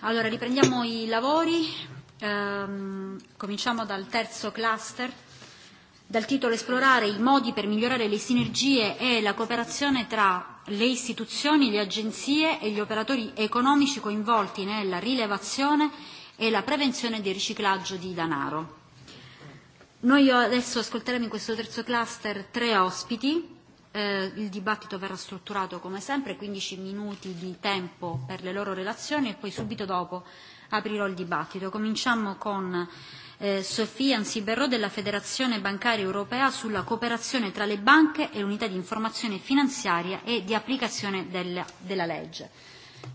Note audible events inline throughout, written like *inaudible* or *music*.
Allora, riprendiamo i lavori. ehm, cominciamo dal terzo cluster, dal titolo Esplorare i modi per migliorare le sinergie e la cooperazione tra le istituzioni, le agenzie e gli operatori economici coinvolti nella rilevazione e la prevenzione del riciclaggio di denaro. Noi adesso ascolteremo in questo terzo cluster tre ospiti Eh, il dibattito verrà strutturato come sempre, 15 minuti di tempo per le loro relazioni e poi subito dopo aprirò il dibattito. Cominciamo con eh, Sofia Ansiberro della Federazione Bancaria Europea sulla cooperazione tra le banche e l'unità di informazione finanziaria e di applicazione del, della legge.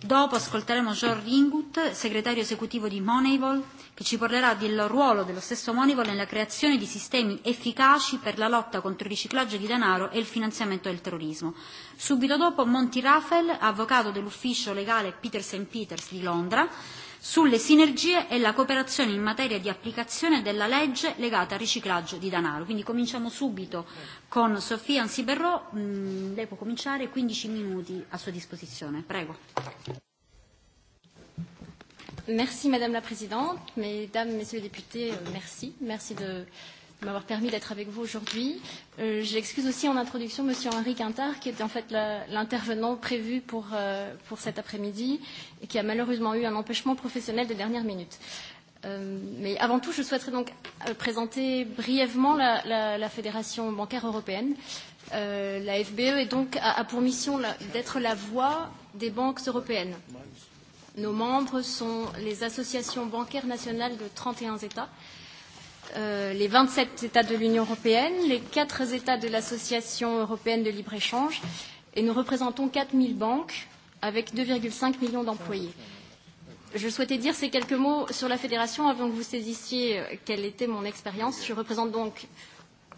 Dopo ascolteremo John Ringut, segretario esecutivo di Moneyball, che ci parlerà del ruolo dello stesso Moneyball nella creazione di sistemi efficaci per la lotta contro il riciclaggio di denaro e il finanziamento del terrorismo. Subito dopo Monty Raffel, avvocato dell'ufficio legale Peters Peters di Londra, sulle sinergie e la cooperazione in materia di applicazione della legge legata al riciclaggio di denaro. Quindi cominciamo subito con Sofia Ansiberro, mm, lei può cominciare, 15 minuti a sua disposizione. Prego. Merci Madame la Présidente, Mesdames, Messieurs les députés, merci. Merci de de m'avoir permis d'être avec vous aujourd'hui. Euh, J'excuse aussi en introduction M. Henri Quintard, qui était en fait l'intervenant prévu pour, euh, pour cet après-midi et qui a malheureusement eu un empêchement professionnel de dernière minute. Euh, mais avant tout, je souhaiterais donc euh, présenter brièvement la, la, la Fédération bancaire européenne. Euh, la FBE est donc, a, a pour mission d'être la voix des banques européennes. Nos membres sont les associations bancaires nationales de 31 États. Euh, euh, les 27 États de l'Union européenne, les 4 États de l'Association européenne de libre-échange, et nous représentons 4000 banques avec 2,5 millions d'employés. Je souhaitais dire ces quelques mots sur la fédération avant que vous saisissiez euh, quelle était mon expérience. Je représente donc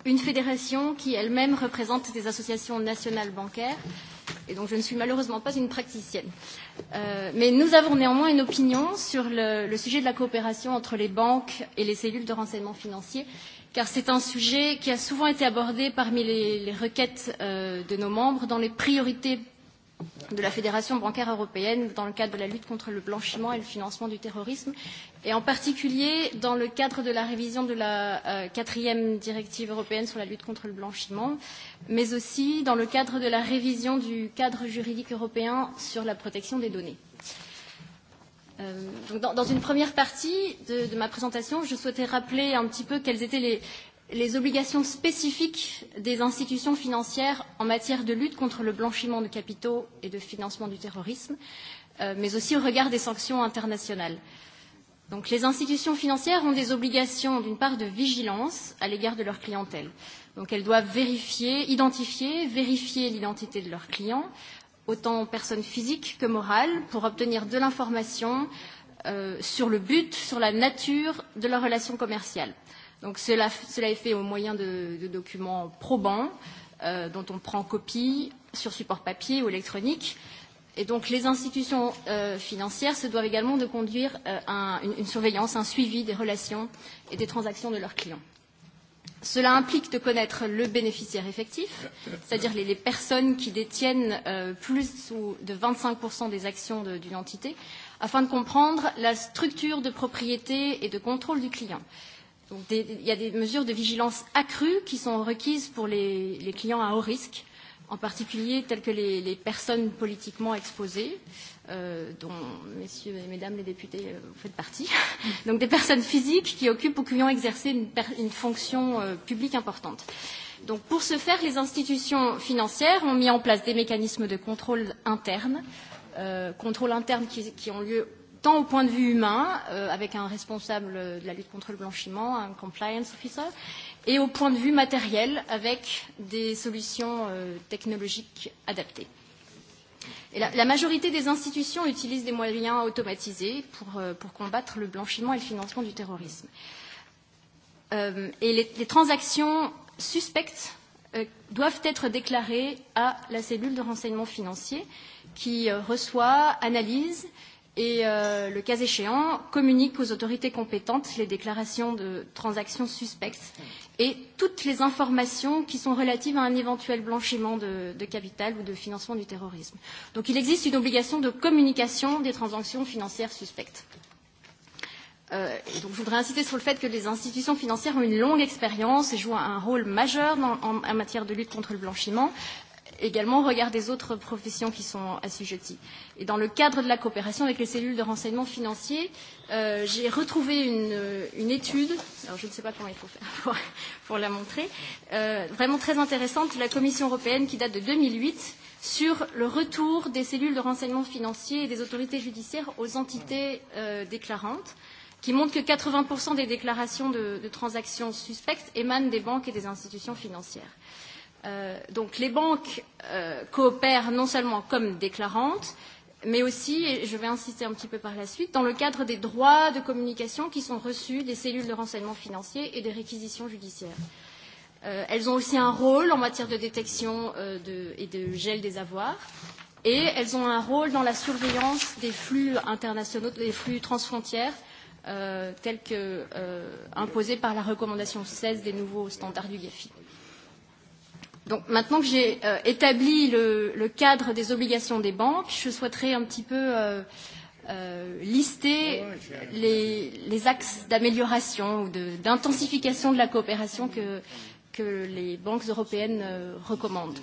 une fédération qui elle-même représente des associations nationales bancaires, et donc je ne suis malheureusement pas une praticienne. Euh, Euh, mais nous avons néanmoins une opinion sur le, le sujet de la coopération entre les banques et les cellules de renseignement financier, car c'est un sujet qui a souvent été abordé parmi les, les requêtes euh, de nos membres dans les priorités de la Fédération bancaire européenne dans le cadre de la lutte contre le blanchiment et le financement du terrorisme, et en particulier dans le cadre de la révision de la euh, quatrième euh, directive européenne sur la lutte contre le blanchiment, mais aussi dans le cadre de la révision du cadre juridique européen sur la protection des données. Euh, donc dans, dans une première partie de, de ma présentation, je souhaitais rappeler un petit peu quels étaient les, les obligations spécifiques des institutions financières en matière de lutte contre le blanchiment de capitaux et de financement du terrorisme, euh, mais aussi au regard des sanctions internationales. Donc les institutions financières ont des obligations d'une part de vigilance à l'égard de leur clientèle. Donc elles doivent vérifier, identifier, vérifier l'identité de leurs clients, autant personnes physiques que morales, pour obtenir de l'information euh, sur le but, sur la nature de leur relation commerciale. Euh, Donc cela, cela est fait au moyen de, de documents probants euh, dont on prend copie sur support papier ou électronique. Et donc les institutions euh, financières se doivent également de conduire euh, un, une, une surveillance, un suivi des relations et des transactions de leurs clients. Cela implique de connaître le bénéficiaire effectif, c'est-à-dire les, les personnes qui détiennent euh, plus ou de 25% des actions d'une de, entité, afin de comprendre la structure de propriété et de contrôle du client. Euh, Donc des, il y a des mesures de vigilance accrues qui sont requises pour les, les clients à haut risque, en particulier telles que les, les personnes politiquement exposées, euh, dont messieurs et mesdames les députés, euh, vous faites partie. *laughs* Donc des personnes physiques qui occupent ou qui ont exercé une, une fonction euh, publique importante. Donc pour ce faire, les institutions financières ont mis en place des mécanismes de contrôle interne, euh, contrôle interne qui, qui ont lieu tant au point de vue humain, euh, avec un responsable de la lutte contre le blanchiment, un compliance officer, et au point de vue matériel, avec des solutions euh, technologiques adaptées. Et la, la majorité des institutions utilisent des moyens automatisés pour, euh, pour combattre le blanchiment et le financement du terrorisme. Euh, et les, les transactions suspectes euh, doivent être déclarées à la cellule de renseignement financier qui euh, reçoit, analyse et, euh, le cas échéant, communique aux autorités compétentes les déclarations de transactions suspectes et toutes les informations qui sont relatives à un éventuel blanchiment de, de capital ou de financement du terrorisme. Donc il existe une obligation de communication des transactions financières suspectes. Euh, et donc, je voudrais insister sur le fait que les institutions financières ont une longue expérience et jouent un rôle majeur dans, en, en matière de lutte contre le blanchiment également au regard des autres professions qui sont assujetties. Et dans le cadre de la coopération avec les cellules de renseignement financier, euh, j'ai retrouvé une, une étude, alors je ne sais pas comment il faut faire pour, pour la montrer, euh, vraiment très intéressante de la Commission européenne qui date de 2008 sur le retour des cellules de renseignement financier et des autorités judiciaires aux entités euh, déclarantes qui montre que 80% des déclarations de, de transactions suspectes émanent des banques et des institutions financières. Euh, Euh, donc les banques euh, coopèrent non seulement comme déclarantes, mais aussi, et je vais insister un petit peu par la suite, dans le cadre des droits de communication qui sont reçus des cellules de renseignement financier et des réquisitions judiciaires. Euh, elles ont aussi un rôle en matière de détection euh, de, et de gel des avoirs, et elles ont un rôle dans la surveillance des flux internationaux, des flux transfrontières, euh, tels que euh, imposés par la recommandation 16 des nouveaux standards du GAFI. Euh, Donc maintenant que j'ai euh, établi le, le cadre des obligations des banques, je souhaiterais un petit peu euh, euh, lister les, les axes d'amélioration ou d'intensification de, de la coopération que, que les banques européennes euh, recommandent.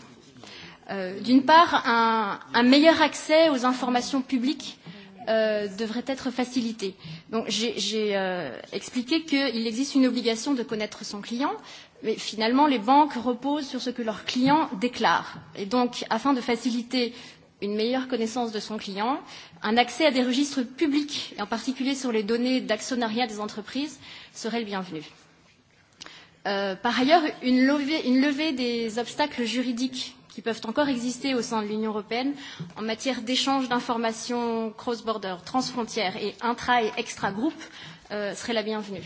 Euh, D'une part, un, un meilleur accès aux informations publiques euh, devrait être facilité. Donc j'ai euh, expliqué qu'il existe une obligation de connaître son client, euh, Mais finalement, les banques reposent sur ce que leurs clients déclarent. Et donc, afin de faciliter une meilleure connaissance de son client, un accès à des registres publics, et en particulier sur les données d'actionnariat des entreprises, serait le bienvenu. Euh, par ailleurs, une levée, une levée des obstacles juridiques qui peuvent encore exister au sein de l'Union européenne en matière d'échange d'informations cross-border, transfrontières et intra- et extra-groupes euh, serait la bienvenue.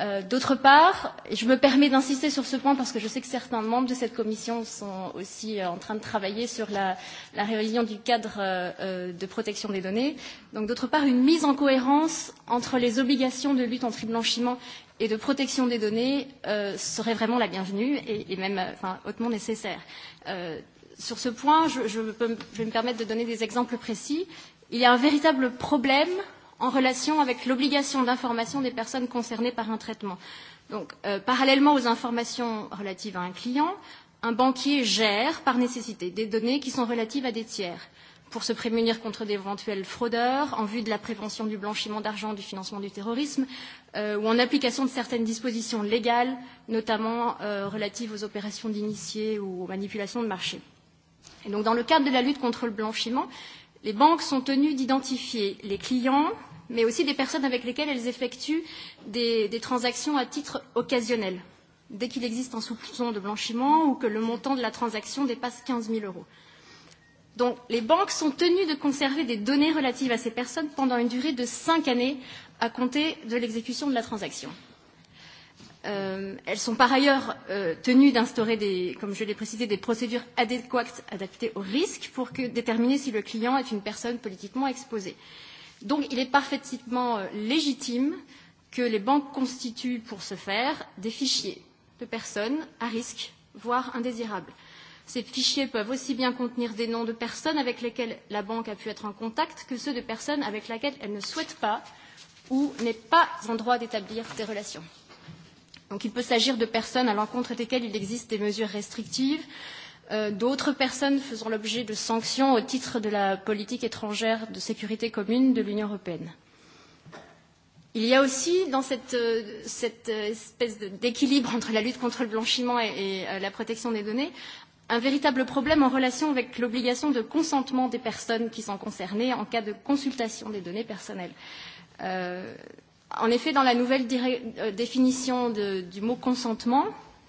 Euh, d'autre part, je me permets d'insister sur ce point parce que je sais que certains membres de cette commission sont aussi euh, en train de travailler sur la, la révision du cadre euh, euh, de protection des données. Donc, D'autre part, une mise en cohérence entre les obligations de lutte contre le blanchiment et de protection des données euh, serait vraiment la bienvenue et, et même enfin, hautement nécessaire. Euh, sur ce point, je, je, peux, je vais me permettre de donner des exemples précis. Il y a un véritable problème en relation avec l'obligation d'information des personnes concernées par un traitement. Donc, euh, parallèlement aux informations relatives à un client, un banquier gère, par nécessité, des données qui sont relatives à des tiers pour se prémunir contre d'éventuels fraudeurs, en vue de la prévention du blanchiment d'argent, du financement du terrorisme, euh, ou en application de certaines dispositions légales, notamment euh, relatives aux opérations d'initiés ou aux manipulations de marché. Et donc, dans le cadre de la lutte contre le blanchiment, les banques sont tenues d'identifier les clients, mais aussi des personnes avec lesquelles elles effectuent des, des transactions à titre occasionnel, dès qu'il existe un soupçon de blanchiment ou que le montant de la transaction dépasse 15 000 euros. Donc les banques sont tenues de conserver des données relatives à ces personnes pendant une durée de cinq années à compter de l'exécution de la transaction. Euh, elles sont par ailleurs euh, tenues d'instaurer, comme je l'ai précisé, des procédures adéquates adaptées au risque pour que, déterminer si le client est une personne politiquement exposée. Euh, Donc il est parfaitement euh, légitime que les banques constituent pour ce faire des fichiers de personnes à risque, voire indésirables. Ces fichiers peuvent aussi bien contenir des noms de personnes avec lesquelles la banque a pu être en contact que ceux de personnes avec lesquelles elle ne souhaite pas ou n'est pas en droit d'établir des relations. Donc il peut s'agir de personnes à l'encontre desquelles il existe des mesures restrictives, Euh, d'autres personnes faisant l'objet de sanctions au titre de la politique étrangère de sécurité commune de l'Union européenne. Il y a aussi dans cette, euh, cette euh, espèce d'équilibre entre la lutte contre le blanchiment et, et la protection des données un véritable problème en relation avec l'obligation de consentement des personnes qui sont concernées en cas de consultation des données personnelles. Euh, en effet, dans la nouvelle définition de, du mot consentement,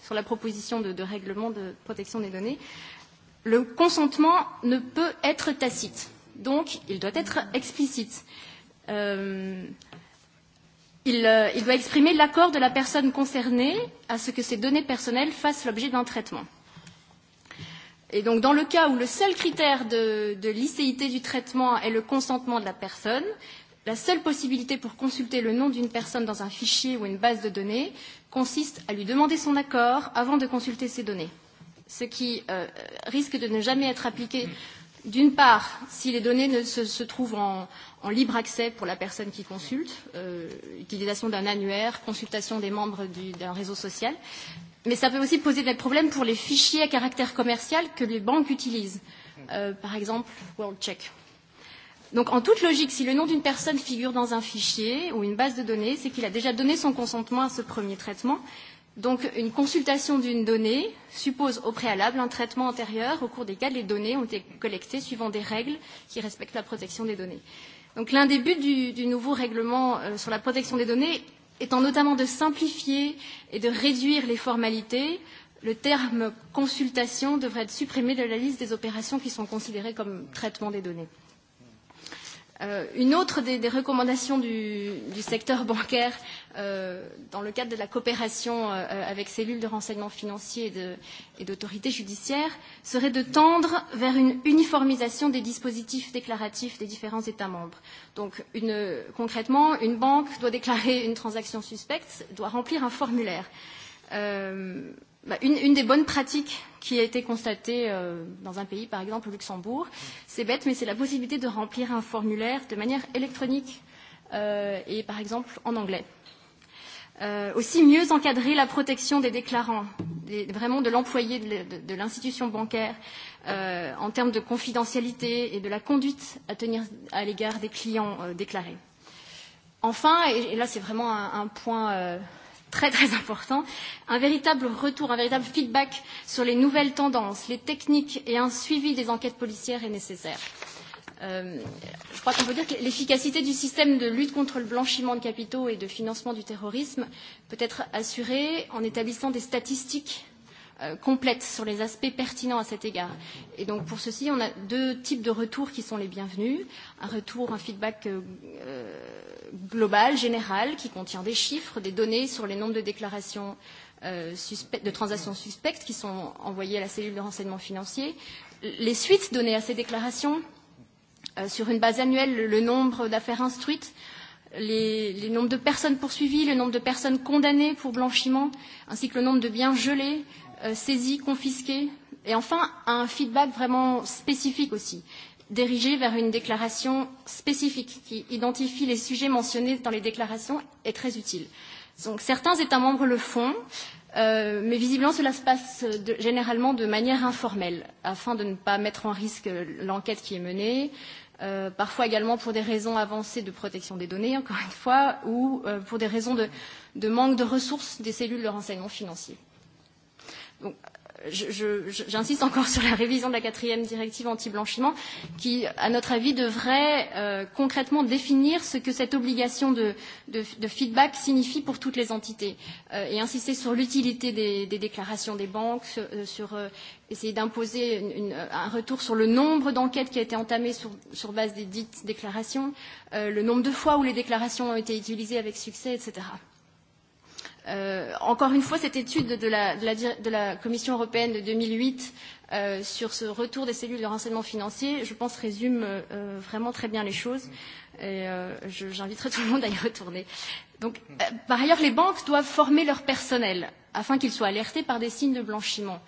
sur la proposition de, de règlement de protection des données, le consentement ne peut être tacite. Donc, il doit être explicite. Euh, il, euh, il doit exprimer l'accord de la personne concernée à ce que ses données personnelles fassent l'objet d'un traitement. Et donc, dans le cas où le seul critère de, de licéité du traitement est le consentement de la personne, La seule possibilité pour consulter le nom d'une personne dans un fichier ou une base de données consiste à lui demander son accord avant de consulter ses données, ce qui euh, risque de ne jamais être appliqué d'une part si les données ne se, se trouvent en, en libre accès pour la personne qui consulte, euh, utilisation d'un annuaire, consultation des membres d'un du, réseau social, mais ça peut aussi poser des problèmes pour les fichiers à caractère commercial que les banques utilisent, euh, par exemple WorldCheck. Check Donc en toute logique, si le nom d'une personne figure dans un fichier ou une base de données, c'est qu'il a déjà donné son consentement à ce premier traitement. Donc une consultation d'une donnée suppose au préalable un traitement antérieur au cours desquels les données ont été collectées suivant des règles qui respectent la protection des données. Donc l'un des buts du, du nouveau règlement euh, sur la protection des données étant notamment de simplifier et de réduire les formalités, le terme consultation devrait être supprimé de la liste des opérations qui sont considérées comme traitement des données. Euh, une autre des, des recommandations du, du secteur bancaire euh, dans le cadre de la coopération euh, avec cellules de renseignement financier et d'autorités judiciaires serait de tendre vers une uniformisation des dispositifs déclaratifs des différents États membres. Donc une, concrètement, une banque doit déclarer une transaction suspecte, doit remplir un formulaire. Euh, bah, une, une des bonnes pratiques qui a été constatée euh, dans un pays, par exemple au Luxembourg, c'est bête, mais c'est la possibilité de remplir un formulaire de manière électronique euh, et par exemple en anglais. Euh, aussi mieux encadrer la protection des déclarants, des, vraiment de l'employé de, de, de l'institution bancaire euh, en termes de confidentialité et de la conduite à tenir à l'égard des clients euh, déclarés. Enfin, et, et là c'est vraiment un, un point euh, très très important, un véritable retour, un véritable feedback sur les nouvelles tendances, les techniques et un suivi des enquêtes policières est nécessaire. Euh, je crois qu'on peut dire que l'efficacité du système de lutte contre le blanchiment de capitaux et de financement du terrorisme peut être assurée en établissant des statistiques Euh, complète sur les aspects pertinents à cet égard. Et donc pour ceci, on a deux types de retours qui sont les bienvenus. Un retour, un feedback euh, euh, global, général, qui contient des chiffres, des données sur les nombres de déclarations euh, suspect, de transactions suspectes qui sont envoyées à la cellule de renseignement financier, les suites données à ces déclarations euh, sur une base annuelle, le, nombre d'affaires instruites, les, les nombres de personnes poursuivies, le nombre de personnes condamnées pour blanchiment, ainsi que le nombre de biens gelés, Euh, saisis, confisqués, et enfin un feedback vraiment spécifique aussi, dirigé vers une déclaration spécifique qui identifie les sujets mentionnés dans les déclarations est très utile. Donc certains États membres le font, euh, mais visiblement cela se passe de, généralement de manière informelle, afin de ne pas mettre en risque l'enquête qui est menée, euh, parfois également pour des raisons avancées de protection des données, encore une fois, ou euh, pour des raisons de, de manque de ressources des cellules de renseignement financier. Donc, j'insiste encore *laughs* sur la révision de la quatrième directive anti-blanchiment, qui, à notre avis, devrait euh, concrètement définir ce que cette obligation de, de, de feedback signifie pour toutes les entités euh, et insister sur l'utilité des, des déclarations des banques, sur, euh, sur euh, essayer d'imposer un retour sur le nombre d'enquêtes qui a été entamé sur, sur base des dites déclarations, euh, le nombre de fois où les déclarations ont été utilisées avec succès, etc. Euh, encore une fois, cette étude de la, de la, de la Commission européenne de 2008 euh, sur ce retour des cellules de renseignement financier, je pense, résume euh, vraiment très bien les choses. Et euh, j'inviterai tout le monde à y retourner. Donc, euh, par ailleurs, les banques doivent former leur personnel afin qu'ils soient alertés par des signes de blanchiment.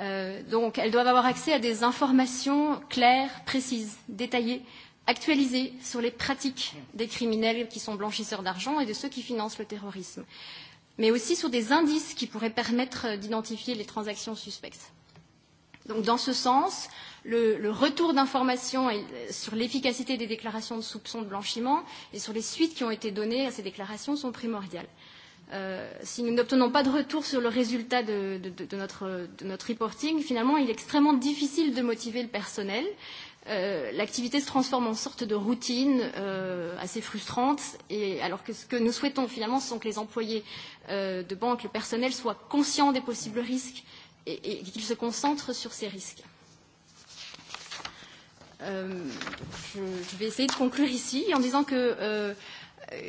Euh, donc, elles doivent avoir accès à des informations claires, précises, détaillées, actualisées sur les pratiques des criminels qui sont blanchisseurs d'argent et de ceux qui financent le terrorisme. Euh, mais aussi sur des indices qui pourraient permettre euh, d'identifier les transactions suspectes. Donc, dans ce sens, le, le retour d'informations euh, sur l'efficacité des déclarations de soupçons de blanchiment et sur les suites qui ont été données à ces déclarations sont primordiales. Euh, si nous n'obtenons pas de retour sur le résultat de, de, de, de, notre, de notre reporting, finalement, il est extrêmement difficile de motiver le personnel. Euh, euh, l'activité se transforme en sorte de routine euh, assez frustrante, et alors que ce que nous souhaitons finalement, ce sont que les employés euh, de banque, le personnel, soient conscients des possibles risques et, et qu'ils se concentrent sur ces risques. Euh, je, je vais essayer de conclure ici en disant que euh,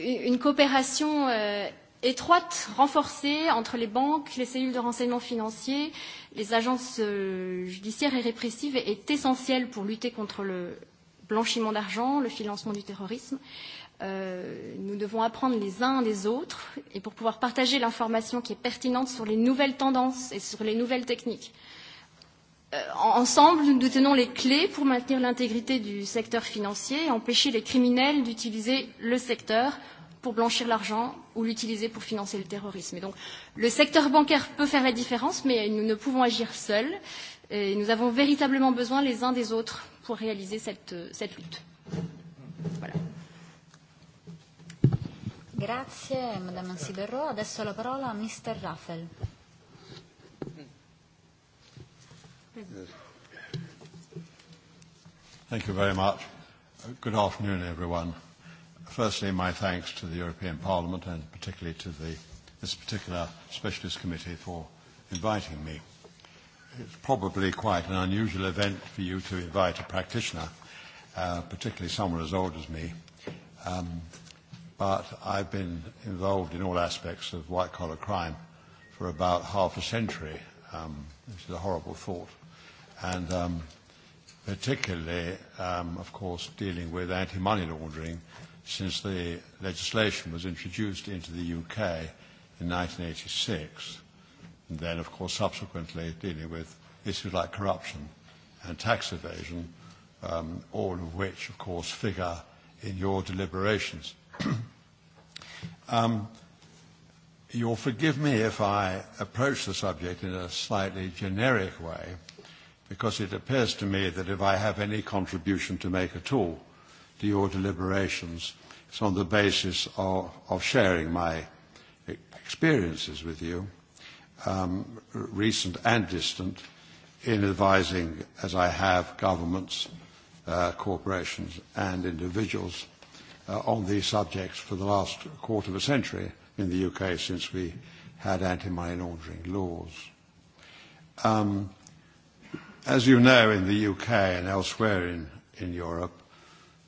une coopération euh, étroite, renforcée entre les banques, les cellules de renseignement financier, euh, les agences euh, judiciaires et répressives est essentielle pour lutter contre le blanchiment d'argent, le financement du terrorisme. Euh, nous devons apprendre les uns des autres et pour pouvoir partager l'information qui est pertinente sur les nouvelles tendances et sur les nouvelles techniques. Euh, ensemble, nous tenons les clés pour maintenir l'intégrité du secteur financier et empêcher les criminels d'utiliser le secteur pour blanchir l'argent ou l'utiliser pour financer le terrorisme. Et donc, le secteur bancaire peut faire la différence, mais nous ne pouvons agir seuls. Et nous avons véritablement besoin les uns des autres pour réaliser cette, cette lutte. Voilà. Merci, Madame Sibero. Adesso la parole à Mr. Raffel. Thank you very much. Good afternoon, everyone. Firstly, my thanks to the European Parliament and particularly to the, this particular specialist committee for inviting me. It's probably quite an unusual event for you to invite a practitioner, uh, particularly someone as old as me. Um, but I've been involved in all aspects of white-collar crime for about half a century, um, which is a horrible thought. And um, particularly, um, of course, dealing with anti-money laundering – since the legislation was introduced into the UK in 1986. And then, of course, subsequently dealing with issues like corruption and tax evasion, um, all of which, of course, figure in your deliberations. *coughs* um, you'll forgive me if I approach the subject in a slightly generic way, because it appears to me that if I have any contribution to make at all, to your deliberations. It's on the basis of, of sharing my experiences with you, um, recent and distant, in advising, as I have, governments, uh, corporations and individuals uh, on these subjects for the last quarter of a century in the UK since we had anti-money laundering laws. Um, as you know, in the UK and elsewhere in, in Europe,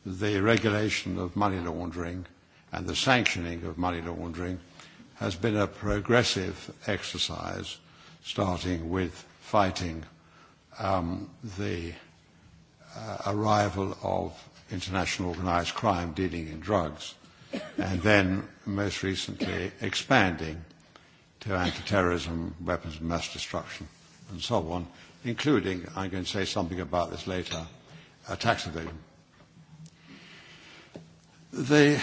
the regulation of money laundering and the sanctioning of money laundering has been a progressive exercise, starting with fighting um, the uh, arrival of international organized crime dealing in drugs, and then most recently expanding to anti-terrorism, weapons of mass destruction, and so on, including, I'm going to say something about this later, uh, tax evasion the,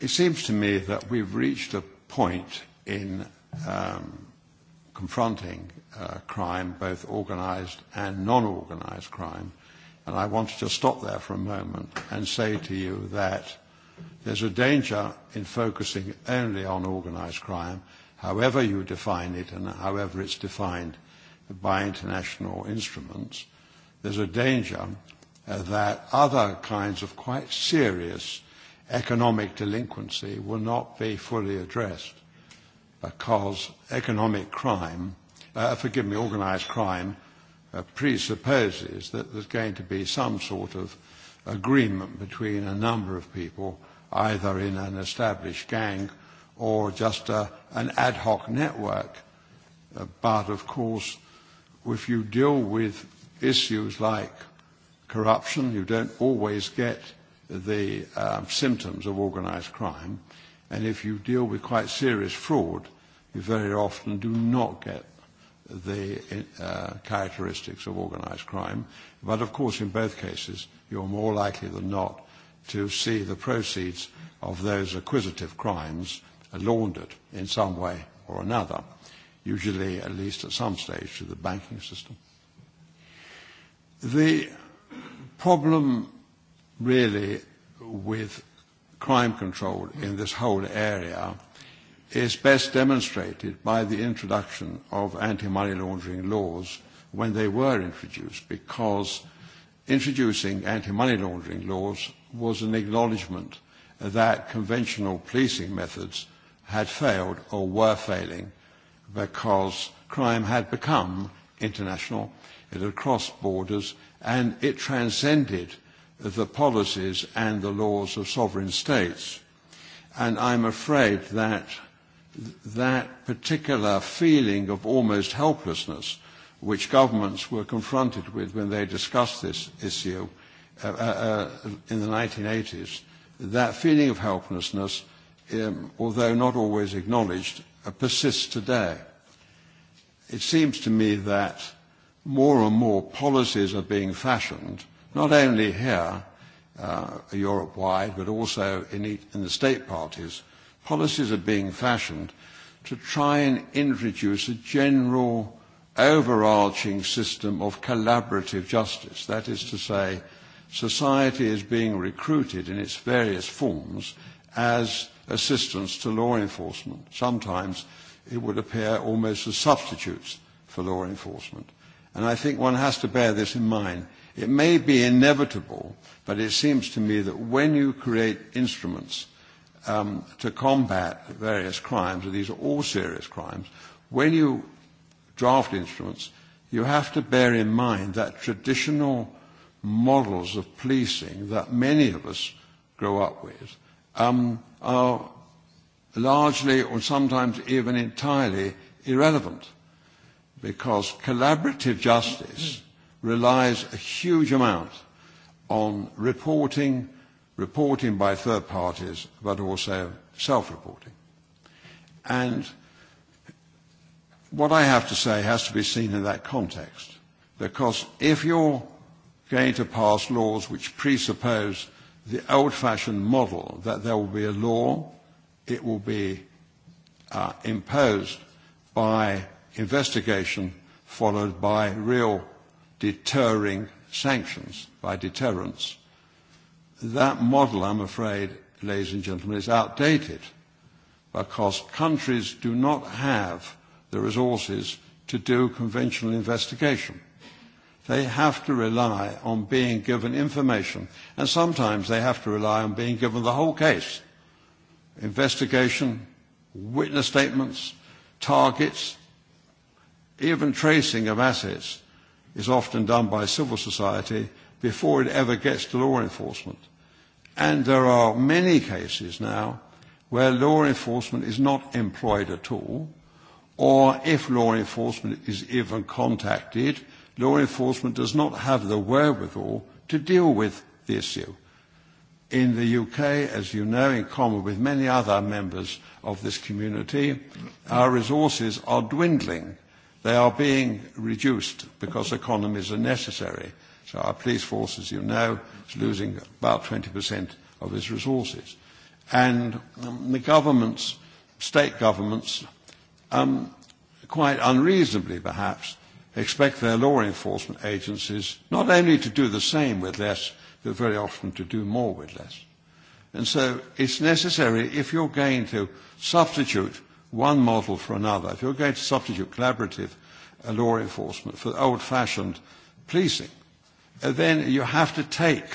it seems to me that we've reached a point in um, confronting uh, crime, both organised and non-organised crime, and I want to just stop there for a moment and say to you that there's a danger in focusing only on organised crime, however you define it and however it's defined by international instruments. There's a danger Uh, that other kinds of quite serious economic delinquency will not be fully addressed because economic crime, uh, forgive me, organized crime, uh, presupposes that there's going to be some sort of agreement between a number of people, either in an established gang or just a, uh, an ad hoc network. Uh, but of course, if you deal with issues like corruption. You don't always get the uh, symptoms of organized crime. And if you deal with quite serious fraud, you very often do not get the uh, characteristics of organized crime. But of course, in both cases, you're more likely than not to see the proceeds of those acquisitive crimes laundered in some way or another, usually at least at some stage to the banking system. The problem really with crime control in this whole area is best demonstrated by the introduction of anti-money laundering laws when they were introduced, because introducing anti-money laundering laws was an acknowledgement that conventional policing methods had failed or were failing because crime had become international. It had crossed borders and it transcended the policies and the laws of sovereign states. And I'm afraid that that particular feeling of almost helplessness which governments were confronted with when they discussed this issue uh, uh, uh in the 1980s, that feeling of helplessness, um, although not always acknowledged, uh, persists today. It seems to me that more and more policies are being fashioned, not only here, uh, Europe-wide, but also in, each, in the state parties. Policies are being fashioned to try and introduce a general overarching system of collaborative justice. That is to say, society is being recruited in its various forms as assistance to law enforcement. Sometimes it would appear almost as substitutes for law enforcement. And I think one has to bear this in mind. It may be inevitable, but it seems to me that when you create instruments um, to combat various crimes, and these are all serious crimes, when you draft instruments, you have to bear in mind that traditional models of policing that many of us grow up with um, are largely or sometimes even entirely irrelevant because collaborative justice relies a huge amount on reporting, reporting by third parties, but also self-reporting. And what I have to say has to be seen in that context, because if you're going to pass laws which presuppose the old-fashioned model that there will be a law, it will be uh, imposed by investigation followed by real deterring sanctions, by deterrence. That model, I'm afraid, ladies and gentlemen, is outdated because countries do not have the resources to do conventional investigation. They have to rely on being given information, and sometimes they have to rely on being given the whole case. Investigation, witness statements, targets, even tracing of assets is often done by civil society before it ever gets to law enforcement. And there are many cases now where law enforcement is not employed at all, or if law enforcement is even contacted, law enforcement does not have the wherewithal to deal with the issue. In the UK, as you know, in common with many other members of this community, our resources are dwindling They are being reduced because economies are necessary. So our police force, as you know, is losing about 20% of its resources. And um, the governments, state governments, um, quite unreasonably perhaps, expect their law enforcement agencies not only to do the same with less, but very often to do more with less. And so it's necessary, if you're going to substitute one model for another. If you're going to substitute collaborative uh, law enforcement for old-fashioned policing, uh, then you have to take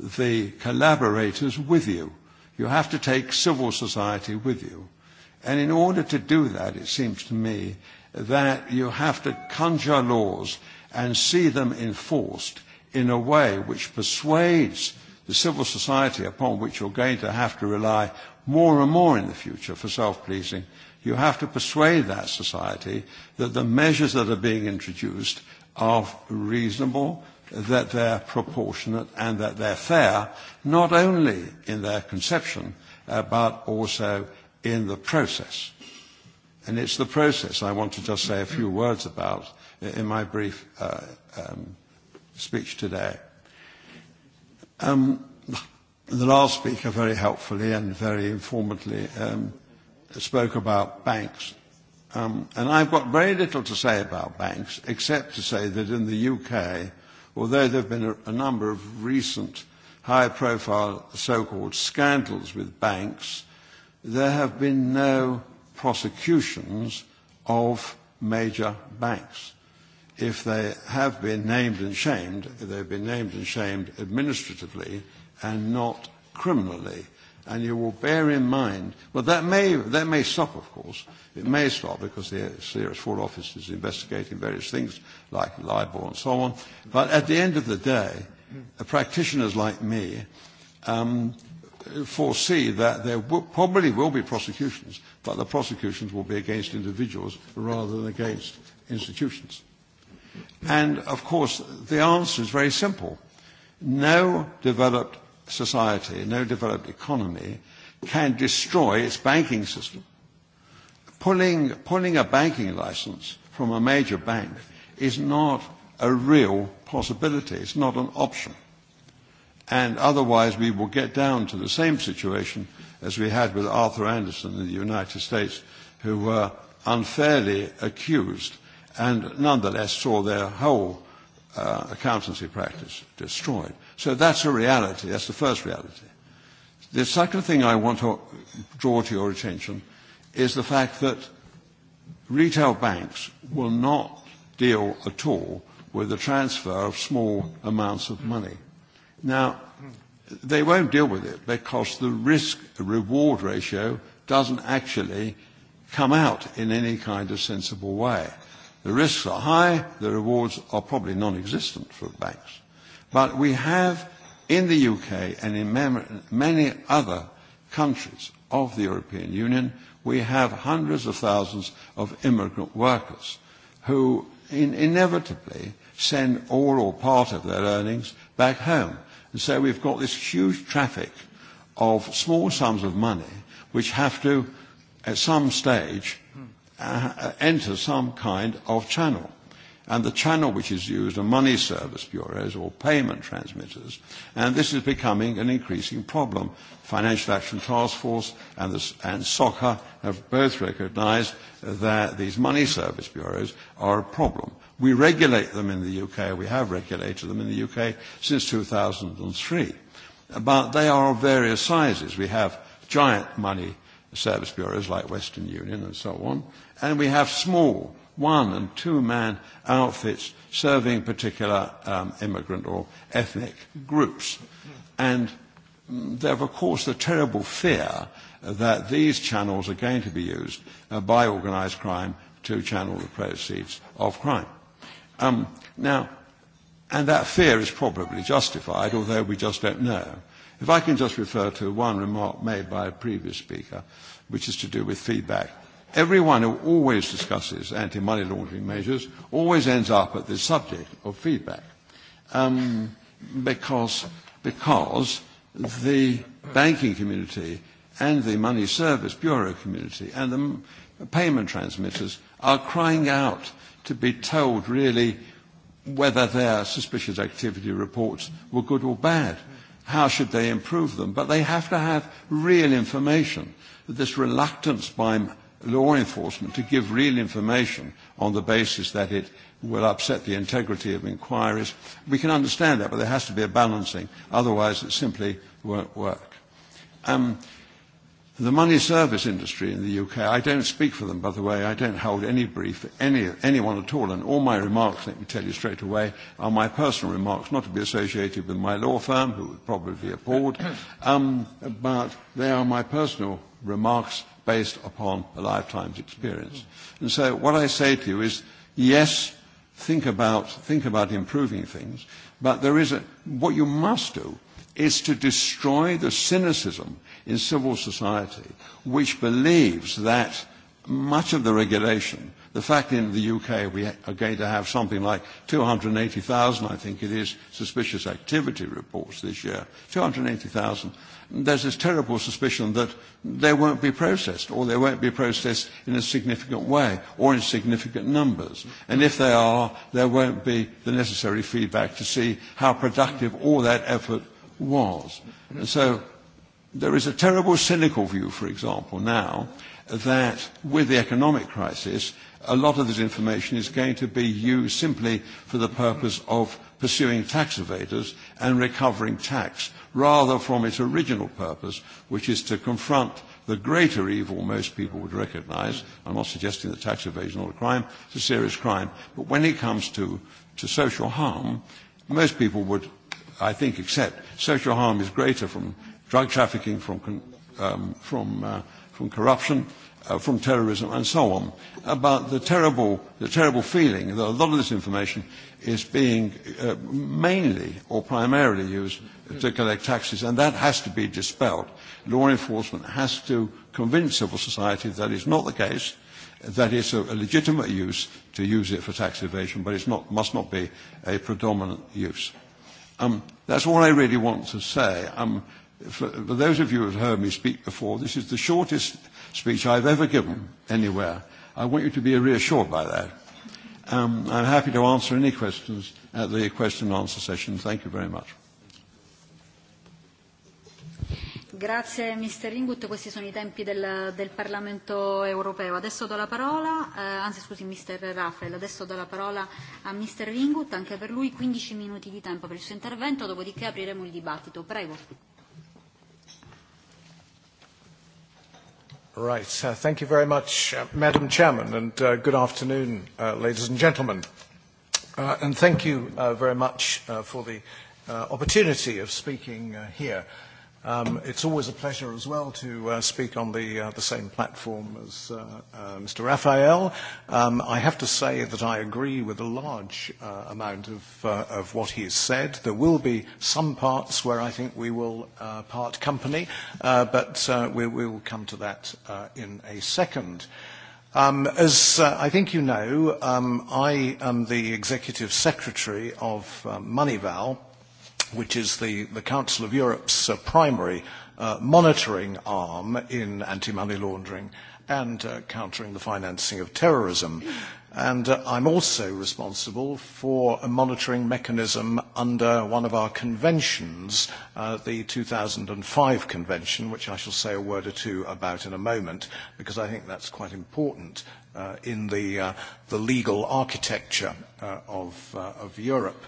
the collaborators with you. You have to take civil society with you. And in order to do that, it seems to me that you have to conjure laws and see them enforced in a way which persuades the civil society upon which you're going to have to rely more and more in the future for self-policing, you have to persuade that society that the measures that are being introduced are reasonable, that they're proportionate, and that they're fair, not only in their conception, uh, but also in the process. And it's the process I want to just say a few words about uh, in my brief uh, um, speech today. Um, The last speaker very helpfully and very informatively um, spoke about banks. Um, and I've got very little to say about banks, except to say that in the UK, although there have been a, a number of recent high-profile so-called scandals with banks, there have been no prosecutions of major banks. If they have been named and shamed, they've been named and shamed administratively, and not criminally. And you will bear in mind, well, that may, that may stop, of course. It may stop because the Serious Fraud Office is investigating various things like libel and so on. But at the end of the day, practitioners like me um, foresee that there will, probably will be prosecutions, but the prosecutions will be against individuals rather than against institutions. And, of course, the answer is very simple. No developed society, no developed economy, can destroy its banking system. Pulling, pulling a banking license from a major bank is not a real possibility. It's not an option. And otherwise, we will get down to the same situation as we had with Arthur Anderson in the United States, who were unfairly accused and nonetheless saw their whole uh, accountancy practice destroyed. So that's a reality. That's the first reality. The second thing I want to draw to your attention is the fact that retail banks will not deal at all with the transfer of small amounts of money. Now, they won't deal with it because the risk-reward ratio doesn't actually come out in any kind of sensible way. The risks are high, the rewards are probably non-existent for banks. But we have in the UK and in many other countries of the European Union, we have hundreds of thousands of immigrant workers who in inevitably send all or part of their earnings back home. And so we've got this huge traffic of small sums of money which have to, at some stage, uh, enter some kind of channel. And the channel which is used are money service bureaus or payment transmitters. And this is becoming an increasing problem. Financial Action Task Force and, the, and SOCA have both recognized that these money service bureaus are a problem. We regulate them in the UK, we have regulated them in the UK since 2003. But they are of various sizes. We have giant money service bureaus like Western Union and so on. And we have small one and two man outfits serving particular um, immigrant or ethnic groups. And there, of course, the terrible fear that these channels are going to be used uh, by organised crime to channel the proceeds of crime. Um, now, and that fear is probably justified, although we just don't know. If I can just refer to one remark made by a previous speaker, which is to do with feedback Everyone who always discusses anti-money laundering measures always ends up at the subject of feedback um, because, because the banking community and the money service bureau community and the payment transmitters are crying out to be told really whether their suspicious activity reports were good or bad. How should they improve them? But they have to have real information. This reluctance by law enforcement to give real information on the basis that it will upset the integrity of inquiries. We can understand that, but there has to be a balancing. Otherwise, it simply won't work. Um, the money service industry in the UK, I don't speak for them, by the way. I don't hold any brief for any, anyone at all. And all my remarks, let me tell you straight away, are my personal remarks, not to be associated with my law firm, who would probably be appalled. *coughs* Um, but they are my personal remarks based upon a lifetime's experience. And so what I say to you is, yes, think about, think about improving things, but there is a, what you must do is to destroy the cynicism in civil society which believes that much of the regulation, the fact in the UK we are going to have something like 280,000, I think it is, suspicious activity reports this year, 280,000, there's this terrible suspicion that they won't be processed, or they won't be processed in a significant way, or in significant numbers. And if they are, there won't be the necessary feedback to see how productive all that effort was. And so there is a terrible cynical view, for example, now that with the economic crisis, a lot of this information is going to be used simply for the purpose of pursuing tax evaders and recovering tax rather from its original purpose, which is to confront the greater evil most people would recognize. I'm not suggesting that tax evasion is not a crime, it's a serious crime. But when it comes to, to social harm, most people would, I think, accept social harm is greater from drug trafficking, from, um, from, uh, from corruption, uh, from terrorism, and so on. About uh, the terrible, the terrible feeling that a lot of this information is being uh, mainly or primarily used to collect taxes, and that has to be dispelled. Law enforcement has to convince civil society that is not the case, that it's a, a legitimate use to use it for tax evasion, but it not, must not be a predominant use. Um, that's all I really want to say. Um, for, for those of you who have heard me speak before, this is the shortest speech I've ever given anywhere. I want you to be reassured by that. Um, I'm happy to answer any questions at the question and answer session. Thank you very much. Grazie Mr. Ingut, questi sono i tempi del, del Parlamento europeo. Adesso do la parola, eh, anzi scusi Mr. Raffaele, adesso do la parola a Mr. Ingut, anche per lui 15 minuti di tempo per il suo intervento, dopodiché apriremo il dibattito. Prego. Right. Uh, thank you very much, uh, Madam Chairman, and uh, good afternoon, uh, ladies and gentlemen. Uh, and thank you uh, very much uh, for the uh, opportunity of speaking uh, here. Um, it's always a pleasure as well to uh, speak on the, uh, the same platform as uh, uh, Mr. Raphael. Um, I have to say that I agree with a large uh, amount of, uh, of what he has said. There will be some parts where I think we will uh, part company, uh, but uh, we will come to that uh, in a second. Um, as uh, I think you know, um, I am the executive secretary of um, Moneyval which is the, the Council of Europe's uh, primary uh, monitoring arm in anti-money laundering and uh, countering the financing of terrorism. And uh, I'm also responsible for a monitoring mechanism under one of our conventions, uh, the 2005 convention, which I shall say a word or two about in a moment, because I think that's quite important uh, in the, uh, the legal architecture uh, of, uh, of Europe.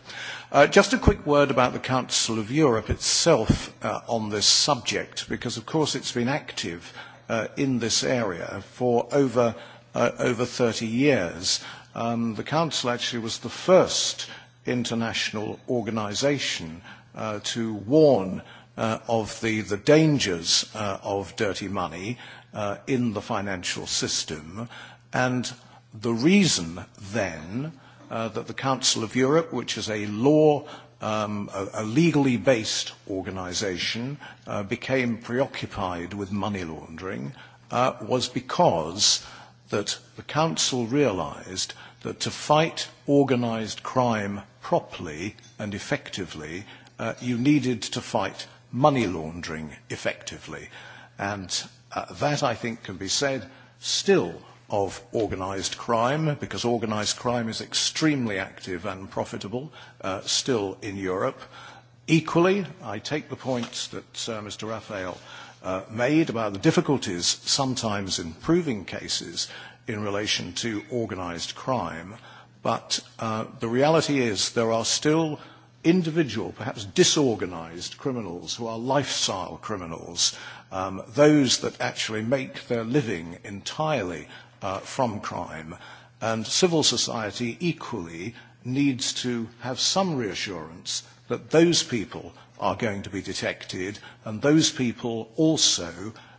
Uh, just a quick word about the Council of Europe itself uh, on this subject, because of course it's been active uh, in this area for over, uh, over 30 years. Um, the Council actually was the first international organization uh, to warn uh, of the, the dangers uh, of dirty money uh, in the financial system And the reason then uh, that the Council of Europe, which is a law, um, a, a legally based organization, uh, became preoccupied with money laundering uh, was because that the Council realized that to fight organized crime properly and effectively, uh, you needed to fight money laundering effectively. And uh, that, I think, can be said still of organised crime, because organised crime is extremely active and profitable uh, still in Europe. Equally, I take the points that uh, Mr. Raphael uh, made about the difficulties sometimes in proving cases in relation to organised crime, but uh, the reality is there are still individual, perhaps disorganised criminals who are lifestyle criminals, um, those that actually make their living entirely uh, from crime. And civil society equally needs to have some reassurance that those people are going to be detected and those people also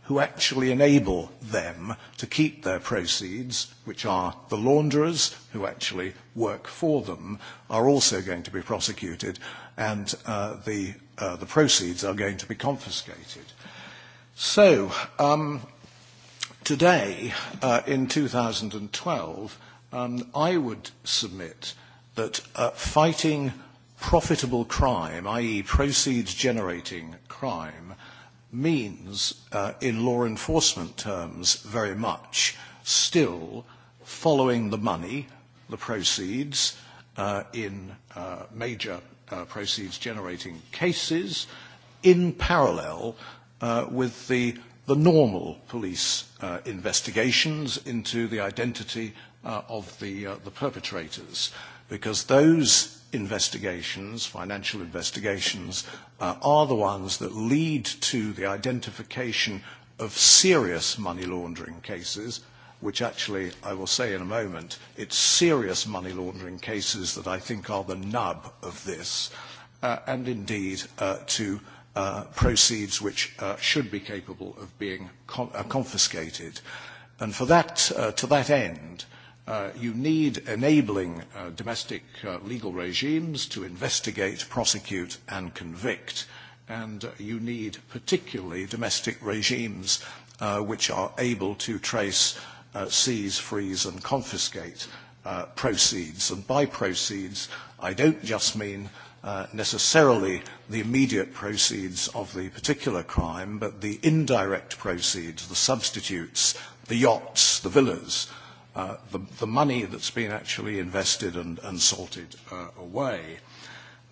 who actually enable them to keep their proceeds, which are the launderers who actually work for them, are also going to be prosecuted and uh, the, uh, the proceeds are going to be confiscated. So, um, Today, uh, in 2012, um, I would submit that uh, fighting profitable crime, i.e. proceeds generating crime, means, uh, in law enforcement terms, very much still following the money, the proceeds, uh, in uh, major uh, proceeds generating cases in parallel uh, with the, the normal police uh, investigations into the identity uh, of the, uh, the perpetrators, because those investigations, financial investigations, uh, are the ones that lead to the identification of serious money laundering cases, which actually I will say in a moment, it's serious money laundering cases that I think are the nub of this, uh, and indeed uh, to Uh, proceeds which uh, should be capable of being uh, confiscated. And for that, uh, to that end, uh, you need enabling uh, domestic uh, legal regimes to investigate, prosecute, and convict. And uh, you need particularly domestic regimes uh, which are able to trace, uh, seize, freeze, and confiscate uh, proceeds. And by proceeds, I don't just mean uh, Uh, necessarily the immediate proceeds of the particular crime, but the indirect proceeds, the substitutes, the yachts, the villas, uh, the, the money that's been actually invested and, and salted uh, away.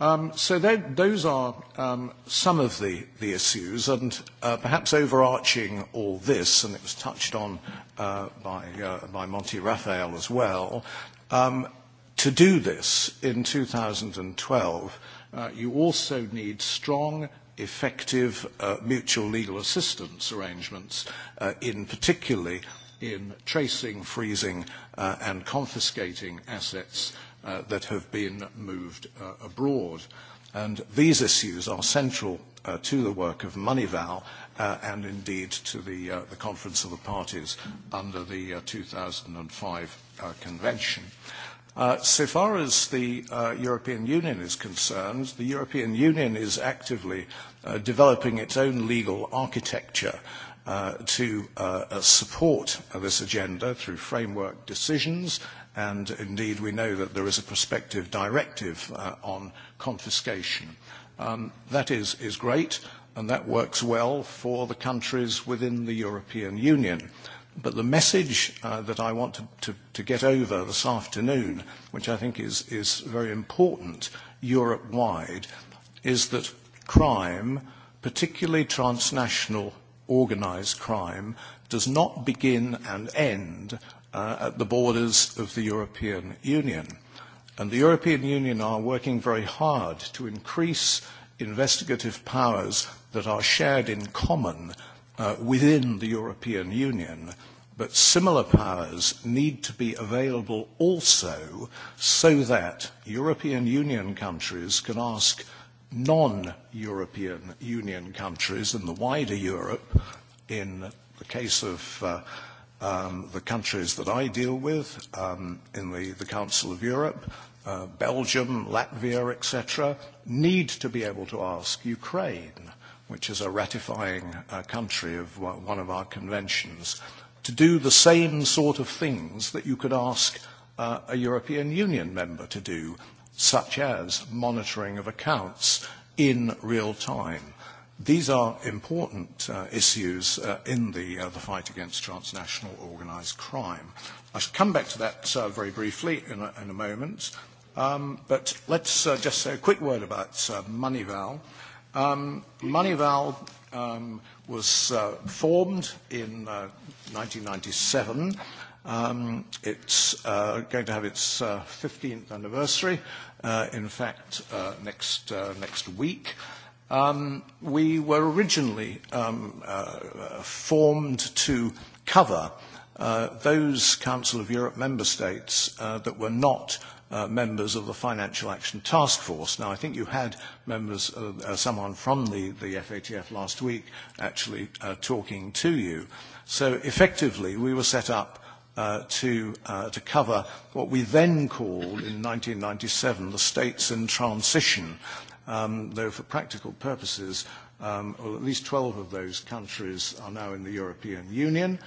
Um, so that, those are um, some of the, the issues, and uh, perhaps overarching all this, and it was touched on uh, by, uh, by Monty Raphael as well, um, To do this in 2012, uh, you also need strong, effective uh, mutual legal assistance arrangements, uh, in particularly in tracing, freezing, uh, and confiscating assets uh, that have been moved uh, abroad. And these issues are central uh, to the work of Moneyval uh, and indeed to the, uh, the Conference of the Parties under the uh, 2005 uh, Convention. Uh, Uh, so far as the uh, European Union is concerned, the European Union is actively uh, developing its own legal architecture uh, to uh, uh, support uh, this agenda through framework decisions. And indeed, we know that there is a prospective directive uh, on confiscation. Um, that is, is great, and that works well for the countries within the European Union. Uh, But the message uh, that I want to, to, to get over this afternoon, which I think is, is very important Europe wide, is that crime, particularly transnational organized crime, does not begin and end uh, at the borders of the European Union. And the European Union are working very hard to increase investigative powers that are shared in common uh, within the European Union, but similar powers need to be available also so that European Union countries can ask non-European Union countries in the wider Europe, in the case of uh, um, the countries that I deal with um, in the, the Council of Europe, uh, Belgium, Latvia, etc., need to be able to ask Ukraine which is a ratifying uh, country of one of our conventions, to do the same sort of things that you could ask uh, a European Union member to do, such as monitoring of accounts in real time. These are important uh, issues uh, in the, uh, the fight against transnational organised crime. I shall come back to that uh, very briefly in a, in a moment, um, but let's uh, just say a quick word about uh, Moneyval. Um, Moneyval um, was uh, formed in uh, 1997. Um, it's uh, going to have its uh, 15th anniversary, uh, in fact, uh, next, uh, next week. Um, we were originally um, uh, formed to cover uh, those Council of Europe member states uh, that were not uh, Uh, members of the Financial Action Task Force. Now, I think you had members, uh, uh, someone from the, the FATF last week actually uh, talking to you. So effectively, we were set up uh, to, uh, to cover what we then called in 1997 the states in transition, um, though for practical purposes, um, well, at least 12 of those countries are now in the European Union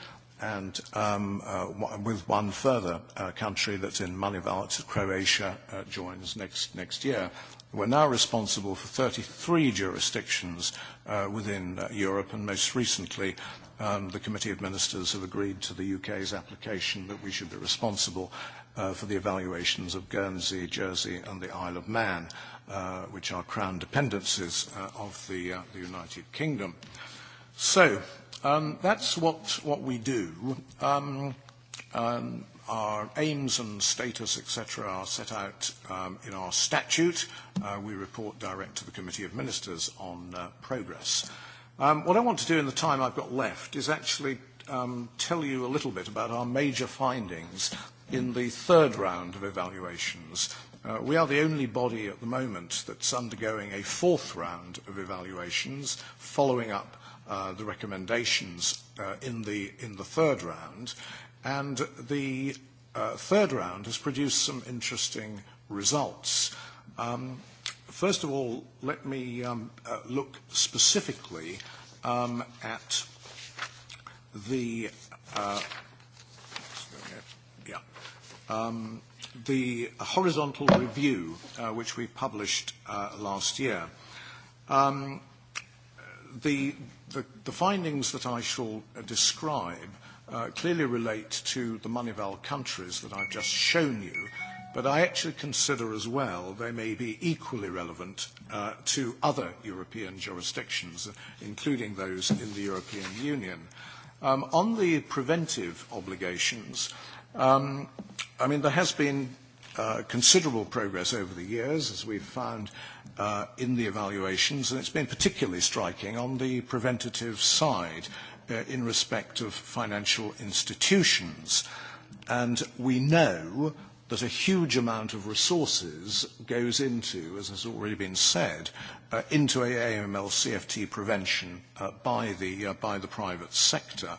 and um, uh, with one further uh, country that's in Manival, it's Croatia, uh, joins next, next year. We're now responsible for 33 jurisdictions uh, within uh, Europe, and most recently, um, the Committee of Ministers have agreed to the UK's application that we should be responsible uh, for the evaluations of Guernsey, Jersey, and the Isle of Man, uh, which are crown dependencies uh, of the, uh, the United Kingdom. So, um, that's what, what we do. Um, um, our aims and status, etc., are set out um, in our statute. Uh, we report direct to the Committee of Ministers on uh, progress. Um, what I want to do in the time I've got left is actually um, tell you a little bit about our major findings in the third round of evaluations. Uh, we are the only body at the moment that's undergoing a fourth round of evaluations following up Uh, the recommendations uh, in, the, in the third round. And the uh, third round has produced some interesting results. Um, first of all, let me um, uh, look specifically um, at the uh, yeah, um, the horizontal review uh, which we published uh, last year. Um, the the, the findings that I shall uh, describe uh, clearly relate to the Moneyval countries that I've just shown you, but I actually consider as well they may be equally relevant uh, to other European jurisdictions, including those in the European Union. Um, on the preventive obligations, um, I mean, there has been Uh, considerable progress over the years, as we've found uh, in the evaluations, and it's been particularly striking on the preventative side uh, in respect of financial institutions. And we know that a huge amount of resources goes into, as has already been said, into AML CFT prevention by, the, by the private sector.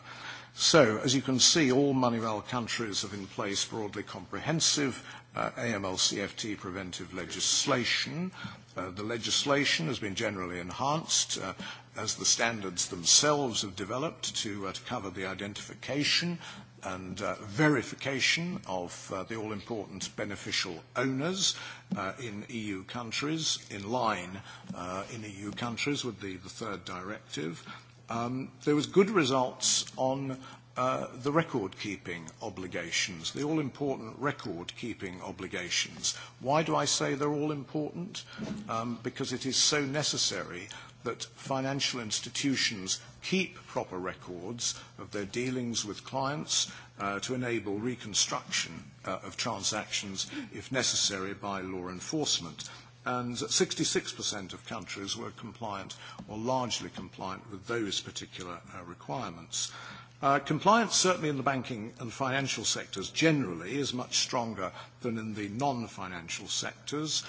So, as you can see, all Moneyval countries have in place broadly comprehensive uh, AML-CFT preventive legislation. Uh, the legislation has been generally enhanced uh, as the standards themselves have developed to, uh, to cover the identification and uh, verification of uh, the all-important beneficial owners uh, in EU countries, in line uh, in EU countries with the, the third directive. Um, there was good results on Uh, the record-keeping obligations, the all-important record-keeping obligations. Why do I say they're all-important? Um, because it is so necessary that financial institutions keep proper records of their dealings with clients uh, to enable reconstruction uh, of transactions, if necessary, by law enforcement. And 66% of countries were compliant or largely compliant with those particular uh, requirements. Uh, compliance, certainly in the banking and financial sectors generally, is much stronger than in the non-financial sectors.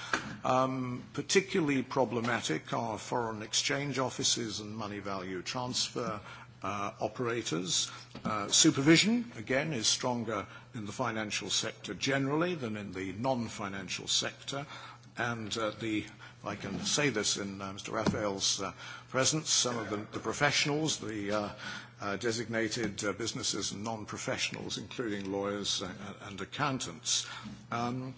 Um, particularly problematic are foreign exchange offices and money value transfer uh, operators. Uh, supervision, again, is stronger in the financial sector generally than in the non-financial sector. And uh, the I can say this in uh, Mr. Raphael's uh, presence, some of the, the professionals, the uh, Uh, designated uh, businesses and non-professionals, including lawyers and accountants. Um,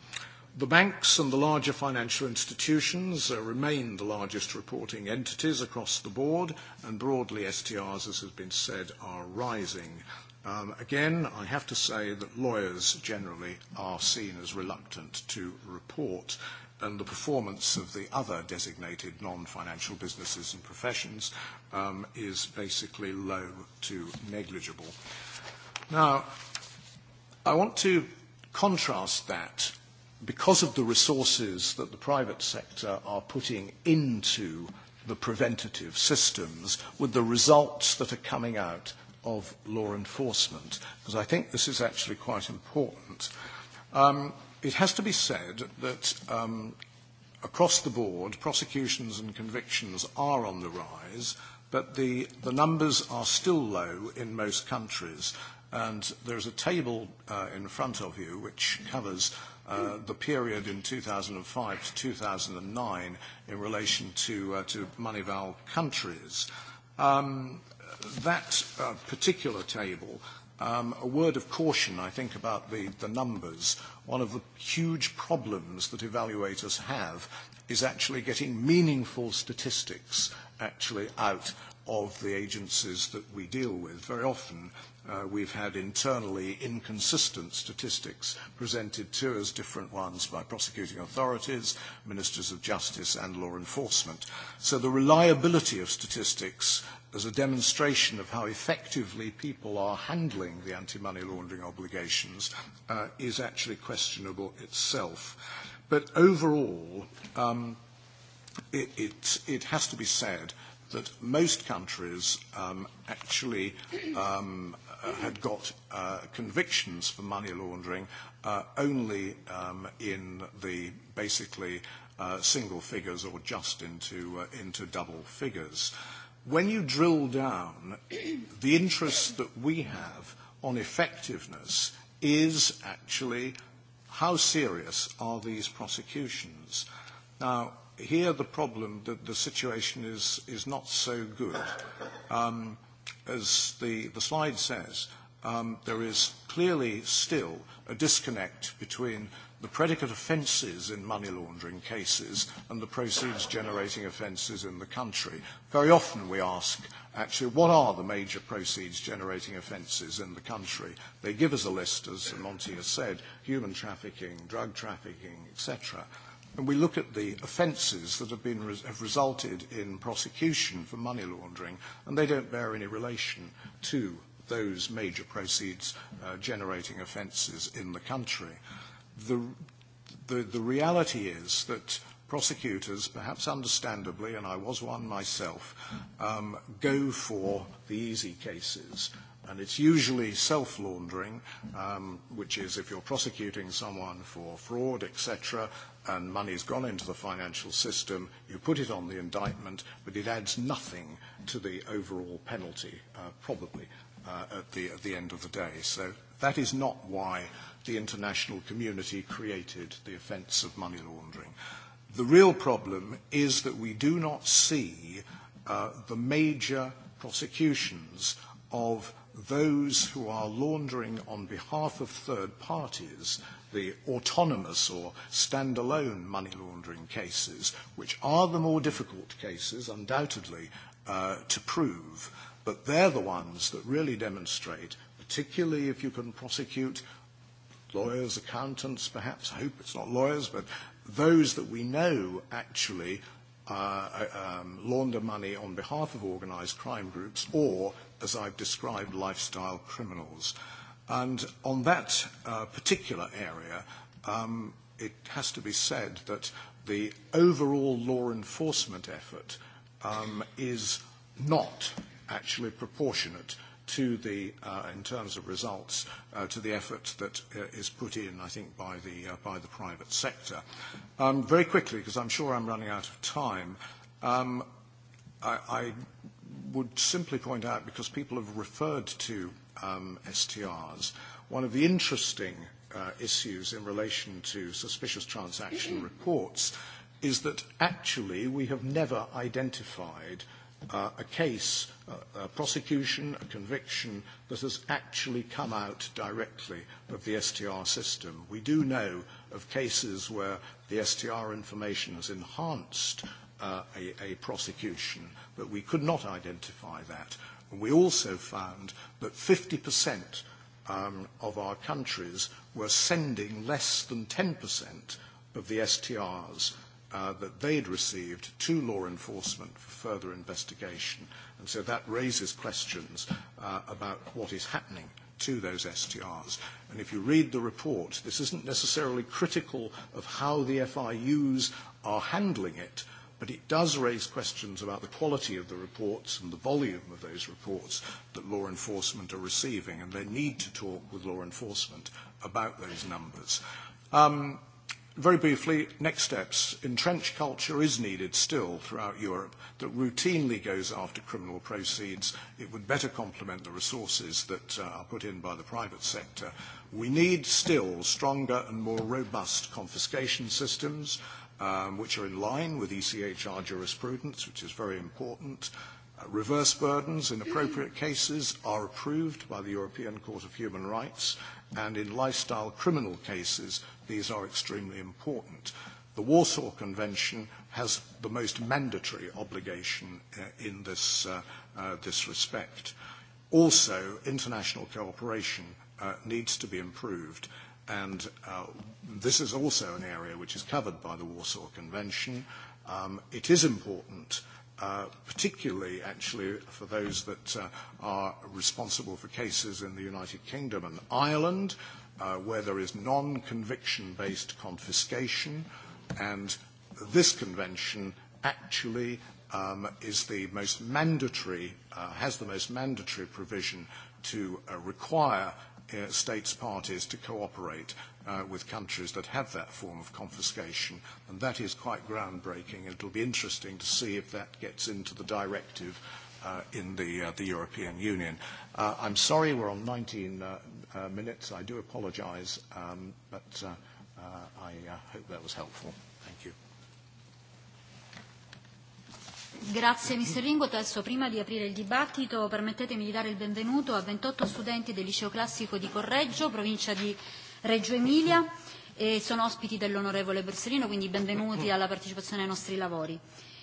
the banks and the larger financial institutions uh, remain the largest reporting entities across the board, and broadly STRs, as has been said, are rising. Um, again, I have to say that lawyers generally are seen as reluctant to report. Uh, and the performance of the other designated non-financial businesses and professions um, is basically low to negligible. Now, I want to contrast that because of the resources that the private sector are putting into the preventative systems with the results that are coming out of law enforcement, because I think this is actually quite important. Um, It has to be said that um, across the board, prosecutions and convictions are on the rise, but the, the numbers are still low in most countries. And there's a table uh, in front of you which covers uh, the period in 2005 to 2009 in relation to, uh, to money countries. Um, that uh, particular table Um, a word of caution, I think, about the, the numbers. One of the huge problems that evaluators have is actually getting meaningful statistics actually out of the agencies that we deal with. Very often uh, we've had internally inconsistent statistics presented to us, different ones by prosecuting authorities, ministers of justice and law enforcement. So the reliability of statistics as a demonstration of how effectively people are handling the anti-money laundering obligations uh, is actually questionable itself. But overall, um, it, it, it has to be said that most countries um, actually um, had got uh, convictions for money laundering uh, only um, in the basically uh, single figures or just into, uh, into double figures. Uh, when you drill down, the interest that we have on effectiveness is actually how serious are these prosecutions? Now, here the problem, the, the situation is, is not so good. Um, as the, the slide says, um, there is clearly still a disconnect between the predicate offences in money laundering cases and the proceeds generating offences in the country. Very often we ask, actually, what are the major proceeds generating offences in the country? They give us a list, as Monty has said, human trafficking, drug trafficking, etc. And we look at the offences that have, been, have resulted in prosecution for money laundering, and they don't bear any relation to those major proceeds uh, generating offences in the country the, the, the reality is that prosecutors, perhaps understandably, and I was one myself, um, go for the easy cases. And it's usually self-laundering, um, which is if you're prosecuting someone for fraud, etc., and money's gone into the financial system, you put it on the indictment, but it adds nothing to the overall penalty, uh, probably, uh, at, the, at the end of the day. So that is not why the international community created the offence of money laundering. The real problem is that we do not see uh, the major prosecutions of those who are laundering on behalf of third parties the autonomous or standalone money laundering cases, which are the more difficult cases, undoubtedly, uh, to prove, but they're the ones that really demonstrate, particularly if you can prosecute lawyers, accountants perhaps, I hope it's not lawyers, but those that we know actually uh, uh, um, launder money on behalf of organized crime groups or, as I've described, lifestyle criminals. And on that uh, particular area, um, it has to be said that the overall law enforcement effort um, is not actually proportionate to the, uh, in terms of results, uh, to the effort that uh, is put in, I think, by the, uh, by the private sector. Um, very quickly, because I'm sure I'm running out of time, um, I, I would simply point out, because people have referred to um, STRs, one of the interesting uh, issues in relation to suspicious transaction mm-hmm. reports is that actually we have never identified – uh, a case, uh, a prosecution, a conviction that has actually come out directly of the STR system. We do know of cases where the STR information has enhanced uh, a, a prosecution, but we could not identify that. we also found that 50% um, of our countries were sending less than 10% of the STRs uh, that had received to law enforcement for further investigation. And so that raises questions uh, about what is happening to those STRs. And if you read the report, this isn't necessarily critical of how the FIUs are handling it, but it does raise questions about the quality of the reports and the volume of those reports that law enforcement are receiving, and they need to talk with law enforcement about those numbers. Um, Very briefly, next steps. Entrenched culture is needed still throughout Europe that routinely goes after criminal proceeds. It would better complement the resources that uh, are put in by the private sector. We need still stronger and more robust confiscation systems, um, which are in line with ECHR jurisprudence, which is very important. Uh, reverse burdens in appropriate cases are approved by the European Court of Human Rights, and in lifestyle criminal cases, these are extremely important. The Warsaw Convention has the most mandatory obligation uh, in this, uh, uh, this respect. Also, international cooperation uh, needs to be improved, and uh, this is also an area which is covered by the Warsaw Convention. Um, it is important Uh, particularly actually for those that uh, are responsible for cases in the United Kingdom and Ireland, uh, where there is non-conviction-based confiscation, and this convention actually um, is the most mandatory, uh, has the most mandatory provision to uh, require uh, states parties to cooperate uh, with countries that have that form of confiscation, and that is quite groundbreaking. It will be interesting to see if that gets into the directive uh, in the, uh, the European Union. Uh, I'm sorry we're on 19, uh, Uh, minutes. I do apologize, um, but uh, uh, I hope that was helpful. Thank you. Grazie Mr. Ringo. Adesso prima di aprire il dibattito permettetemi di dare il benvenuto a 28 studenti del liceo classico di Correggio, provincia di Reggio Emilia, e sono ospiti dell'onorevole Borsellino, quindi benvenuti alla partecipazione ai nostri lavori.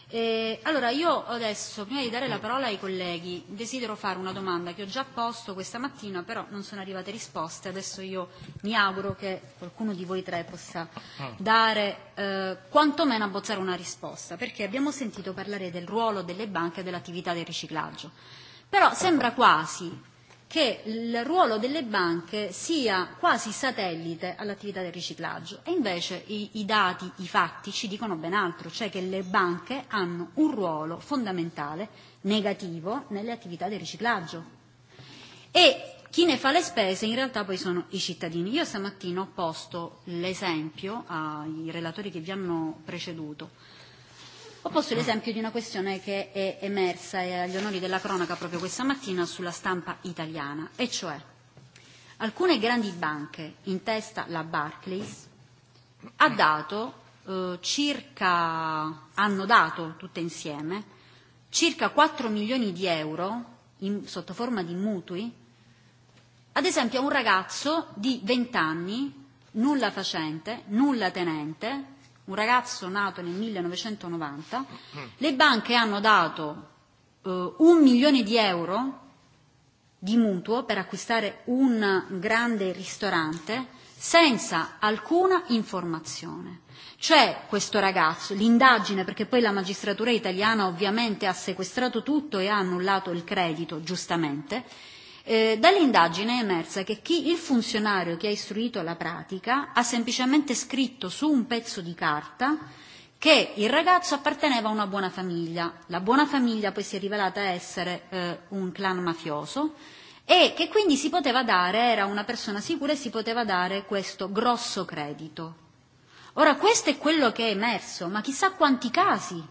Eh, allora io adesso, prima di dare la parola ai colleghi, desidero fare una domanda che ho già posto questa mattina, però non sono arrivate risposte. Adesso io mi auguro che qualcuno di voi tre possa ah. dare eh, quantomeno abbozzare una risposta, perché abbiamo sentito parlare del ruolo delle banche e dell'attività del riciclaggio. Però sembra quasi che il ruolo delle banche sia quasi satellite all'attività del riciclaggio e invece i, i dati, i fatti ci dicono ben altro, cioè che le banche hanno un ruolo fondamentale negativo nelle attività del riciclaggio. E chi ne fa le spese in realtà poi sono i cittadini. Io stamattina ho posto l'esempio ai relatori che vi hanno preceduto Ho posto l'esempio di una questione che è emersa e agli onori della cronaca proprio questa mattina sulla stampa italiana, e cioè alcune grandi banche, in testa la Barclays, ha dato eh, circa, hanno dato tutte insieme circa 4 milioni di euro in, sotto forma di mutui, ad esempio a un ragazzo di 20 anni, nulla facente, nulla tenente, un ragazzo nato nel 1990, le banche hanno dato eh, un milione di euro di mutuo per acquistare un grande ristorante senza alcuna informazione. C'è questo ragazzo, l'indagine, perché poi la magistratura italiana ovviamente ha sequestrato tutto e ha annullato il credito, giustamente, Eh, dall'indagine è emersa che chi, il funzionario che ha istruito la pratica ha semplicemente scritto su un pezzo di carta che il ragazzo apparteneva a una buona famiglia. La buona famiglia poi si è rivelata essere eh, un clan mafioso e che quindi si poteva dare, era una persona sicura e si poteva dare questo grosso credito. Ora questo è quello che è emerso, ma chissà quanti casi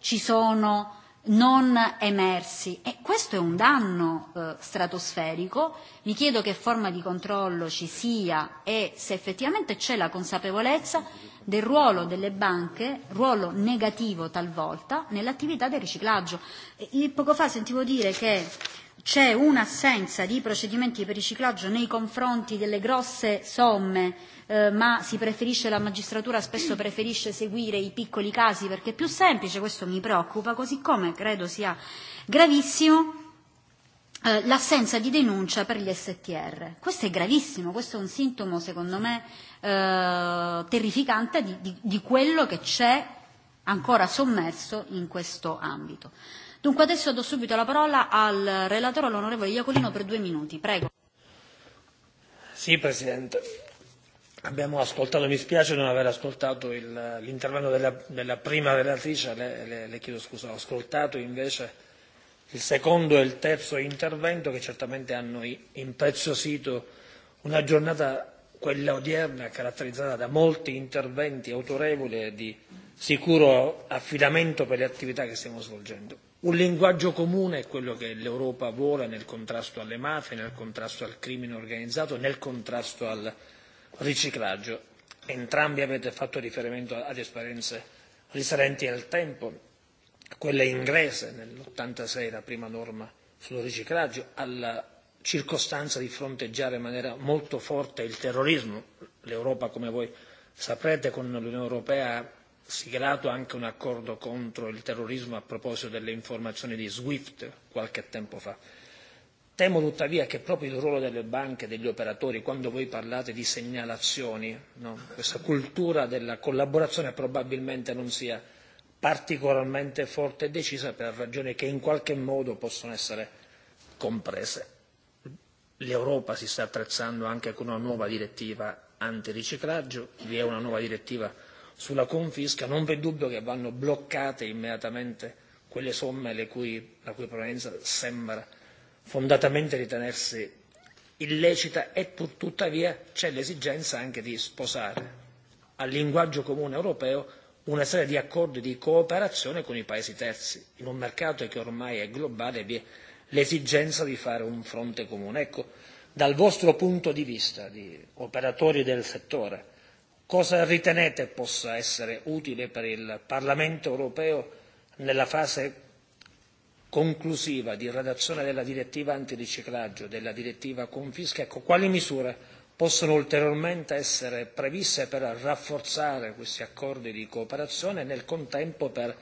ci sono non emersi e questo è un danno eh, stratosferico. Mi chiedo che forma di controllo ci sia e se effettivamente c'è la consapevolezza del ruolo delle banche, ruolo negativo talvolta, nell'attività del riciclaggio. E poco fa sentivo dire che c'è un'assenza di procedimenti per riciclaggio nei confronti delle grosse somme eh, Eh, ma si preferisce, la magistratura spesso preferisce seguire i piccoli casi perché è più semplice, questo mi preoccupa, così come credo sia gravissimo eh, l'assenza di denuncia per gli STR. Questo è gravissimo, questo è un sintomo secondo me eh, terrificante di, di, di quello che c'è ancora sommerso in questo ambito. Dunque adesso do subito la parola al relatore, l'onorevole Iacolino, per due minuti. Prego. Sì, Presidente. Abbiamo ascoltato, mi spiace non aver ascoltato il, l'intervento della, della prima relatrice, le, le, le chiedo scusa, ho ascoltato invece il secondo e il terzo intervento che certamente hanno impreziosito una giornata, quella odierna, caratterizzata da molti interventi autorevoli e di sicuro affidamento per le attività che stiamo svolgendo. Un linguaggio comune è quello che l'Europa vuole nel contrasto alle mafie, nel contrasto al crimine organizzato, nel contrasto al riciclaggio. Entrambi avete fatto riferimento ad esperienze risalenti al tempo, quella inglese nell'86, la prima norma sul riciclaggio, alla circostanza di fronteggiare in maniera molto forte il terrorismo. L'Europa, come voi saprete, con l'Unione Europea ha siglato anche un accordo contro il terrorismo a proposito delle informazioni di SWIFT qualche tempo fa Temo tuttavia che proprio il ruolo delle banche, degli operatori, quando voi parlate di segnalazioni, no? questa cultura della collaborazione probabilmente non sia particolarmente forte e decisa per ragioni che in qualche modo possono essere comprese. L'Europa si sta attrezzando anche con una nuova direttiva antiriciclaggio, vi è una nuova direttiva sulla confisca, non v'è dubbio che vanno bloccate immediatamente quelle somme le cui, la cui provenienza sembra fondatamente ritenersi illecita e pur tuttavia c'è l'esigenza anche di sposare al linguaggio comune europeo una serie di accordi di cooperazione con i paesi terzi in un mercato che ormai è globale e vi è l'esigenza di fare un fronte comune. Ecco, dal vostro punto di vista di operatori del settore, cosa ritenete possa essere utile per il Parlamento europeo nella fase conclusiva di redazione della direttiva antiriciclaggio, della direttiva confisca, ecco, quali misure possono ulteriormente essere previste per rafforzare questi accordi di cooperazione e nel contempo per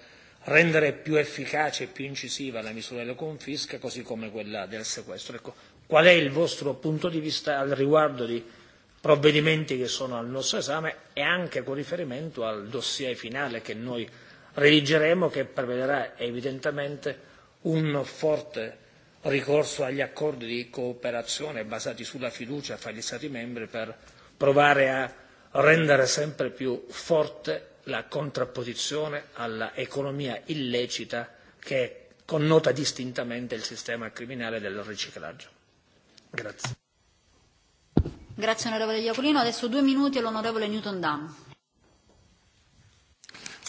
rendere più efficace e più incisiva la misura della confisca, così come quella del sequestro. Ecco, qual è il vostro punto di vista al riguardo di provvedimenti che sono al nostro esame e anche con riferimento al dossier finale che noi redigeremo, che prevederà evidentemente un forte ricorso agli accordi di cooperazione basati sulla fiducia fra gli Stati membri per provare a rendere sempre più forte la contrapposizione all'economia illecita che connota distintamente il sistema criminale del riciclaggio. Grazie. Grazie onorevole Iacolino. Adesso due minuti all'onorevole Newton Dunn.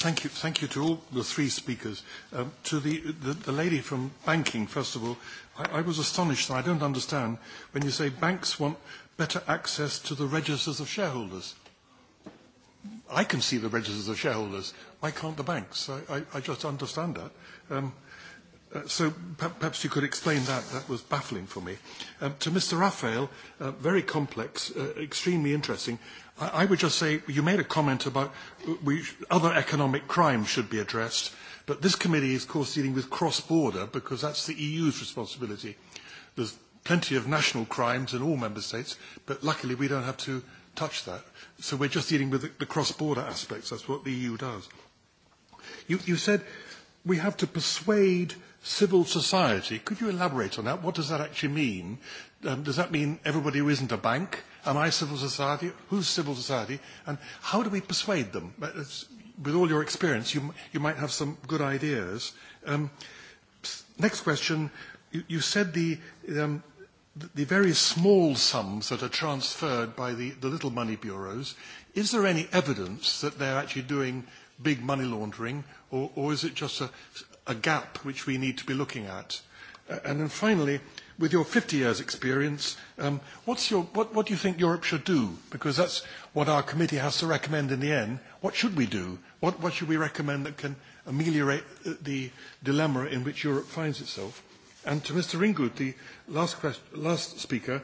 Thank you, thank you to all the three speakers. Um, to the, the, the lady from banking, first of all, I, I was astonished, and I don't understand, when you say banks want better access to the registers of shareholders. I can see the registers of shareholders. Why can't the banks? I, I, I just understand that. Um, Uh, so perhaps you could explain that. That was baffling for me. Um, to Mr. Raphael, uh, very complex, uh, extremely interesting. I, I would just say you made a comment about uh, we, other economic crime should be addressed, but this committee is, of course, dealing with cross-border because that's the EU's responsibility. There's plenty of national crimes in all member states, but luckily we don't have to touch that. So we're just dealing with the, the cross-border aspects. That's what the EU does. You, you said we have to persuade – civil society. Could you elaborate on that? What does that actually mean? Um, does that mean everybody who isn't a bank? Am I civil society? Who's civil society? And how do we persuade them? It's, with all your experience, you, you might have some good ideas. Um, next question. You, you said the, um, the, the very small sums that are transferred by the, the little money bureaus, is there any evidence that they're actually doing big money laundering, or, or is it just a, a gap which we need to be looking at? Uh, and then finally, with your 50 years experience, um, what's your, what, what do you think Europe should do? Because that's what our committee has to recommend in the end. What should we do? What, what should we recommend that can ameliorate the dilemma in which Europe finds itself? And to Mr. Ringgood, the last, question, last speaker,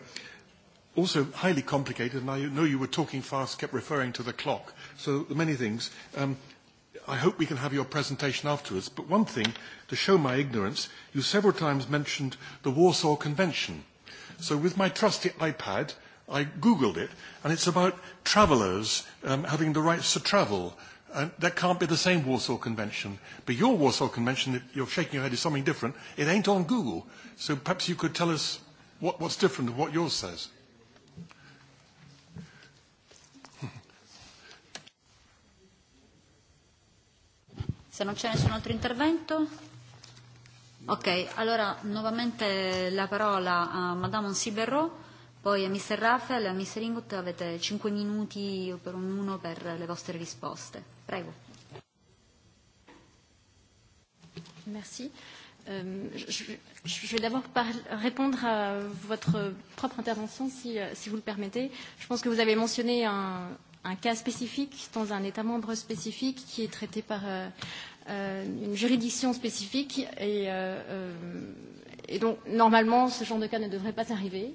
also highly complicated, and I know you were talking fast, kept referring to the clock, so many things. Um, I hope we can have your presentation afterwards, but one thing, to show my ignorance, you several times mentioned the Warsaw Convention. So with my trusty iPad, I Googled it, and it's about travellers um, having the rights to travel. And uh, that can't be the same Warsaw Convention. But your Warsaw Convention, if you're shaking your head, is something different. It ain't on Google. So perhaps you could tell us what, what's different and what yours says. Se non c'è nessun altro intervento? Ok, allora nuovamente la parola a Madame Siberro, poi a Mr. Raffel e a Mr. Ingut avete 5 minuti per ognuno per le vostre risposte. Prego. Merci. Euh, je, je, je vais d'abord répondre à votre propre intervention, si, si vous le permettez. Je pense que vous avez mentionné un, un cas spécifique dans un État membre spécifique qui est traité par euh, euh une juridiction spécifique. Et, euh, euh, et donc, normalement, ce genre de cas ne devrait pas arriver.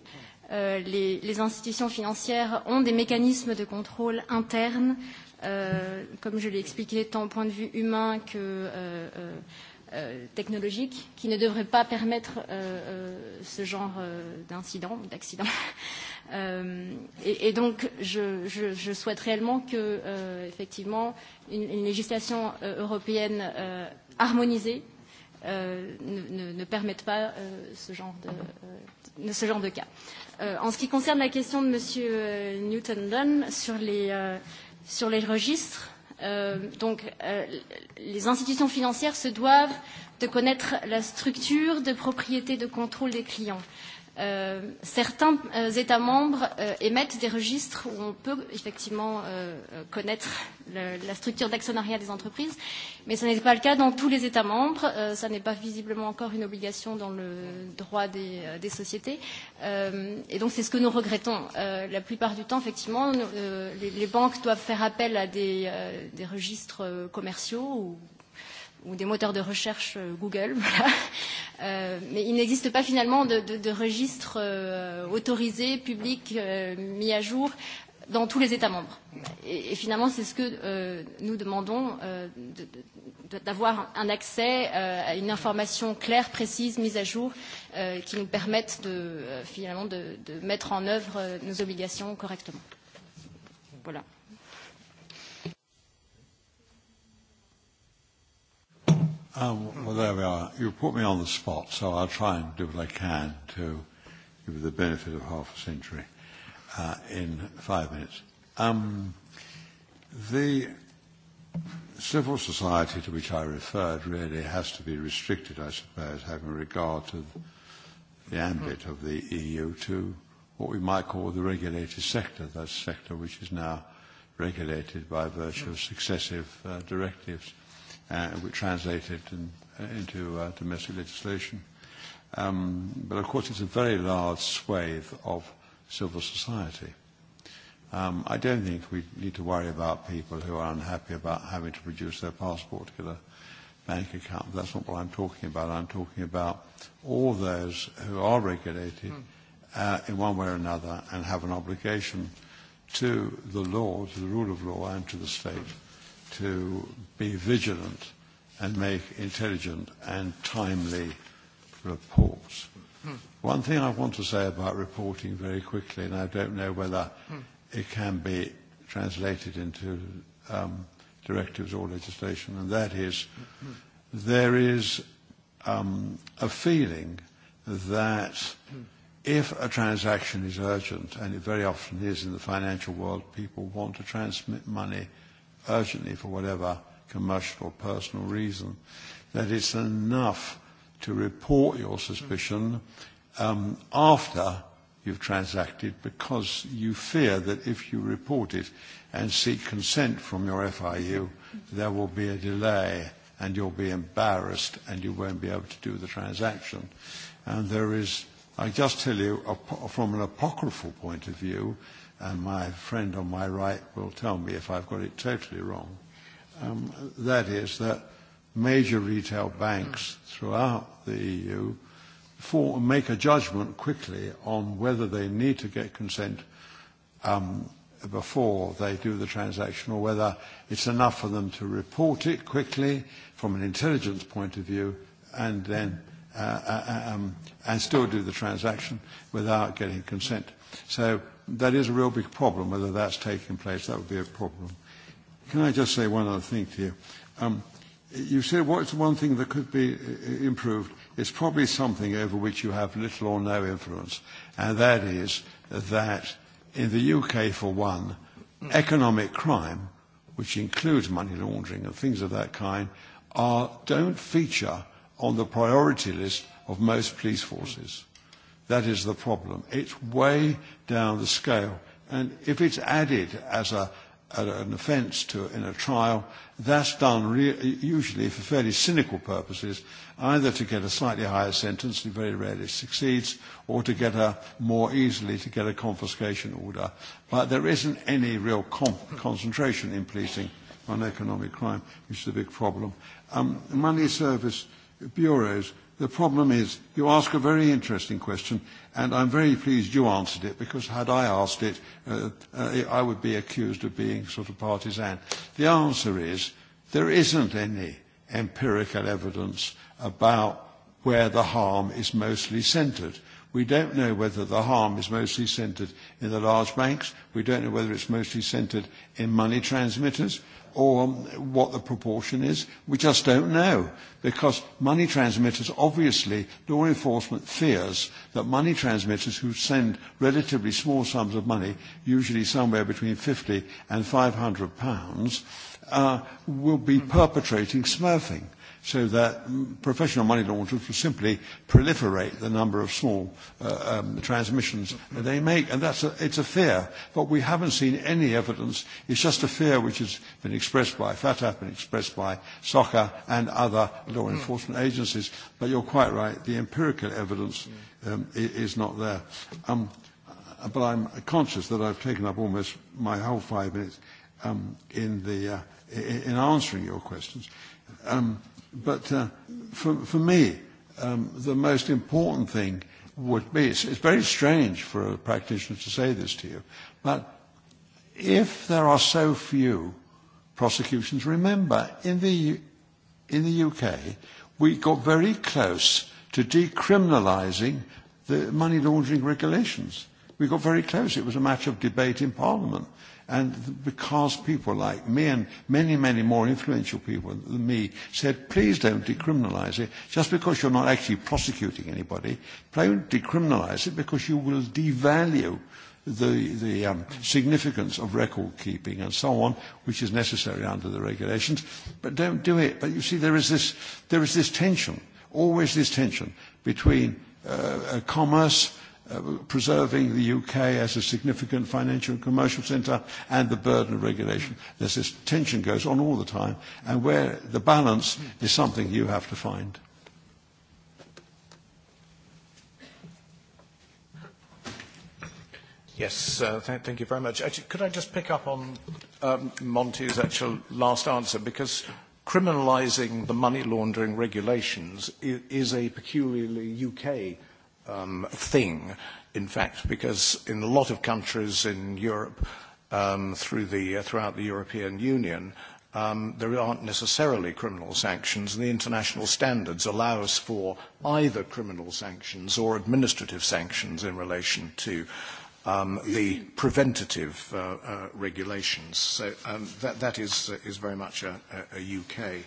Euh, les, les institutions financières ont des mécanismes de contrôle internes, euh, comme je l'ai expliqué, tant au point de vue humain que euh, euh, euh, technologique, qui ne devraient pas permettre euh, euh, ce genre euh, d'incident ou d'accident. Euh, *laughs* Euh, et, et donc, je, je, je souhaite réellement que, euh, effectivement, une, une législation euh, européenne euh, harmonisée euh, ne, ne, ne permette pas euh, ce, genre de, euh, de, ce genre de cas. Euh, en ce qui concerne la question de M. Euh, Newton-Dunn sur, les, euh, sur les registres, euh, donc, euh, les institutions financières se doivent de connaître la structure de propriété de contrôle des clients. Euh, Euh, certains euh, États membres euh, émettent des registres où on peut effectivement euh, connaître le, la structure d'actionnariat des entreprises, mais ce n'est pas le cas dans tous les États membres. Euh, ça n'est pas visiblement encore une obligation dans le droit des, euh, des sociétés. Euh, et donc c'est ce que nous regrettons. Euh, la plupart du temps, effectivement, nous, euh, les, les banques doivent faire appel à des, euh, des registres euh, commerciaux ou ou des moteurs de recherche euh, Google, *laughs* voilà. euh, mais il n'existe pas finalement de, de, de registre euh, autorisé, public, euh, mis à jour dans tous les États membres. Et, et finalement, c'est ce que euh, nous demandons, euh, d'avoir de, de, un accès euh, à une information claire, précise, mise à jour, euh, qui nous permette de, euh, finalement de, de mettre en œuvre euh, nos obligations correctement. Voilà. Um, well, there we are. You put me on the spot, so I'll try and do what I can to give you the benefit of half a century uh, in five minutes. Um, the civil society to which I referred really has to be restricted, I suppose, having regard to the ambit of the EU to what we might call the regulated sector, that sector which is now regulated by virtue of successive uh, directives uh, we translated it in, uh, into uh, domestic legislation. Um, but of course, it's a very large swathe of civil society. Um, I don't think we need to worry about people who are unhappy about having to produce their passport to get a bank account. That's not what I'm talking about. I'm talking about all those who are regulated mm. uh, in one way or another and have an obligation to the law, to the rule of law, and to the state. Mm to be vigilant and make intelligent and timely reports. Mm. One thing I want to say about reporting very quickly, and I don't know whether mm. it can be translated into um, directives or legislation, and that is mm. there is um, a feeling that mm. if a transaction is urgent, and it very often is in the financial world, people want to transmit money – urgently for whatever commercial or personal reason, that it's enough to report your suspicion um, after you've transacted because you fear that if you report it and seek consent from your FIU, there will be a delay and you'll be embarrassed and you won't be able to do the transaction. And there is, I just tell you, a, from an apocryphal point of view, and my friend on my right will tell me if I've got it totally wrong. Um, that is that major retail banks hmm. throughout the EU for, make a judgment quickly on whether they need to get consent um, before they do the transaction or whether it's enough for them to report it quickly from an intelligence point of view and then uh, uh, uh um, and still do the transaction without getting consent. So that is a real big problem. Whether that's taking place, that would be a problem. Can I just say one other thing to you? Um, you said what's one thing that could be uh, uh, improved? It's probably something over which you have little or no influence, and that is that in the UK, for one, economic crime, which includes money laundering and things of that kind, are, don't feature on the priority list of most police forces. That is the problem. It's way down the scale. And if it's added as a, an offence to in a trial, that's done re- usually for fairly cynical purposes, either to get a slightly higher sentence, and very rarely succeeds, or to get a more easily to get a confiscation order. But there isn't any real con- concentration in policing on economic crime, which is a big problem. Um, money service bureaus The problem is, you ask a very interesting question, and I'm very pleased you answered it, because had I asked it, uh, uh, I would be accused of being sort of partisan. The answer is, there isn't any empirical evidence about where the harm is mostly centred. We don't know whether the harm is mostly centred in the large banks. We don't know whether it's mostly centred in money transmitters or what the proportion is. We just don't know because money transmitters, obviously, law enforcement fears that money transmitters who send relatively small sums of money, usually somewhere between 50 and 500 pounds, uh, will be perpetrating smurfing so that professional money launderers will simply proliferate the number of small uh, um, transmissions they make. And that's a, it's a fear, but we haven't seen any evidence. It's just a fear which has been expressed by FATF, been expressed by SOCA and other law hmm. enforcement agencies. But you're quite right, the empirical evidence hmm. um, is not there. Um, uh, but I'm conscious that I've taken up almost my whole five minutes um, in, the, uh, in answering your questions. Um, But uh, for, for me, um, the most important thing would be, it's, it's very strange for a practitioner to say this to you, but if there are so few prosecutions, remember, in the, in the UK, we got very close to decriminalising the money laundering regulations. We got very close. It was a matter of debate in Parliament. And because people like me and many, many more influential people than me said, please don't decriminalise it just because you're not actually prosecuting anybody. Don't decriminalise it because you will devalue the, the um, significance of record keeping and so on, which is necessary under the regulations. But don't do it. But you see, there is this, there is this tension, always this tension between uh, uh commerce Uh, preserving the UK as a significant financial and commercial centre and the burden of regulation. There's this tension goes on all the time, and where the balance is something you have to find. Yes, uh, th thank you very much. Actually, could I just pick up on um, Monty's actual last answer? Because criminalising the money laundering regulations is, is a peculiarly UK um, thing, in fact, because in a lot of countries in Europe, um, through the, uh, throughout the European Union, um, there aren't necessarily criminal sanctions, and the international standards allow us for either criminal sanctions or administrative sanctions in relation to um, the preventative uh, uh, regulations. So um, that, that is, uh, is very much a, a UK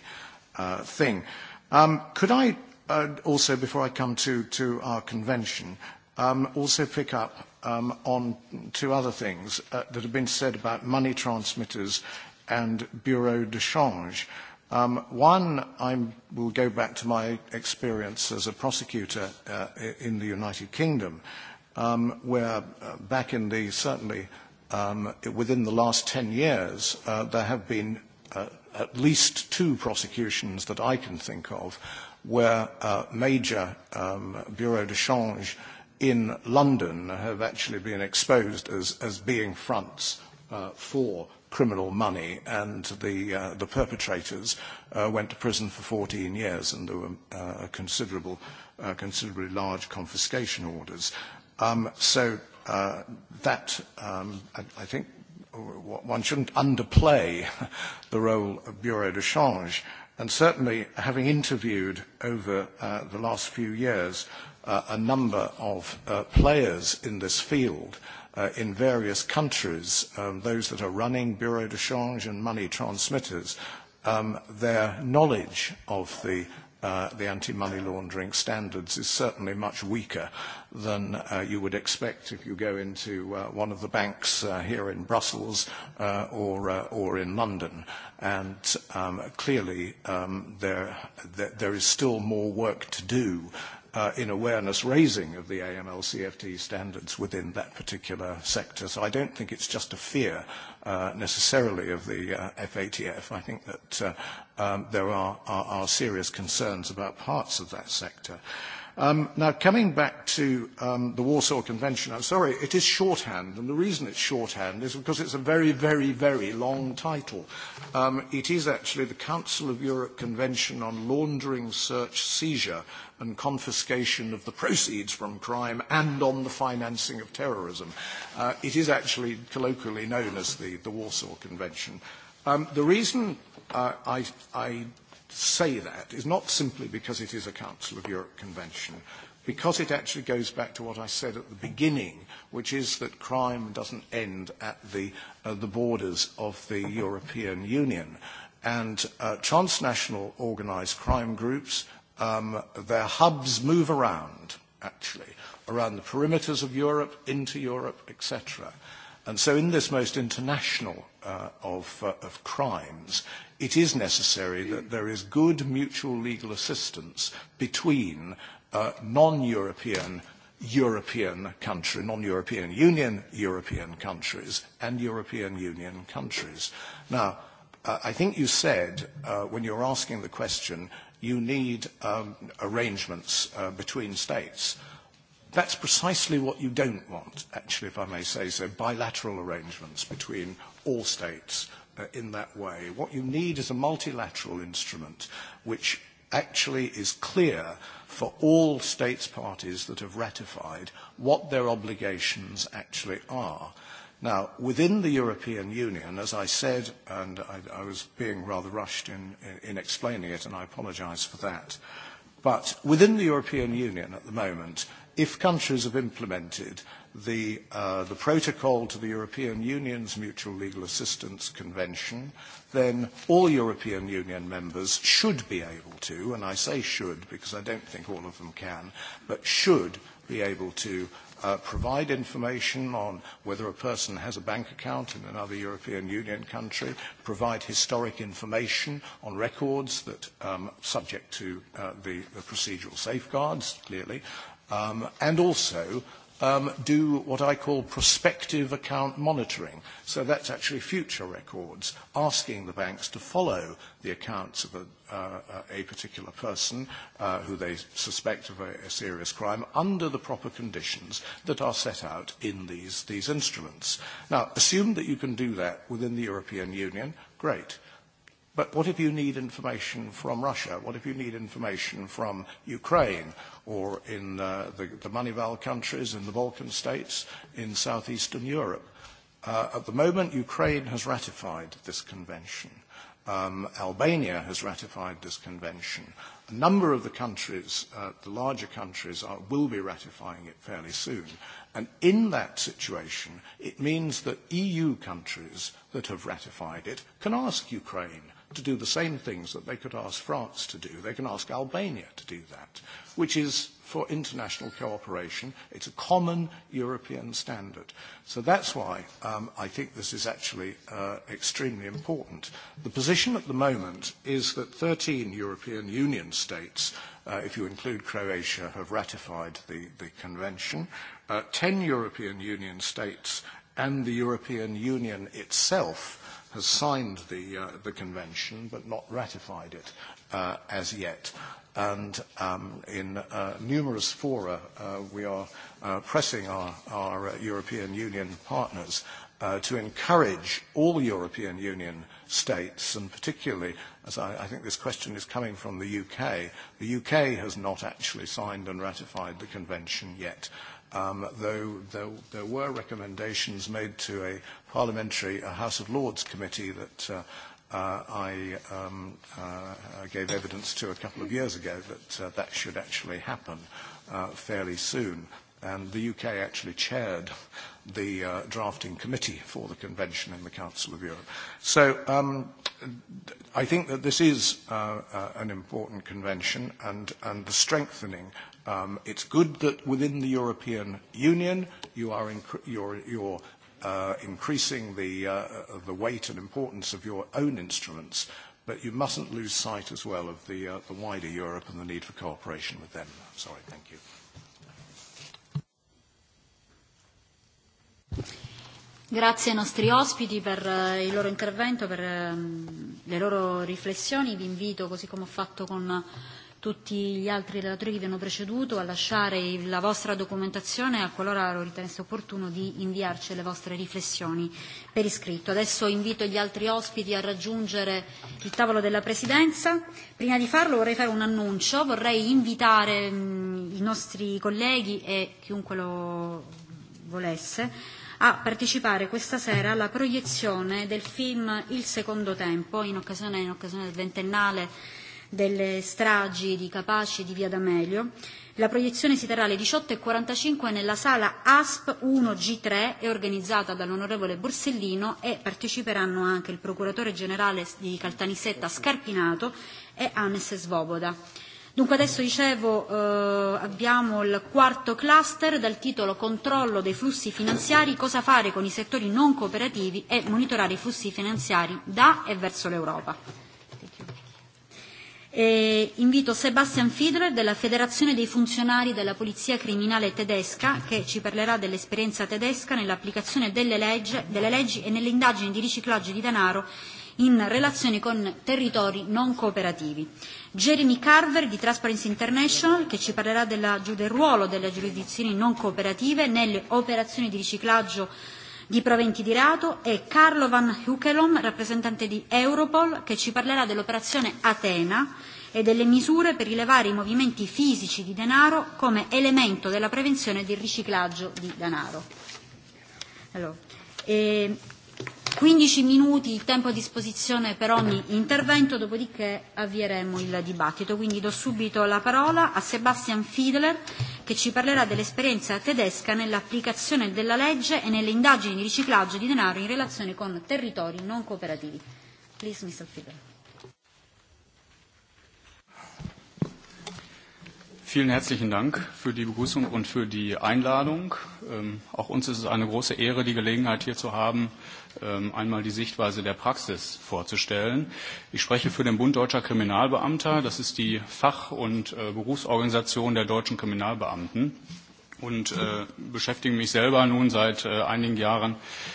uh, thing. Um, could I uh, also, before I come to, to our convention, um, also pick up um, on two other things uh, that have been said about money transmitters and bureau de change. Um, one, I will go back to my experience as a prosecutor uh, in the United Kingdom, um, where uh, back in the, certainly um, within the last 10 years, uh, there have been uh, at least two prosecutions that I can think of where uh, major um, bureau de change in London have actually been exposed as, as being fronts uh, for criminal money, and the, uh, the perpetrators uh, went to prison for 14 years, and there were uh, considerable, uh, considerably large confiscation orders. Um, so uh, that, um, I, I think, one shouldn't underplay *laughs* the role of bureau de change And certainly, having interviewed over uh, the last few years uh, a number of uh, players in this field uh, in various countries, um, those that are running Bureau de Change and money transmitters, um, their knowledge of the, uh, the anti-money laundering standards is certainly much weaker than uh, you would expect if you go into uh, one of the banks uh, here in Brussels uh, or, uh, or in London. And um, clearly, um, there, there, there is still more work to do uh, in awareness raising of the AML-CFT standards within that particular sector. So I don't think it's just a fear uh, necessarily of the uh, FATF. I think that uh, um, there are, are, are serious concerns about parts of that sector. Uh, Um, now, coming back to um, the Warsaw Convention, I'm sorry, it is shorthand, and the reason it's shorthand is because it's a very, very, very long title. Um, it is actually the Council of Europe Convention on Laundering, Search, Seizure, and confiscation of the proceeds from crime and on the financing of terrorism. Uh, it is actually colloquially known as the, the Warsaw Convention. Um, the reason uh, I, I say that is not simply because it is a Council of Europe convention, because it actually goes back to what I said at the beginning, which is that crime doesn't end at the, uh, the borders of the European Union. And uh, transnational organized crime groups, um, their hubs move around, actually, around the perimeters of Europe, into Europe, etc. And so in this most international uh, of, uh, of crimes, it is necessary that there is good mutual legal assistance between uh, non-European European country, non-European Union European countries, and European Union countries. Now, uh, I think you said, uh, when you were asking the question, you need um, arrangements uh, between states. That's precisely what you don't want, actually, if I may say so, bilateral arrangements between all states uh, in that way. What you need is a multilateral instrument which actually is clear for all states parties that have ratified what their obligations actually are. Now, within the European Union, as I said, and I, I was being rather rushed in, in explaining it, and I apologize for that, but within the European Union at the moment, if countries have implemented the, uh, the protocol to the European Union's Mutual Legal Assistance Convention, then all European Union members should be able to, and I say should because I don't think all of them can, but should be able to uh, provide information on whether a person has a bank account in another European Union country, provide historic information on records that um, subject to uh, the, the procedural safeguards, clearly, um, and also um, do what I call prospective account monitoring. So that's actually future records, asking the banks to follow the accounts of a, uh, a particular person uh, who they suspect of a, a serious crime under the proper conditions that are set out in these, these instruments. Now, assume that you can do that within the European Union, great. But what if you need information from Russia? What if you need information from Ukraine or in uh, the, the Moneyval countries, in the Balkan states, in southeastern Europe? Uh, at the moment, Ukraine has ratified this convention. Um, Albania has ratified this convention. A number of the countries, uh, the larger countries, are, will be ratifying it fairly soon. And in that situation, it means that EU countries that have ratified it can ask Ukraine to do the same things that they could ask France to do. They can ask Albania to do that, which is for international cooperation. It's a common European standard. So that's why um, I think this is actually uh, extremely important. The position at the moment is that 13 European Union states, uh, if you include Croatia, have ratified the, the convention. Uh, 10 European Union states and the European Union itself has signed the, uh, the convention but not ratified it uh, as yet. And um, in uh, numerous fora, uh, we are uh, pressing our, our uh, European Union partners uh, to encourage all European Union states, and particularly, as I, I think this question is coming from the UK, the UK has not actually signed and ratified the convention yet um, though there, there were recommendations made to a parliamentary a House of Lords committee that uh, uh, I um, uh, gave evidence to a couple of years ago that uh, that should actually happen uh, fairly soon. And the UK actually chaired the uh, drafting committee for the convention in the Council of Europe. So um, I think that this is uh, uh, an important convention and, and the strengthening Um, it's good that within the European Union you are inc- you're, you're uh, increasing the, uh, the weight and importance of your own instruments, but you mustn't lose sight as well of the, uh, the wider Europe and the need for cooperation with them. Sorry, thank you. Grazie ai nostri ospiti per uh, il loro intervento, per um, le loro riflessioni. Vi invito, così come ho fatto con tutti gli altri relatori che vi hanno preceduto a lasciare la vostra documentazione e a qualora lo ritenesse opportuno di inviarci le vostre riflessioni per iscritto. Adesso invito gli altri ospiti a raggiungere il tavolo della Presidenza. Prima di farlo vorrei fare un annuncio, vorrei invitare mh, mm, i nostri colleghi e chiunque lo volesse a partecipare questa sera alla proiezione del film Il secondo tempo in occasione, in occasione del ventennale delle stragi di Capaci e di Via D'Amelio. La proiezione si terrà alle 18.45 e nella sala ASP 1G3, e organizzata dall'onorevole Borsellino e parteciperanno anche il procuratore generale di Caltanissetta Scarpinato e Anes Svoboda. Dunque adesso dicevo eh, abbiamo il quarto cluster dal titolo Controllo dei flussi finanziari, cosa fare con i settori non cooperativi e monitorare i flussi finanziari da e verso l'Europa. E invito Sebastian Fiedler della Federazione dei funzionari della Polizia Criminale Tedesca che ci parlerà dell'esperienza tedesca nell'applicazione delle, legge, delle leggi e nelle indagini di riciclaggio di denaro in relazione con territori non cooperativi. Jeremy Carver di Transparency International che ci parlerà della, del ruolo delle giurisdizioni non cooperative nelle operazioni di riciclaggio di proventi di rato, e Carlo Van Huckelom, rappresentante di Europol, che ci parlerà dell'operazione Atena e delle misure per rilevare i movimenti fisici di denaro come elemento della prevenzione del riciclaggio di denaro. Allora, e 15 minuti il tempo a disposizione per ogni intervento, dopodiché avvieremo il dibattito. Quindi do subito la parola a Sebastian Fiedler che ci parlerà dell'esperienza tedesca nell'applicazione della legge e nelle indagini di riciclaggio di denaro in relazione con territori non cooperativi. Please, Mr. Fiedler. Vielen herzlichen Dank für die Begrüßung und für die Einladung. Ähm, auch uns ist es eine große Ehre, die Gelegenheit hier zu haben, Ähm, einmal die Sichtweise der Praxis vorzustellen. Ich spreche für den Bund Deutscher Kriminalbeamter. Das ist die Fach- und äh, Berufsorganisation der deutschen Kriminalbeamten und äh, beschäftige mich selber nun seit äh, einigen Jahren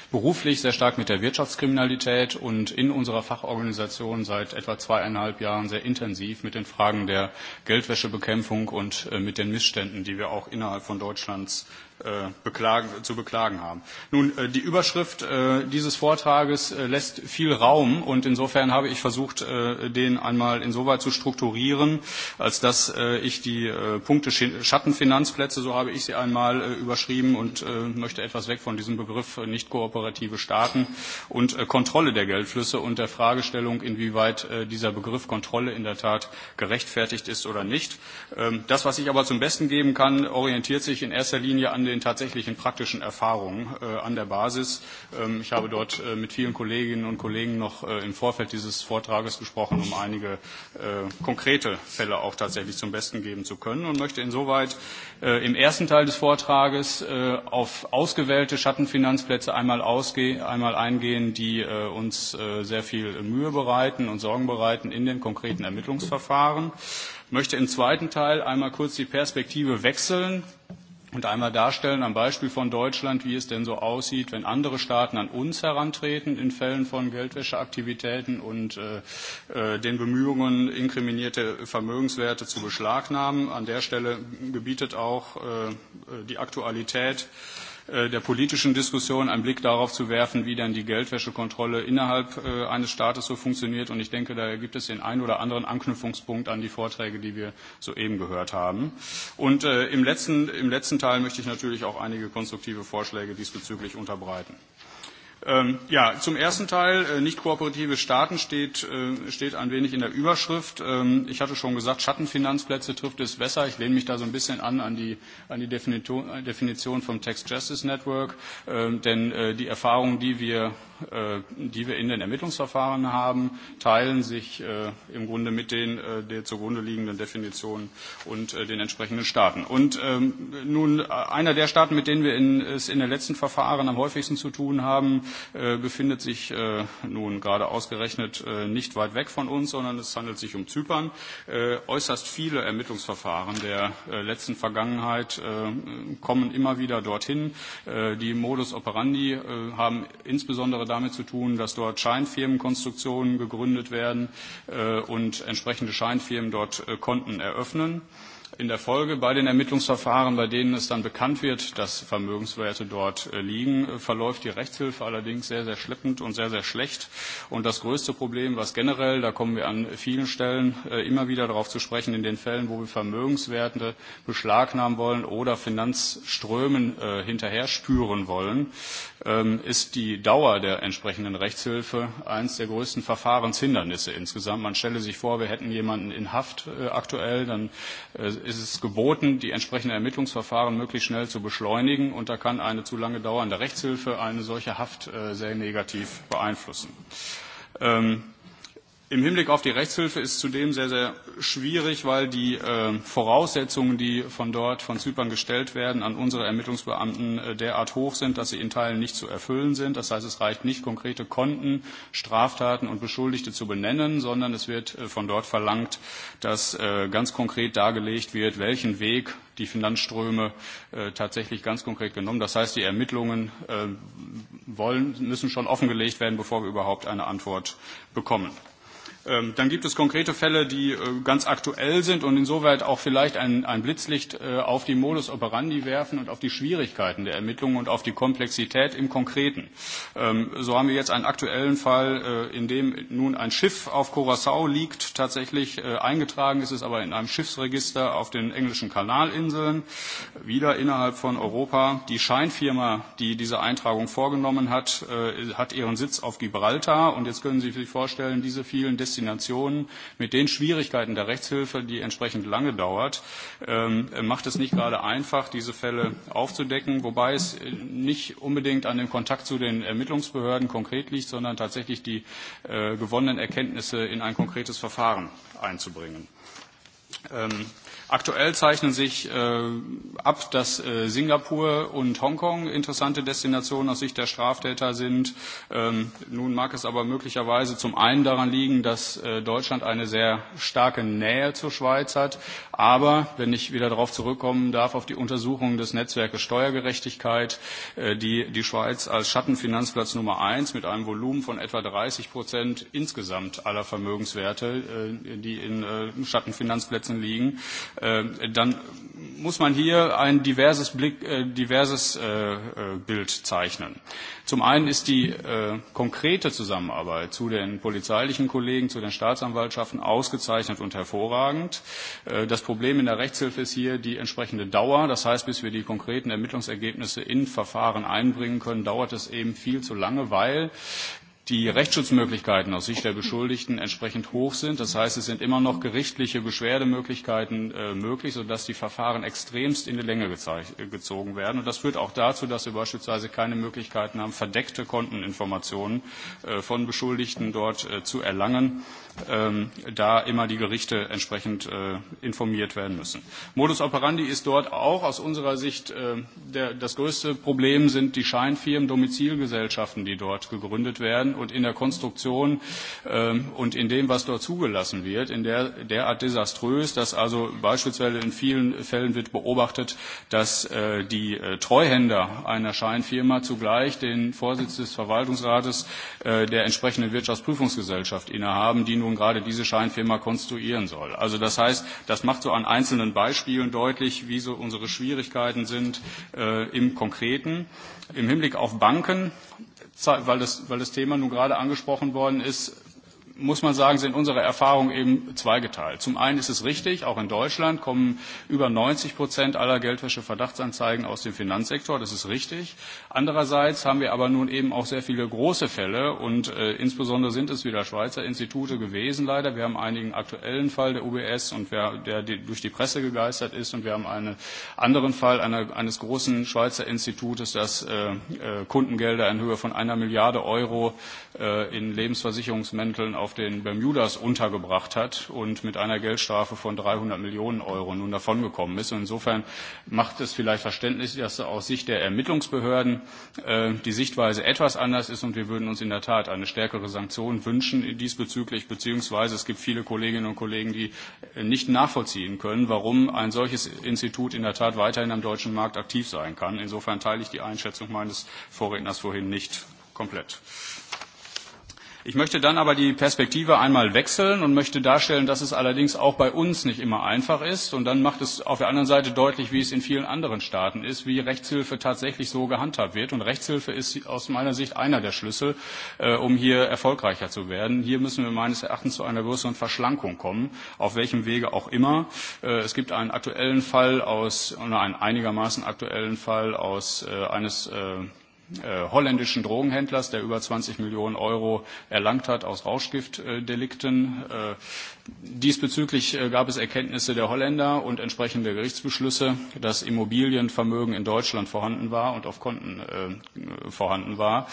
beruflich sehr stark mit der Wirtschaftskriminalität und in unserer Fachorganisation seit etwa zweieinhalb Jahren sehr intensiv mit den Fragen der Geldwäschebekämpfung und äh, mit den Missständen, die wir auch innerhalb von Deutschlands Äh, beklagen, zu beklagen haben. Nun, äh, die Überschrift äh, dieses Vortrages lässt viel Raum und insofern habe ich versucht, den einmal insoweit zu strukturieren, als dass ich die Punkte Schattenfinanzplätze, so habe ich sie einmal überschrieben und möchte etwas weg von diesem Begriff nicht kooperative Staaten und Kontrolle der Geldflüsse und der Fragestellung, inwieweit dieser Begriff Kontrolle in der Tat gerechtfertigt ist oder nicht. Ähm, das, was ich aber zum Besten geben kann, orientiert sich in erster Linie an den den tatsächlichen praktischen Erfahrungen äh, an der Basis. Ähm, ich habe dort äh, mit vielen Kolleginnen und Kollegen noch äh, im Vorfeld dieses Vortrages gesprochen, um einige äh, konkrete Fälle auch tatsächlich zum Besten geben zu können und möchte insoweit äh, im ersten Teil des Vortrages äh, auf ausgewählte Schattenfinanzplätze einmal, ausge einmal eingehen, die äh, uns äh, sehr viel Mühe bereiten und Sorgen bereiten in den konkreten Ermittlungsverfahren Ich möchte im zweiten Teil einmal kurz die Perspektive wechseln und einmal darstellen am Beispiel von Deutschland, wie es denn so aussieht, wenn andere Staaten an uns herantreten in Fällen von Geldwäscheaktivitäten und äh, äh den Bemühungen, inkriminierte Vermögenswerte zu beschlagnahmen. An der Stelle gebietet auch äh, äh die Aktualität äh, Äh, der politischen Diskussion einen Blick darauf zu werfen, wie dann die Geldwäschekontrolle innerhalb äh, eines Staates so funktioniert. Und ich denke, da gibt es den einen oder anderen Anknüpfungspunkt an die Vorträge, die wir soeben gehört haben. Und äh, im letzten, im letzten Teil möchte ich natürlich auch einige konstruktive Vorschläge diesbezüglich unterbreiten. Ähm, ja, zum ersten Teil, äh, nicht kooperative Staaten steht, äh, steht ein wenig in der Überschrift. Ähm, ich hatte schon gesagt, Schattenfinanzplätze trifft es besser. Ich lehne mich da so ein bisschen an an die, an die Definition, Definition vom Tax Justice Network, ähm, denn äh, die Erfahrungen, die wir Äh, die wir in den Ermittlungsverfahren haben, teilen sich äh, im Grunde mit den äh, der zugrunde liegenden Definitionen und den entsprechenden Staaten. Und ähm, nun einer der Staaten, mit denen wir in, es in den letzten Verfahren am häufigsten zu tun haben, befindet sich nun gerade ausgerechnet nicht weit weg von uns, sondern es handelt sich um Zypern. Äußerst viele Ermittlungsverfahren der letzten Vergangenheit kommen immer wieder dorthin. Die Modus operandi haben insbesondere damit zu tun, dass dort Scheinfirmenkonstruktionen gegründet werden äh, und entsprechende Scheinfirmen dort äh, Konten eröffnen in der Folge bei den Ermittlungsverfahren, bei denen es dann bekannt wird, dass Vermögenswerte dort äh, liegen, äh, verläuft die Rechtshilfe allerdings sehr, sehr schleppend und sehr, sehr schlecht. Und das größte Problem, was generell, da kommen wir an vielen Stellen äh, immer wieder darauf zu sprechen, in den Fällen, wo wir Vermögenswerte beschlagnahmen wollen oder Finanzströmen hinterher spüren wollen, ähm, ist die Dauer der entsprechenden Rechtshilfe eines der größten Verfahrenshindernisse insgesamt. Man stelle sich vor, wir hätten jemanden in Haft aktuell, dann ist es geboten, die entsprechenden Ermittlungsverfahren möglichst schnell zu beschleunigen. Und da kann eine zu lange dauernde Rechtshilfe eine solche Haft äh, sehr negativ beeinflussen. Ähm, Im Hinblick auf die Rechtshilfe ist zudem sehr, sehr schwierig, weil die äh, Voraussetzungen, die von dort, von Zypern gestellt werden, an unsere Ermittlungsbeamten äh, derart hoch sind, dass sie in Teilen nicht zu erfüllen sind. Das heißt, es reicht nicht, konkrete Konten, Straftaten und Beschuldigte zu benennen, sondern es wird äh, von dort verlangt, dass äh, ganz konkret dargelegt wird, welchen Weg die Finanzströme äh, tatsächlich ganz konkret genommen. Das heißt, die Ermittlungen äh, wollen, müssen schon offengelegt werden, bevor wir überhaupt eine Antwort bekommen. Ähm, dann gibt es konkrete Fälle, die äh, ganz aktuell sind und insoweit auch vielleicht ein, ein Blitzlicht äh, auf die Modus operandi werfen und auf die Schwierigkeiten der Ermittlungen und auf die Komplexität im Konkreten. Ähm, so haben wir jetzt einen aktuellen Fall, äh, in dem nun ein Schiff auf Curaçao liegt, tatsächlich eingetragen ist es aber in einem Schiffsregister auf den englischen Kanalinseln, wieder innerhalb von Europa. Die Scheinfirma, die diese Eintragung vorgenommen hat, hat ihren Sitz auf Gibraltar und jetzt können Sie sich vorstellen, diese vielen Des Destinationen mit den Schwierigkeiten der Rechtshilfe, die entsprechend lange dauert, ähm, macht es nicht gerade einfach, diese Fälle aufzudecken, wobei es nicht unbedingt an dem Kontakt zu den Ermittlungsbehörden konkret liegt, sondern tatsächlich die äh, gewonnenen Erkenntnisse in ein konkretes Verfahren einzubringen. Ähm, Aktuell zeichnen sich äh, ab, dass äh, Singapur und Hongkong interessante Destinationen aus Sicht der Straftäter sind. Ähm, nun mag es aber möglicherweise zum einen daran liegen, dass äh, Deutschland eine sehr starke Nähe zur Schweiz hat. Aber wenn ich wieder darauf zurückkommen darf, auf die Untersuchung des Netzwerkes Steuergerechtigkeit, äh, die die Schweiz als Schattenfinanzplatz Nummer eins mit einem Volumen von etwa 30 Prozent insgesamt aller Vermögenswerte, äh, die in äh, Schattenfinanzplätzen liegen, Äh, dann muss man hier ein diverses, Blick, äh, diverses äh, äh, Bild zeichnen. Zum einen ist die äh, konkrete Zusammenarbeit zu den polizeilichen Kollegen, zu den Staatsanwaltschaften ausgezeichnet und hervorragend. Äh, das Problem in der Rechtshilfe ist hier die entsprechende Dauer. Das heißt, bis wir die konkreten Ermittlungsergebnisse in Verfahren einbringen können, dauert es eben viel zu lange, weil die Rechtsschutzmöglichkeiten aus Sicht der Beschuldigten entsprechend hoch sind. Das heißt, es sind immer noch gerichtliche Beschwerdemöglichkeiten äh, möglich, sodass die Verfahren extremst in die Länge äh, gezogen werden. Und das führt auch dazu, dass wir beispielsweise keine Möglichkeiten haben, verdeckte Konteninformationen äh, von Beschuldigten dort äh, zu erlangen, ähm, da immer die Gerichte entsprechend äh, informiert werden müssen. Modus operandi ist dort auch aus unserer Sicht äh, der, das größte Problem sind die Scheinfirmen, Domizilgesellschaften, die dort gegründet werden und in der Konstruktion ähm, und in dem, was dort zugelassen wird, in der, derart desaströs, dass also beispielsweise in vielen Fällen wird beobachtet, dass äh, die äh, Treuhänder einer Scheinfirma zugleich den Vorsitz des Verwaltungsrates äh, der entsprechenden Wirtschaftsprüfungsgesellschaft innehaben, die nun gerade diese Scheinfirma konstruieren soll. Also das heißt, das macht so an einzelnen Beispielen deutlich, wie so unsere Schwierigkeiten sind äh, im Konkreten. Im Hinblick auf Banken weil das, Thema nun gerade angesprochen worden ist, muss man sagen, sind unsere Erfahrungen eben zweigeteilt. Zum einen ist es richtig, auch in Deutschland kommen über 90 Prozent aller Geldwäsche-Verdachtsanzeigen aus dem Finanzsektor. Das ist richtig. Andererseits haben wir aber nun eben auch sehr viele große Fälle und äh, insbesondere sind es wieder Schweizer Institute gewesen leider. Wir haben einen aktuellen Fall der UBS und wer, der die, durch die Presse gegeistert ist und wir haben einen anderen Fall einer, eines großen Schweizer Institutes, das äh, äh, Kundengelder in Höhe von einer Milliarde Euro äh, in Lebensversicherungsmänteln auf den Bermudas untergebracht hat und mit einer Geldstrafe von 300 Millionen Euro nun davongekommen ist. Und insofern macht es vielleicht verständlich, dass aus Sicht der Ermittlungsbehörden äh, die Sichtweise etwas anders ist und wir würden uns in der Tat eine stärkere Sanktion wünschen diesbezüglich, beziehungsweise es gibt viele Kolleginnen und Kollegen, die nicht nachvollziehen können, warum ein solches Institut in der Tat weiterhin am deutschen Markt aktiv sein kann. Insofern teile ich die Einschätzung meines Vorredners vorhin nicht komplett. Ich möchte dann aber die Perspektive einmal wechseln und möchte darstellen, dass es allerdings auch bei uns nicht immer einfach ist. Und dann macht es auf der anderen Seite deutlich, wie es in vielen anderen Staaten ist, wie Rechtshilfe tatsächlich so gehandhabt wird. Und Rechtshilfe ist aus meiner Sicht einer der Schlüssel, äh, um hier erfolgreicher zu werden. Hier müssen wir meines Erachtens zu einer größeren Verschlankung kommen, auf welchem Wege auch immer. Äh, es gibt einen aktuellen Fall aus, oder einen einigermaßen aktuellen Fall aus äh, eines äh, Äh, holländischen Drogenhändlers, der über 20 Millionen Euro erlangt hat aus Rauschgiftdelikten. Äh, diesbezüglich äh, gab es Erkenntnisse der Holländer und entsprechende Gerichtsbeschlüsse, dass Immobilienvermögen in Deutschland vorhanden war und auf Konten vorhanden war.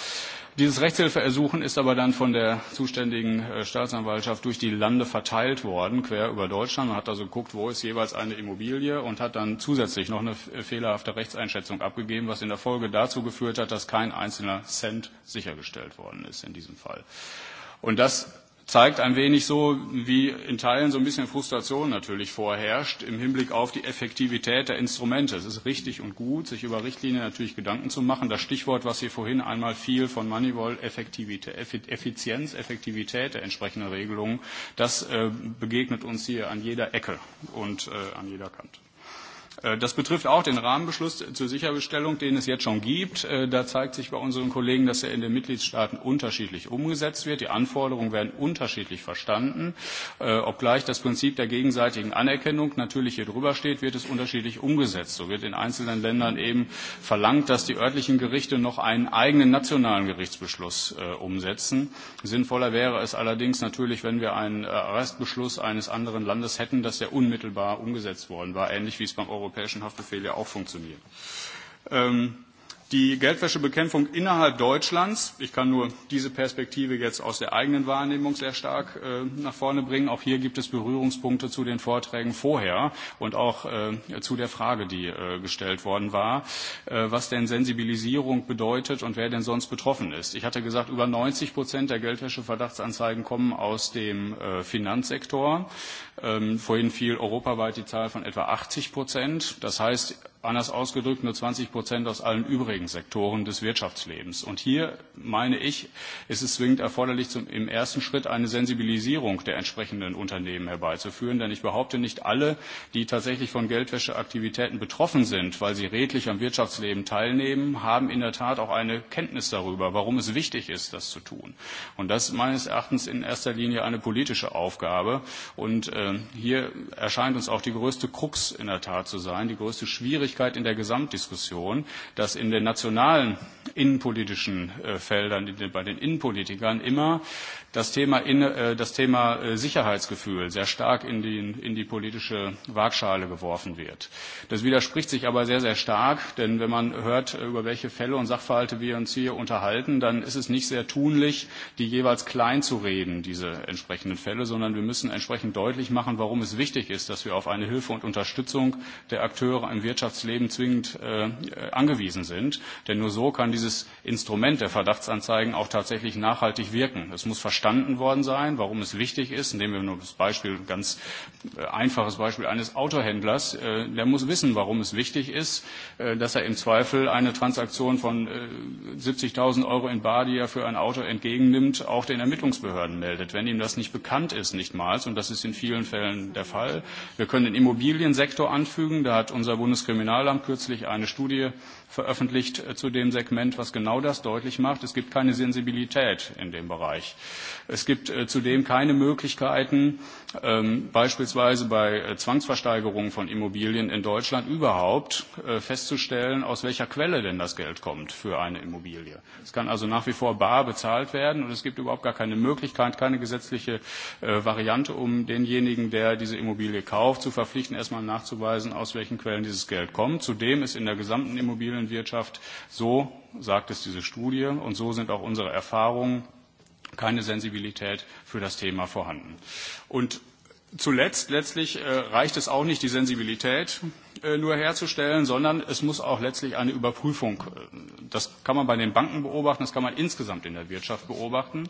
Dieses Rechtshilfeersuchen ist aber dann von der zuständigen äh, Staatsanwaltschaft durch die Lande verteilt worden, quer über Deutschland. Man hat also geguckt, wo ist jeweils eine Immobilie und hat dann zusätzlich noch eine fehlerhafte Rechtseinschätzung abgegeben, was in der Folge dazu geführt hat, dass kein einzelner Cent sichergestellt worden ist in diesem Fall. Und das zeigt ein wenig so, wie in Teilen so ein bisschen Frustration natürlich vorherrscht im Hinblick auf die Effektivität der Instrumente. Es ist richtig und gut, sich über Richtlinien natürlich Gedanken zu machen. Das Stichwort, was hier vorhin einmal fiel von Moneyball, Effektivität, Effizienz, Effektivität der entsprechenden Regelungen, das äh, begegnet uns hier an jeder Ecke und äh, an jeder Kante. Äh, das betrifft auch den Rahmenbeschluss zur Sicherbestellung, den es jetzt schon gibt. Äh, da zeigt sich bei unseren Kollegen, dass er in den Mitgliedstaaten unterschiedlich umgesetzt wird. Die Anforderungen werden unterschiedlich verstanden. Äh, obgleich das Prinzip der gegenseitigen Anerkennung natürlich hier drüber steht, wird es unterschiedlich umgesetzt. So wird in einzelnen Ländern eben verlangt, dass die örtlichen Gerichte noch einen eigenen nationalen Gerichtsbeschluss umsetzen. Sinnvoller wäre es allerdings natürlich, wenn wir einen Arrestbeschluss eines anderen Landes hätten, dass der unmittelbar umgesetzt worden war, ähnlich wie es beim Europäischen europäischen Haftbefehl ja auch funktionieren. Ähm, die Geldwäschebekämpfung innerhalb Deutschlands, ich kann nur diese Perspektive jetzt aus der eigenen Wahrnehmung sehr stark äh, nach vorne bringen, auch hier gibt es Berührungspunkte zu den Vorträgen vorher und auch äh, zu der Frage, die äh, gestellt worden war, äh, was denn Sensibilisierung bedeutet und wer denn sonst betroffen ist. Ich hatte gesagt, über 90 Prozent der Geldwäscheverdachtsanzeigen kommen aus dem äh, Finanzsektor. Ähm, vorhin fiel europaweit die Zahl von etwa 80 Prozent. Das heißt, anders ausgedrückt nur 20 Prozent aus allen übrigen Sektoren des Wirtschaftslebens. Und hier, meine ich, ist es zwingend erforderlich, zum, im ersten Schritt eine Sensibilisierung der entsprechenden Unternehmen herbeizuführen. Denn ich behaupte, nicht alle, die tatsächlich von Geldwäscheaktivitäten betroffen sind, weil sie redlich am Wirtschaftsleben teilnehmen, haben in der Tat auch eine Kenntnis darüber, warum es wichtig ist, das zu tun. Und das ist meines Erachtens in erster Linie eine politische Aufgabe. Und äh, hier erscheint uns auch die größte Krux in der Tat zu sein, die größte Schwierigkeit, Schwierigkeit in der Gesamtdiskussion, dass in den nationalen innenpolitischen äh, Feldern, bei den Innenpolitikern immer das Thema, in, äh, das Thema äh, Sicherheitsgefühl sehr stark in die, in die politische Waagschale geworfen wird. Das widerspricht sich aber sehr, sehr stark, denn wenn man hört, über welche Fälle und Sachverhalte wir uns hier unterhalten, dann ist es nicht sehr tunlich, die jeweils klein zu reden, diese entsprechenden Fälle, sondern wir müssen entsprechend deutlich machen, warum es wichtig ist, dass wir auf eine Hilfe und Unterstützung der Akteure im Wirtschafts Wirtschaftsleben zwingend äh, angewiesen sind. Denn nur so kann dieses Instrument der Verdachtsanzeigen auch tatsächlich nachhaltig wirken. Es muss verstanden worden sein, warum es wichtig ist. Nehmen wir nur das Beispiel, ein ganz äh, einfaches Beispiel eines Autohändlers. Äh, der muss wissen, warum es wichtig ist, äh, dass er im Zweifel eine Transaktion von äh, 70.000 Euro in Bar, die er für ein Auto entgegennimmt, auch den Ermittlungsbehörden meldet. Wenn ihm das nicht bekannt ist, nichtmals, und das ist in vielen Fällen der Fall. Wir können den Immobiliensektor anfügen. Da hat unser Bundeskriminalamt Kriminalamt kürzlich eine Studie veröffentlicht äh, zu dem Segment, was genau das deutlich macht. Es gibt keine Sensibilität in dem Bereich. Es gibt äh, zudem keine Möglichkeiten, ähm, beispielsweise bei äh, Zwangsversteigerungen von Immobilien in Deutschland überhaupt festzustellen, aus welcher Quelle denn das Geld kommt für eine Immobilie. Es kann also nach wie vor bar bezahlt werden und es gibt überhaupt gar keine Möglichkeit, keine gesetzliche Variante, um denjenigen, der diese Immobilie kauft, zu verpflichten, erstmal nachzuweisen, aus welchen Quellen dieses Geld kommt. Zudem ist in der gesamten Immobilien fossilen Wirtschaft. So sagt es diese Studie und so sind auch unsere Erfahrungen keine Sensibilität für das Thema vorhanden. Und zuletzt letztlich äh, reicht es auch nicht, die Sensibilität äh, nur herzustellen, sondern es muss auch letztlich eine Überprüfung, äh, das kann man bei den Banken beobachten, das kann man insgesamt in der Wirtschaft beobachten.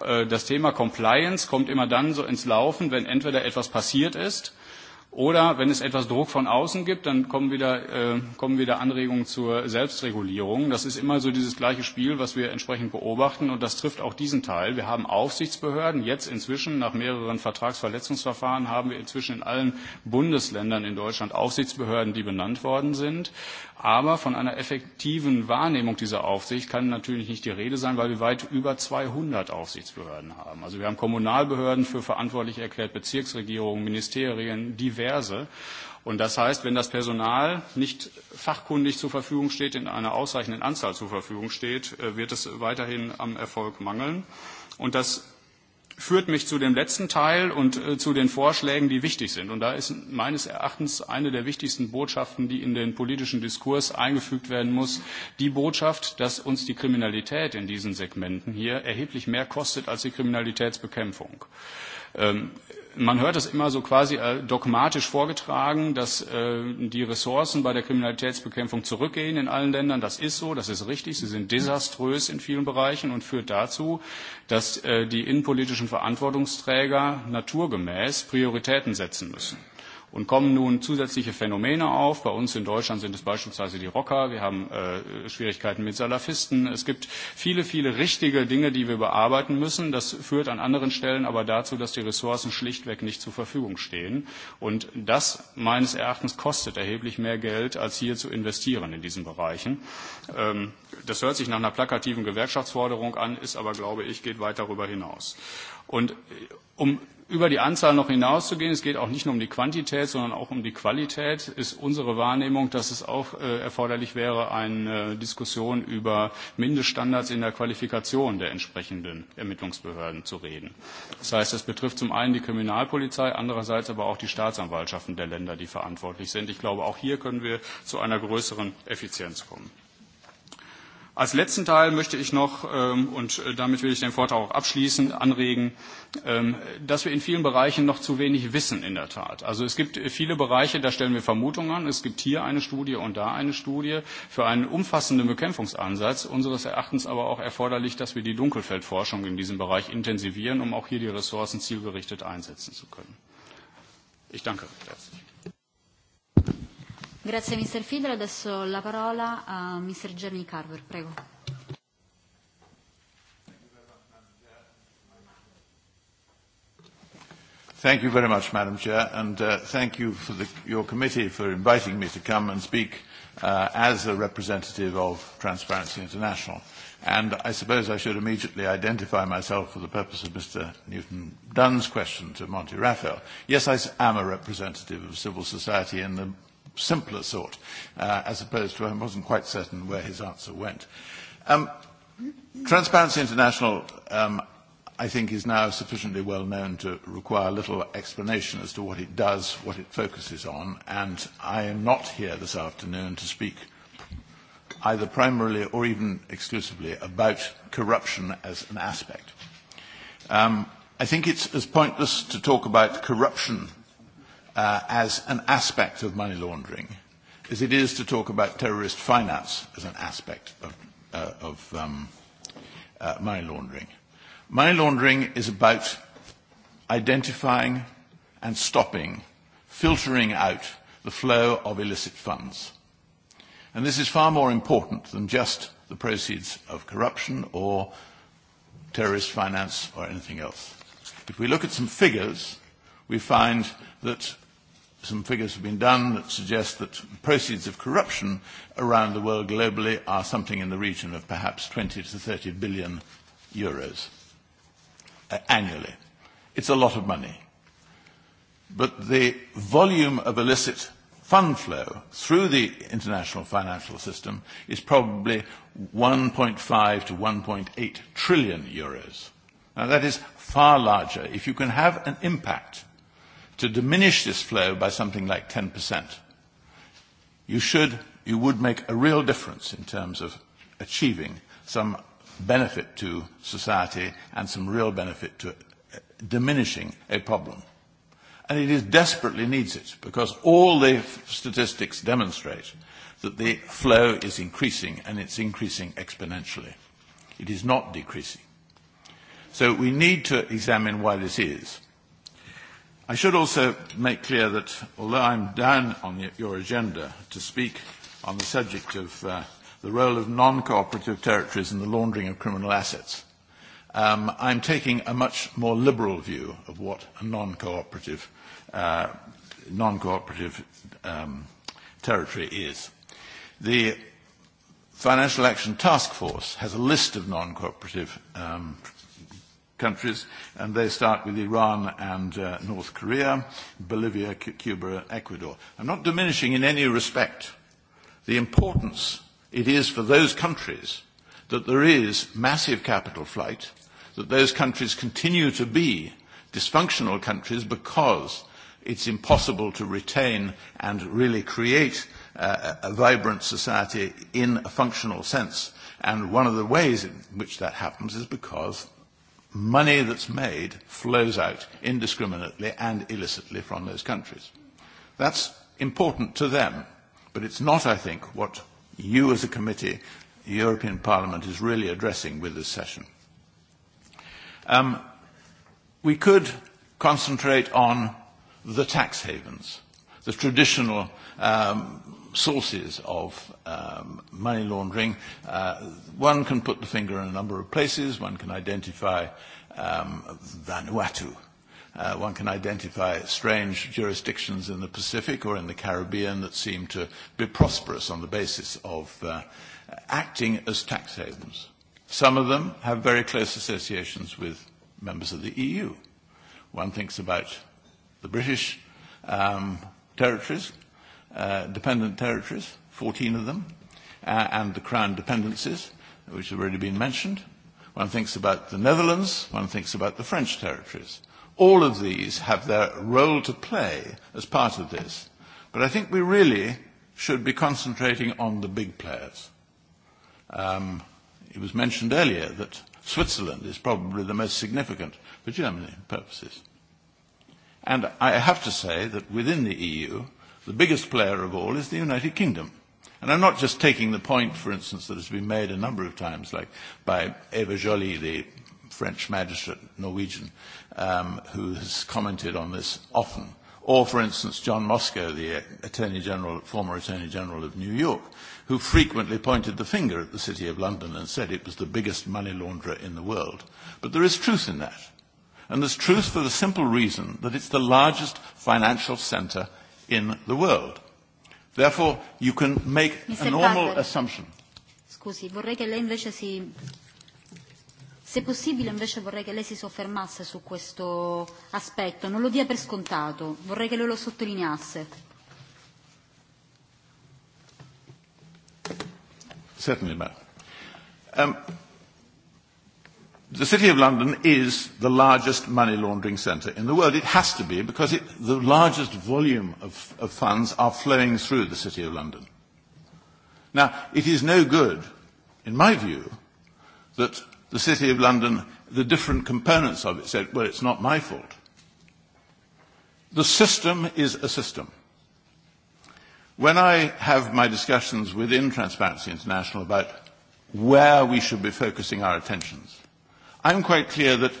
Äh, das Thema Compliance kommt immer dann so ins Laufen, wenn entweder etwas passiert ist, Oder wenn es etwas Druck von außen gibt, dann kommen wieder, äh, kommen wieder Anregungen zur Selbstregulierung. Das ist immer so dieses gleiche Spiel, was wir entsprechend beobachten. Und das trifft auch diesen Teil. Wir haben Aufsichtsbehörden. Jetzt inzwischen, nach mehreren Vertragsverletzungsverfahren, haben wir inzwischen in allen Bundesländern in Deutschland Aufsichtsbehörden, die benannt worden sind. Aber von einer effektiven Wahrnehmung dieser Aufsicht kann natürlich nicht die Rede sein, weil wir weit über 200 Aufsichtsbehörden haben. Also wir haben Kommunalbehörden für verantwortlich erklärt, Bezirksregierungen, Ministerien, diverse. Und das heißt, wenn das Personal nicht fachkundig zur Verfügung steht, in einer ausreichenden Anzahl zur Verfügung steht, äh, wird es weiterhin am Erfolg mangeln. Und das führt mich zu dem letzten Teil und äh, zu den Vorschlägen, die wichtig sind. Und da ist meines Erachtens eine der wichtigsten Botschaften, die in den politischen Diskurs eingefügt werden muss, die Botschaft, dass uns die Kriminalität in diesen Segmenten hier erheblich mehr kostet als die Kriminalitätsbekämpfung. Ähm, man hört es immer so quasi äh, dogmatisch vorgetragen, dass äh, die Ressourcen bei der Kriminalitätsbekämpfung zurückgehen in allen Ländern. Das ist so, das ist richtig. Sie sind desaströs in vielen Bereichen und führt dazu, dass äh, die innenpolitischen Verantwortungsträger naturgemäß Prioritäten setzen müssen und kommen nun zusätzliche Phänomene auf. Bei uns in Deutschland sind es beispielsweise die Rocker, wir haben äh, Schwierigkeiten mit Salafisten. Es gibt viele, viele richtige Dinge, die wir bearbeiten müssen. Das führt an anderen Stellen aber dazu, dass die Ressourcen schlichtweg nicht zur Verfügung stehen. Und das meines Erachtens kostet erheblich mehr Geld, als hier zu investieren in diesen Bereichen. Ähm, das hört sich nach einer plakativen Gewerkschaftsforderung an, ist aber, glaube ich, geht weit darüber hinaus. Und äh, um über die Anzahl noch hinauszugehen, es geht auch nicht nur um die Quantität, sondern auch um die Qualität, ist unsere Wahrnehmung, dass es auch äh, erforderlich wäre, eine äh, Diskussion über Mindeststandards in der Qualifikation der entsprechenden Ermittlungsbehörden zu reden. Das heißt, es betrifft zum einen die Kriminalpolizei, andererseits aber auch die Staatsanwaltschaften der Länder, die verantwortlich sind. Ich glaube, auch hier können wir zu einer größeren Effizienz kommen. Als letzten Teil möchte ich noch, ähm, und äh, damit will ich den Vortrag auch abschließen, anregen, ähm, dass wir in vielen Bereichen noch zu wenig wissen, in der Tat. Also es gibt äh, viele Bereiche, da stellen wir Vermutungen an. Es gibt hier eine Studie und da eine Studie. Für einen umfassenden Bekämpfungsansatz unseres Erachtens aber auch erforderlich, dass wir die Dunkelfeldforschung in diesem Bereich intensivieren, um auch hier die Ressourcen zielgerichtet einsetzen zu können. Ich danke herzlich. Grazie Mr. Fiedler, adesso la parola a Mr. Jeremy Carver, prego. Thank you very much, Madam Chair, and uh, thank you for the, your committee for inviting me to come and speak uh, as a representative of Transparency International. And I suppose I should immediately identify myself for the purpose of Mr. Newton Dunn's question to Monty Raphael. Yes, I am a representative of civil society in the simpler sort, uh, as opposed to I wasn't quite certain where his answer went. Um, Transparency International, um, I think, is now sufficiently well known to require little explanation as to what it does, what it focuses on, and I am not here this afternoon to speak either primarily or even exclusively about corruption as an aspect. Um, I think it's as pointless to talk about corruption uh, as an aspect of money laundering as it is to talk about terrorist finance as an aspect of, uh, of um, uh, money laundering. Money laundering is about identifying and stopping, filtering out the flow of illicit funds. And this is far more important than just the proceeds of corruption or terrorist finance or anything else. If we look at some figures, we find that some figures have been done that suggest that proceeds of corruption around the world globally are something in the region of perhaps 20 to 30 billion euros uh, annually. It's a lot of money. But the volume of illicit fund flow through the international financial system is probably 1.5 to 1.8 trillion euros. Now that is far larger. If you can have an impact – to diminish this flow by something like 10%, you should, you would make a real difference in terms of achieving some benefit to society and some real benefit to uh, diminishing a problem. And it is desperately needs it because all the statistics demonstrate that the flow is increasing and it's increasing exponentially. It is not decreasing. So we need to examine why this is. I should also make clear that although I'm down on the, your agenda to speak on the subject of uh, the role of non-cooperative territories in the laundering of criminal assets, um, I'm taking a much more liberal view of what a non-cooperative uh, non-cooperative um, territory is. The Financial Action Task Force has a list of non-cooperative um, countries, and they start with Iran and uh, North Korea, Bolivia, C Cuba, Ecuador. I'm not diminishing in any respect the importance it is for those countries that there is massive capital flight, that those countries continue to be dysfunctional countries because it's impossible to retain and really create uh, a vibrant society in a functional sense. And one of the ways in which that happens is because money that's made flows out indiscriminately and illicitly from those countries. That's important to them, but it's not, I think, what you as a committee, the European Parliament, is really addressing with this session. Um, we could concentrate on the tax havens, the traditional um, sources of um, money laundering. Uh, one can put the finger in a number of places. One can identify um, Vanuatu. Uh, one can identify strange jurisdictions in the Pacific or in the Caribbean that seem to be prosperous on the basis of uh, acting as tax havens. Some of them have very close associations with members of the EU. One thinks about the British um, territories, uh, dependent territories, 14 of them, uh, and the crown dependencies, which have already been mentioned. One thinks about the Netherlands, one thinks about the French territories. All of these have their role to play as part of this. But I think we really should be concentrating on the big players. Um, it was mentioned earlier that Switzerland is probably the most significant for Germany purposes. And I have to say that within the EU, The biggest player of all is the United Kingdom. And I'm not just taking the point, for instance, that has been made a number of times, like by Eva Joly, the French magistrate, Norwegian, um, who has commented on this often, or, for instance, John Moscow, the uh, Attorney General, former Attorney General of New York, who frequently pointed the finger at the City of London and said it was the biggest money launderer in the world. But there is truth in that. And there's truth for the simple reason that it's the largest financial centre in the world. Therefore, you can make a normal Pavel, assumption. Scusi, vorrei che lei invece si... Se possibile invece vorrei che lei si soffermasse su questo aspetto, non lo dia per scontato, vorrei che lei lo sottolineasse. Certainly, madam. Um, The City of London is the largest money laundering centre in the world. It has to be because it, the largest volume of, of funds are flowing through the City of London. Now, it is no good, in my view, that the City of London, the different components of it said, well, it's not my fault. The system is a system. When I have my discussions within Transparency International about where we should be focusing our attentions, I'm quite clear that,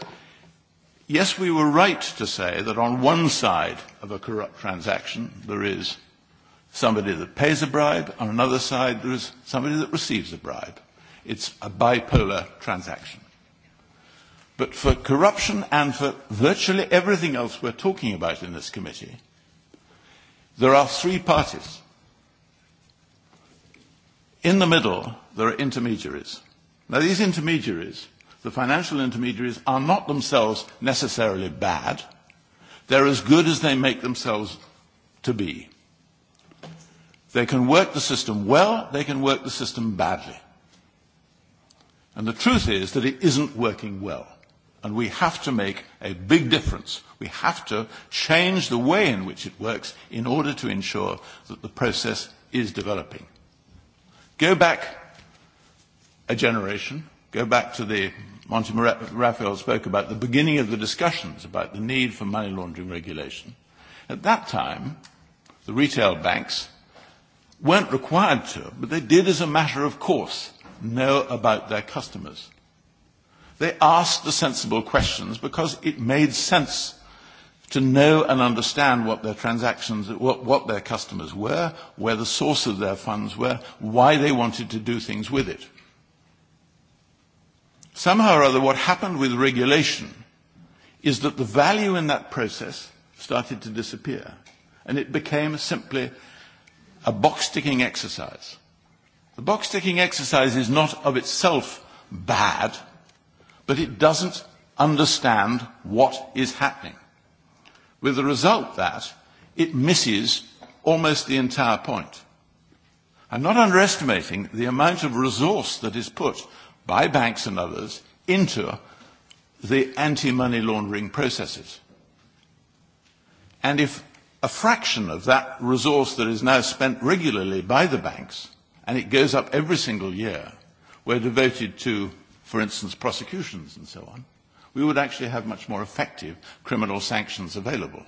yes, we were right to say that on one side of a corrupt transaction there is somebody that pays a bribe, on another side there is somebody that receives a bribe. It's a bipolar transaction. But for corruption and for virtually everything else we're talking about in this committee, there are three parties. In the middle, there are intermediaries. Now, these intermediaries the financial intermediaries are not themselves necessarily bad. They're as good as they make themselves to be. They can work the system well, they can work the system badly. And the truth is that it isn't working well. And we have to make a big difference. We have to change the way in which it works in order to ensure that the process is developing. Go back a generation, go back to the Monty Raphael spoke about the beginning of the discussions about the need for money laundering regulation. At that time, the retail banks weren't required to, but they did as a matter of course know about their customers. They asked the sensible questions because it made sense to know and understand what their transactions, what, what their customers were, where the source of their funds were, why they wanted to do things with it somehow or other what happened with regulation is that the value in that process started to disappear and it became simply a box ticking exercise. The box ticking exercise is not of itself bad, but it doesn't understand what is happening. With the result that it misses almost the entire point. I'm not underestimating the amount of resource that is put by banks and others into the anti-money laundering processes. And if a fraction of that resource that is now spent regularly by the banks, and it goes up every single year, were devoted to, for instance, prosecutions and so on, we would actually have much more effective criminal sanctions available.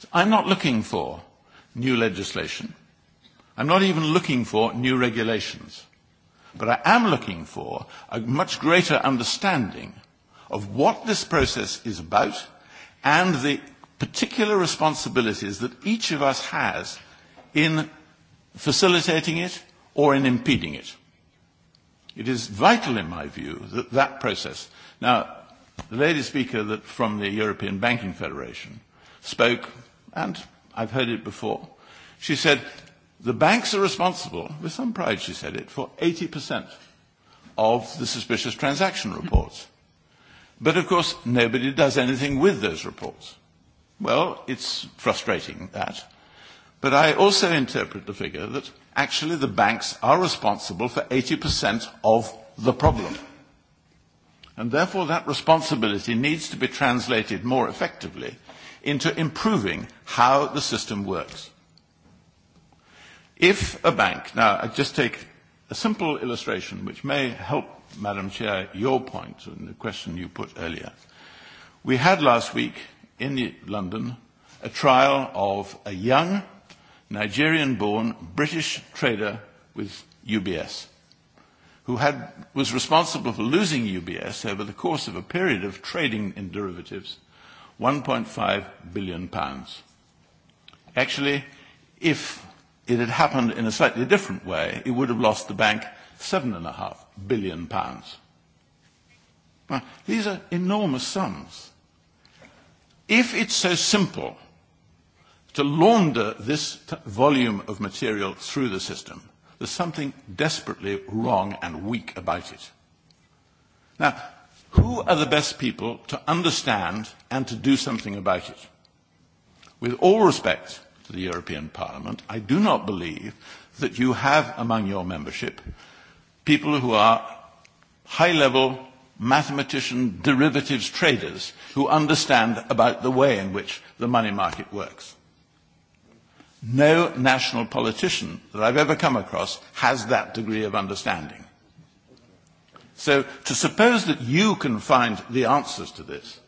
So I'm not looking for new legislation. I'm not even looking for new regulations. But I am looking for a much greater understanding of what this process is about and the particular responsibilities that each of us has in facilitating it or in impeding it. It is vital, in my view, that that process. Now, the lady speaker that from the European Banking Federation spoke, and I've heard it before. She said, The banks are responsible, with some pride she said it, for 80% of the suspicious transaction reports. But of course, nobody does anything with those reports. Well, it's frustrating, that. But I also interpret the figure that actually the banks are responsible for 80% of the problem. And therefore, that responsibility needs to be translated more effectively into improving how the system works. If a bank, now I just take a simple illustration which may help, Madam Chair, your point and the question you put earlier. We had last week in London a trial of a young Nigerian-born British trader with UBS who had, was responsible for losing UBS over the course of a period of trading in derivatives, 1.5 billion pounds. Actually, if it had happened in a slightly different way, it would have lost the bank seven and a half billion pounds. Now, these are enormous sums. If it's so simple to launder this t- volume of material through the system, there's something desperately wrong and weak about it. Now, who are the best people to understand and to do something about it? With all respect, to the European Parliament, I do not believe that you have among your membership people who are high-level mathematician derivatives traders who understand about the way in which the money market works. No national politician that I've ever come across has that degree of understanding. So to suppose that you can find the answers to this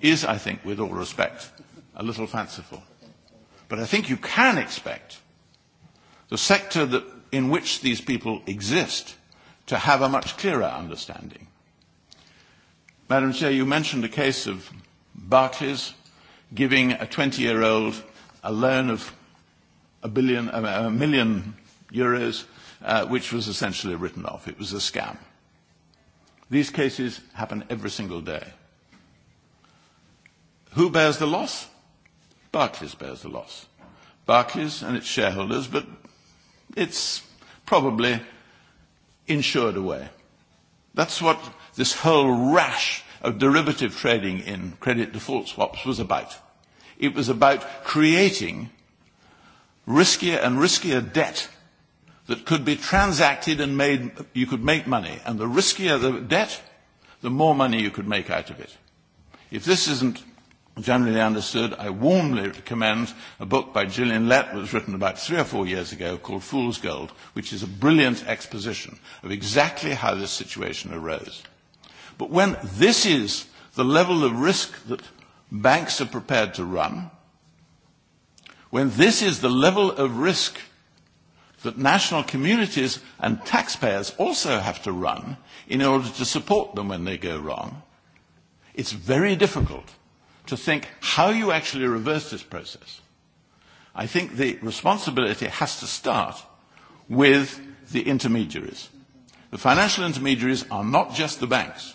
is, I think, with all respect, a little fanciful. But I think you can expect the sector that, in which these people exist to have a much clearer understanding. Madam Chair, you mentioned a case of Barclays giving a 20-year-old a loan of a, billion, uh, a million euros, uh, which was essentially written off. It was a scam. These cases happen every single day. Who bears the loss? Barclays bears the loss. Barclays and its shareholders, but it's probably insured away. That's what this whole rash of derivative trading in credit default swaps was about. It was about creating riskier and riskier debt that could be transacted and made, you could make money. And the riskier the debt, the more money you could make out of it. If this isn't generally understood. I warmly recommend a book by Gillian Lett that was written about three or four years ago called Fool's Gold, which is a brilliant exposition of exactly how this situation arose. But when this is the level of risk that banks are prepared to run, when this is the level of risk that national communities and taxpayers also have to run in order to support them when they go wrong, it's very difficult to think how you actually reverse this process. I think the responsibility has to start with the intermediaries. The financial intermediaries are not just the banks.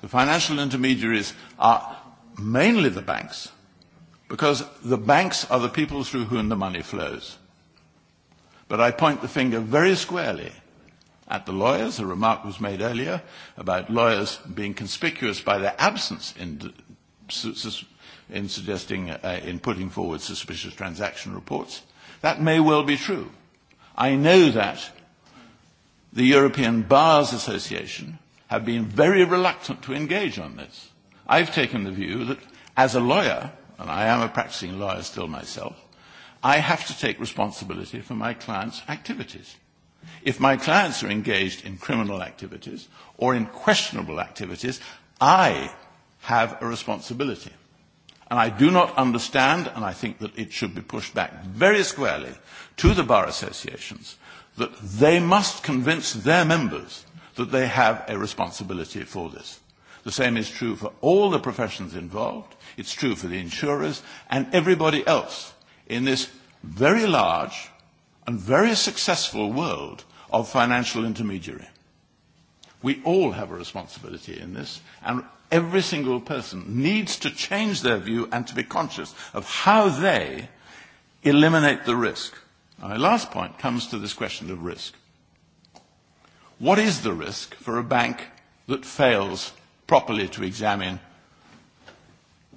The financial intermediaries are mainly the banks because the banks are the people through whom the money flows. But I point the finger very squarely at the lawyers. A remark was made earlier about lawyers being conspicuous by their absence in in suggesting, uh, in putting forward suspicious transaction reports. That may well be true. I know that the European Bars Association have been very reluctant to engage on this. I've taken the view that as a lawyer, and I am a practicing lawyer still myself, I have to take responsibility for my client's activities. If my clients are engaged in criminal activities or in questionable activities, I have a responsibility. And I do not understand, and I think that it should be pushed back very squarely to the bar associations, that they must convince their members that they have a responsibility for this. The same is true for all the professions involved. It's true for the insurers and everybody else in this very large and very successful world of financial intermediary. We all have a responsibility in this, and every single person needs to change their view and to be conscious of how they eliminate the risk. My last point comes to this question of risk. What is the risk for a bank that fails properly to examine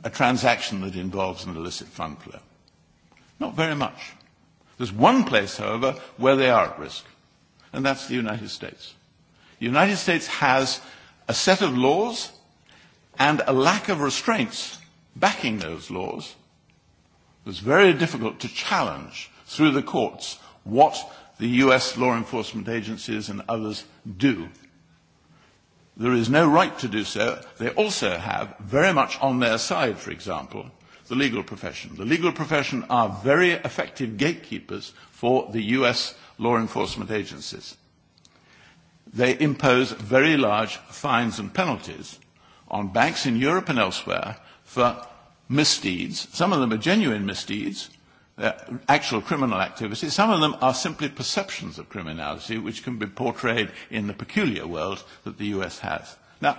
a transaction that involves an illicit fund flow? Not very much. There's one place, however, where they are at risk, and that's the United States. The United States has a set of laws and a lack of restraints backing those laws, it's very difficult to challenge through the courts what the US law enforcement agencies and others do. There is no right to do so. They also have, very much on their side, for example, the legal profession. The legal profession are very effective gatekeepers for the US law enforcement agencies. They impose very large fines and penalties on banks in Europe and elsewhere for misdeeds. Some of them are genuine misdeeds, actual criminal activity. Some of them are simply perceptions of criminality, which can be portrayed in the peculiar world that the US has. Now,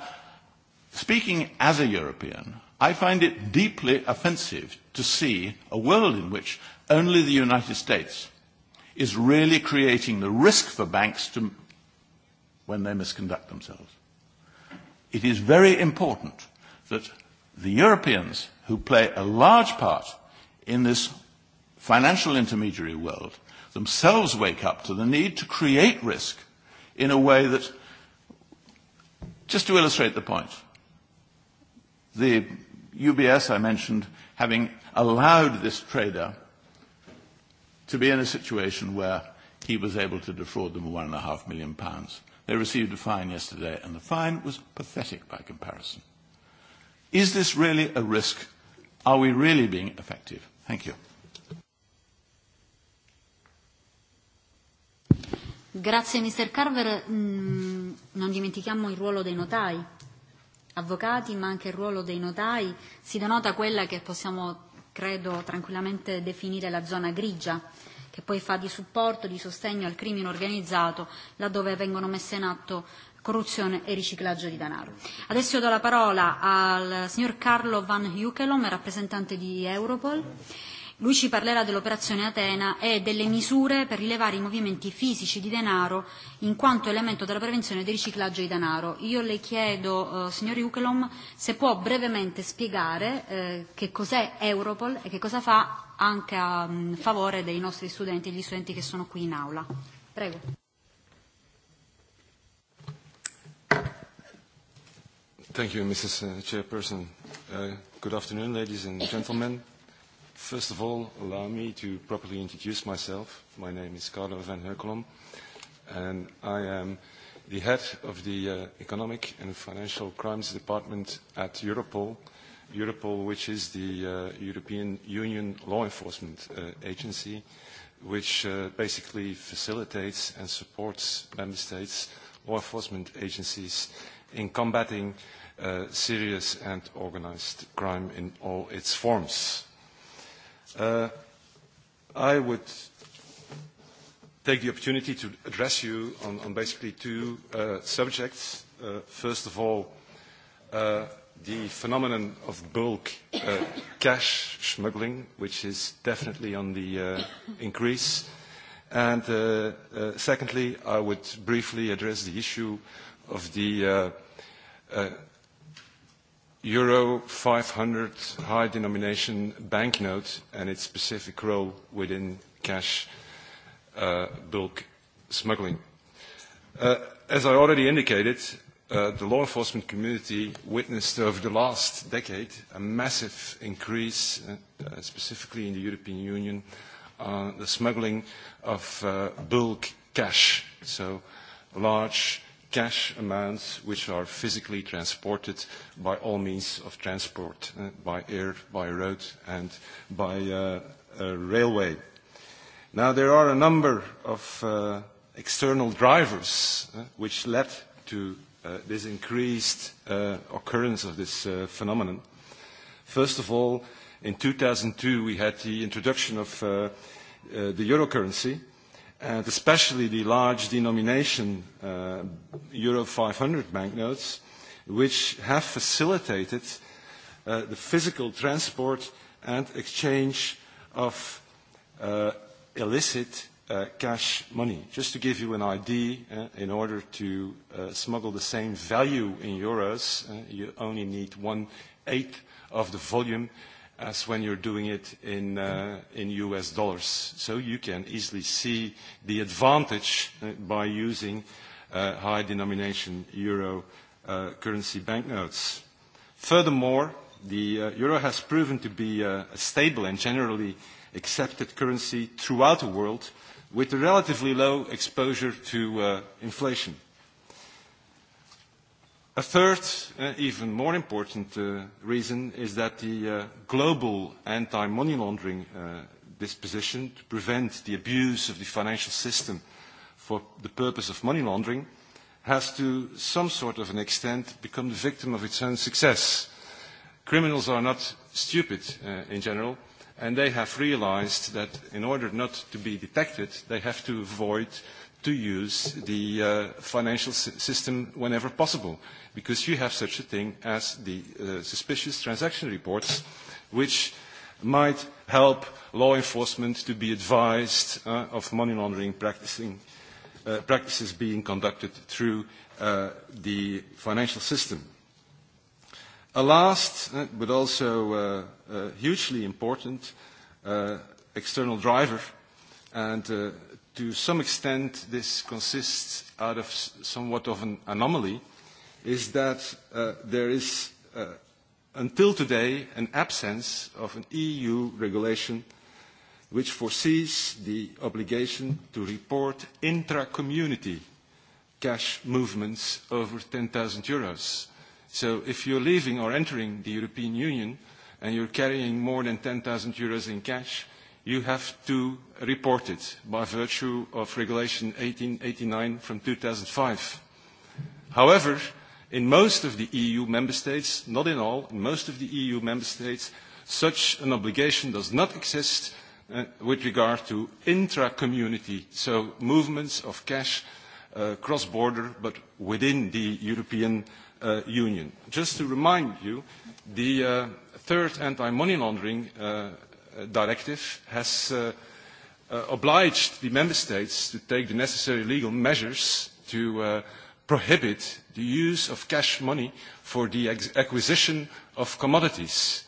speaking as a European, I find it deeply offensive to see a world in which only the United States is really creating the risk for banks to, when they misconduct themselves. It is very important that the Europeans who play a large part in this financial intermediary world themselves wake up to the need to create risk in a way that, just to illustrate the point, the UBS I mentioned having allowed this trader to be in a situation where he was able to defraud them of one and a half million pounds. They received a fine yesterday, and the fine was pathetic by comparison. Is this really a risk? Are we really being effective? Thank you. Grazie Mr. Carver, mm, non dimentichiamo il ruolo dei notai, avvocati, ma anche il ruolo dei notai. Si denota quella che possiamo, credo, tranquillamente definire la zona grigia che poi fa di supporto, di sostegno al crimine organizzato laddove vengono messe in atto corruzione e riciclaggio di denaro. Adesso io do la parola al signor Carlo Van Hukelom, rappresentante di Europol Lui ci parlerà dell'operazione Atena e delle misure per rilevare i movimenti fisici di denaro in quanto elemento della prevenzione del riciclaggio di denaro. Io le chiedo, eh, signor Ukelom, se può brevemente spiegare eh, che cos'è Europol e che cosa fa anche a mh, mm, favore dei nostri studenti e degli studenti che sono qui in aula. Prego. Thank you, Mrs. Uh, Chairperson. Uh, good afternoon, ladies and gentlemen. First of all, allow me to properly introduce myself. My name is Carlo van Heukelom, and I am the head of the uh, Economic and Financial Crimes Department at Europol, Europol, which is the uh, European Union law enforcement uh, agency, which uh, basically facilitates and supports member states' law enforcement agencies in combating uh, serious and organized crime in all its forms. Uh, I would take the opportunity to address you on, on basically two uh, subjects. Uh, first of all, uh, the phenomenon of bulk uh, *coughs* cash smuggling, which is definitely on the uh, increase. And uh, uh, secondly, I would briefly address the issue of the uh, uh, Euro 500 high denomination banknote and its specific role within cash uh, bulk smuggling. Uh, as I already indicated, uh, the law enforcement community witnessed over the last decade a massive increase, specifically in the European Union, on the smuggling of bulk cash, so large cash amounts which are physically transported by all means of transport, uh, by air, by road, and by uh, uh, railway. Now, there are a number of uh, external drivers uh, which led to uh, this increased uh, occurrence of this uh, phenomenon. First of all, in 2002, we had the introduction of uh, uh, the euro currency, uh, and especially the large denomination uh, Euro 500 banknotes, which have facilitated uh, the physical transport and exchange of uh, illicit uh, cash money. Just to give you an idea, uh, in order to uh, smuggle the same value in euros, uh, you only need one eighth of the volume as when you're doing it in, US uh, dollars. you can easily see the advantage uh, by using uh, high denomination euro currency banknotes. Furthermore, the euro has proven to be a stable and generally accepted currency throughout the world with a relatively low exposure to inflation. A third, uh, even more important uh, reason is that the uh, global anti-money laundering uh, disposition to prevent the abuse of the financial system for the purpose of money laundering has to some sort of an extent become the victim of its own success. Criminals are not stupid uh, in general, and they have realized that in order not to be detected, they have to avoid uh, to use the uh, financial system whenever possible, because you have such a thing as the uh, suspicious transaction reports, which might help law enforcement to be advised uh, of money laundering practicing, uh, practices being conducted through uh, the financial system. A last, uh, but also uh, uh, hugely important, uh, external driver and uh, to some extent this consists out of somewhat of an anomaly, is that uh, there is, uh, until today, an absence of an EU regulation which foresees the obligation to report intra-community cash movements over 10,000 euros. So if you're leaving or entering the European Union and you're carrying more than 10,000 euros in cash, you have to report it by virtue of Regulation 1889 from 2005. However, in most of the EU member states, not in all, in most of the EU member states, such an obligation does not exist uh, with regard to intra-community, so movements of cash uh, cross-border but within the European uh, Union. Just to remind you, the uh, third anti-money laundering uh, Uh, directive has uh, uh, obliged the member states to take the necessary legal measures to prohibit the use of cash money for the acquisition of commodities.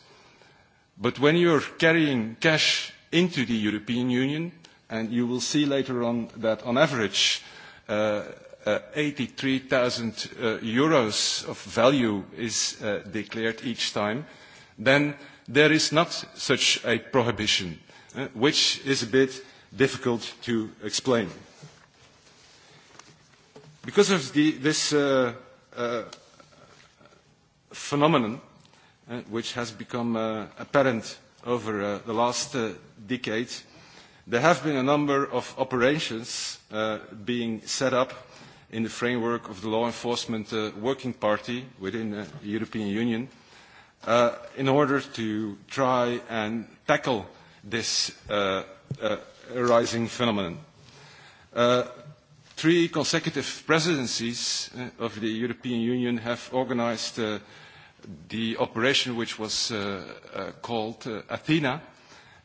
But when you're carrying cash into the European Union, and you will see later on that on average uh, uh, 83,000 uh, euros of value is uh, declared each time, then there is not such a prohibition, uh, which is a bit difficult to explain. Because of the, this uh, uh, phenomenon, uh, which has become uh, apparent over uh, the last uh, decade, there have been a number of operations uh, being set up in the framework of the law enforcement uh, working party within the uh, European Union, Uh, in order to try and tackle this uh, uh, rising phenomenon. Uh, three consecutive presidencies uh, of the European Union have organized uh, the operation which was uh, uh, called uh, Athena,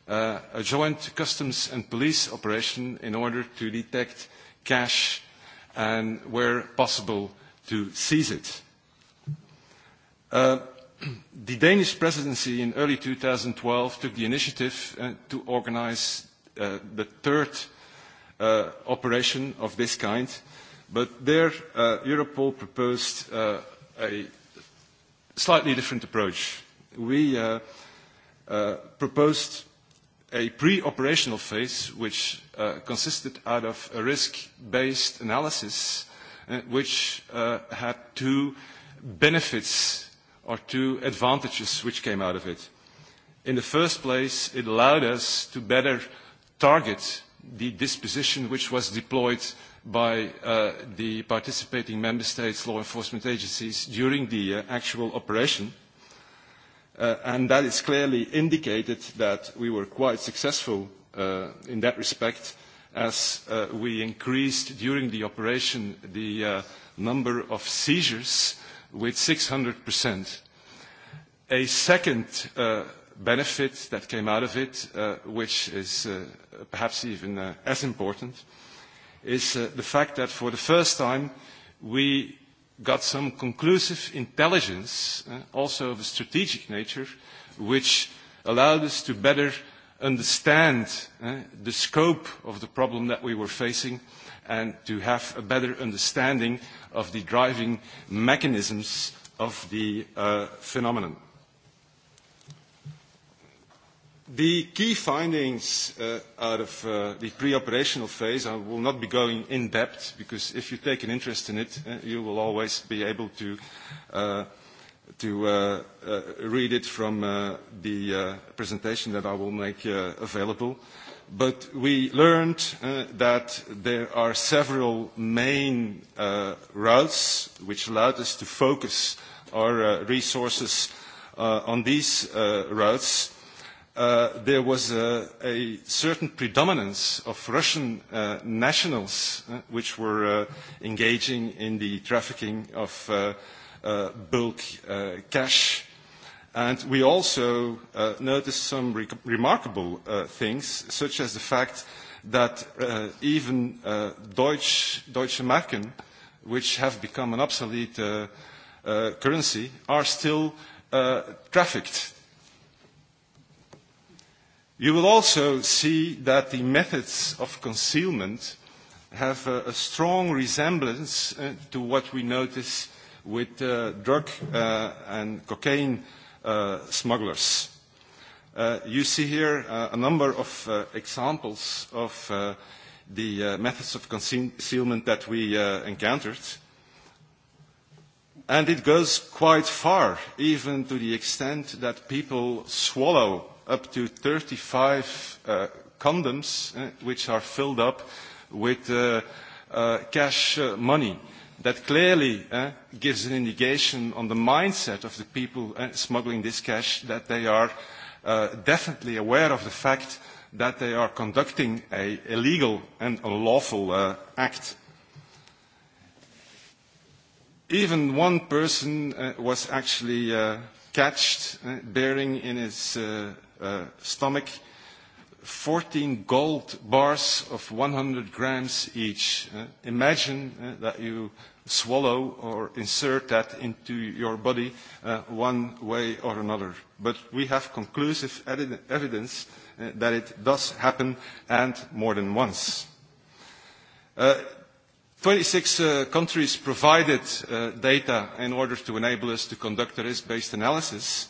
uh, a joint customs and police operation in order to detect cash and, where possible, to seize it. Uh, the Danish presidency in early 2012 took the initiative uh, to organize uh, the third uh, operation of this kind, but there uh, Europol proposed uh, a slightly different approach. We uh, uh, proposed a pre-operational phase which uh, consisted out of a risk-based analysis uh, which uh, had two benefits are two advantages which came out of it. In the first place, it allowed us to better target the disposition which was deployed by uh, the participating member states' law enforcement agencies during the uh, actual operation. Uh, and that is clearly indicated that we were quite successful uh, in that respect as uh, we increased during the operation the uh, number of seizures with 600%. A second uh, benefit that came out of it, uh, which is uh, perhaps even as important, is the fact that for the first time we got some conclusive intelligence, also of a strategic nature, which allowed us to better understand the scope of the problem that we were facing and to have a better understanding of the driving mechanisms of the uh, phenomenon. The key findings uh, out of uh, the pre-operational phase, I will not be going in depth because if you take an interest in it, uh, you will always be able to, uh, to uh, uh, read it from uh, the uh, presentation that I will make uh, available. Uh, but we learned uh, that there are several main uh, routes which allowed us to focus our uh, resources uh, on these uh, routes. Uh, there was a, a certain predominance of Russian uh, nationals uh, which were uh, engaging in the trafficking of uh, uh, bulk uh, cash And we also uh, noticed some re remarkable uh, things, such as the fact that uh, even uh, Deutsch, Deutsche Marken, which have become an obsolete uh, uh, currency, are still uh, trafficked. You will also see that the methods of concealment have a strong resemblance uh, to what we notice with uh, drug uh, and cocaine uh, smugglers. Uh, you see here uh, a number of uh, examples of uh, the uh, methods of concealment that we uh, encountered. And it goes quite far, even to the extent that people swallow up to 35 uh, condoms, uh, which are filled up with uh, uh, cash uh, money. Uh, that clearly uh, gives an indication on the mindset of the people uh, smuggling this cash that they are uh, definitely aware of the fact that they are conducting a illegal and unlawful uh, act. Even one person uh, was actually uh, catched, uh, bearing in his uh, uh, stomach 14 gold bars of 100 grams each. Uh, imagine uh, that you swallow or insert that into your body uh, one way or another. But we have conclusive evidence uh, that it does happen and more than once. Uh, 26 uh, countries provided uh, data in order to enable us to conduct a risk-based analysis.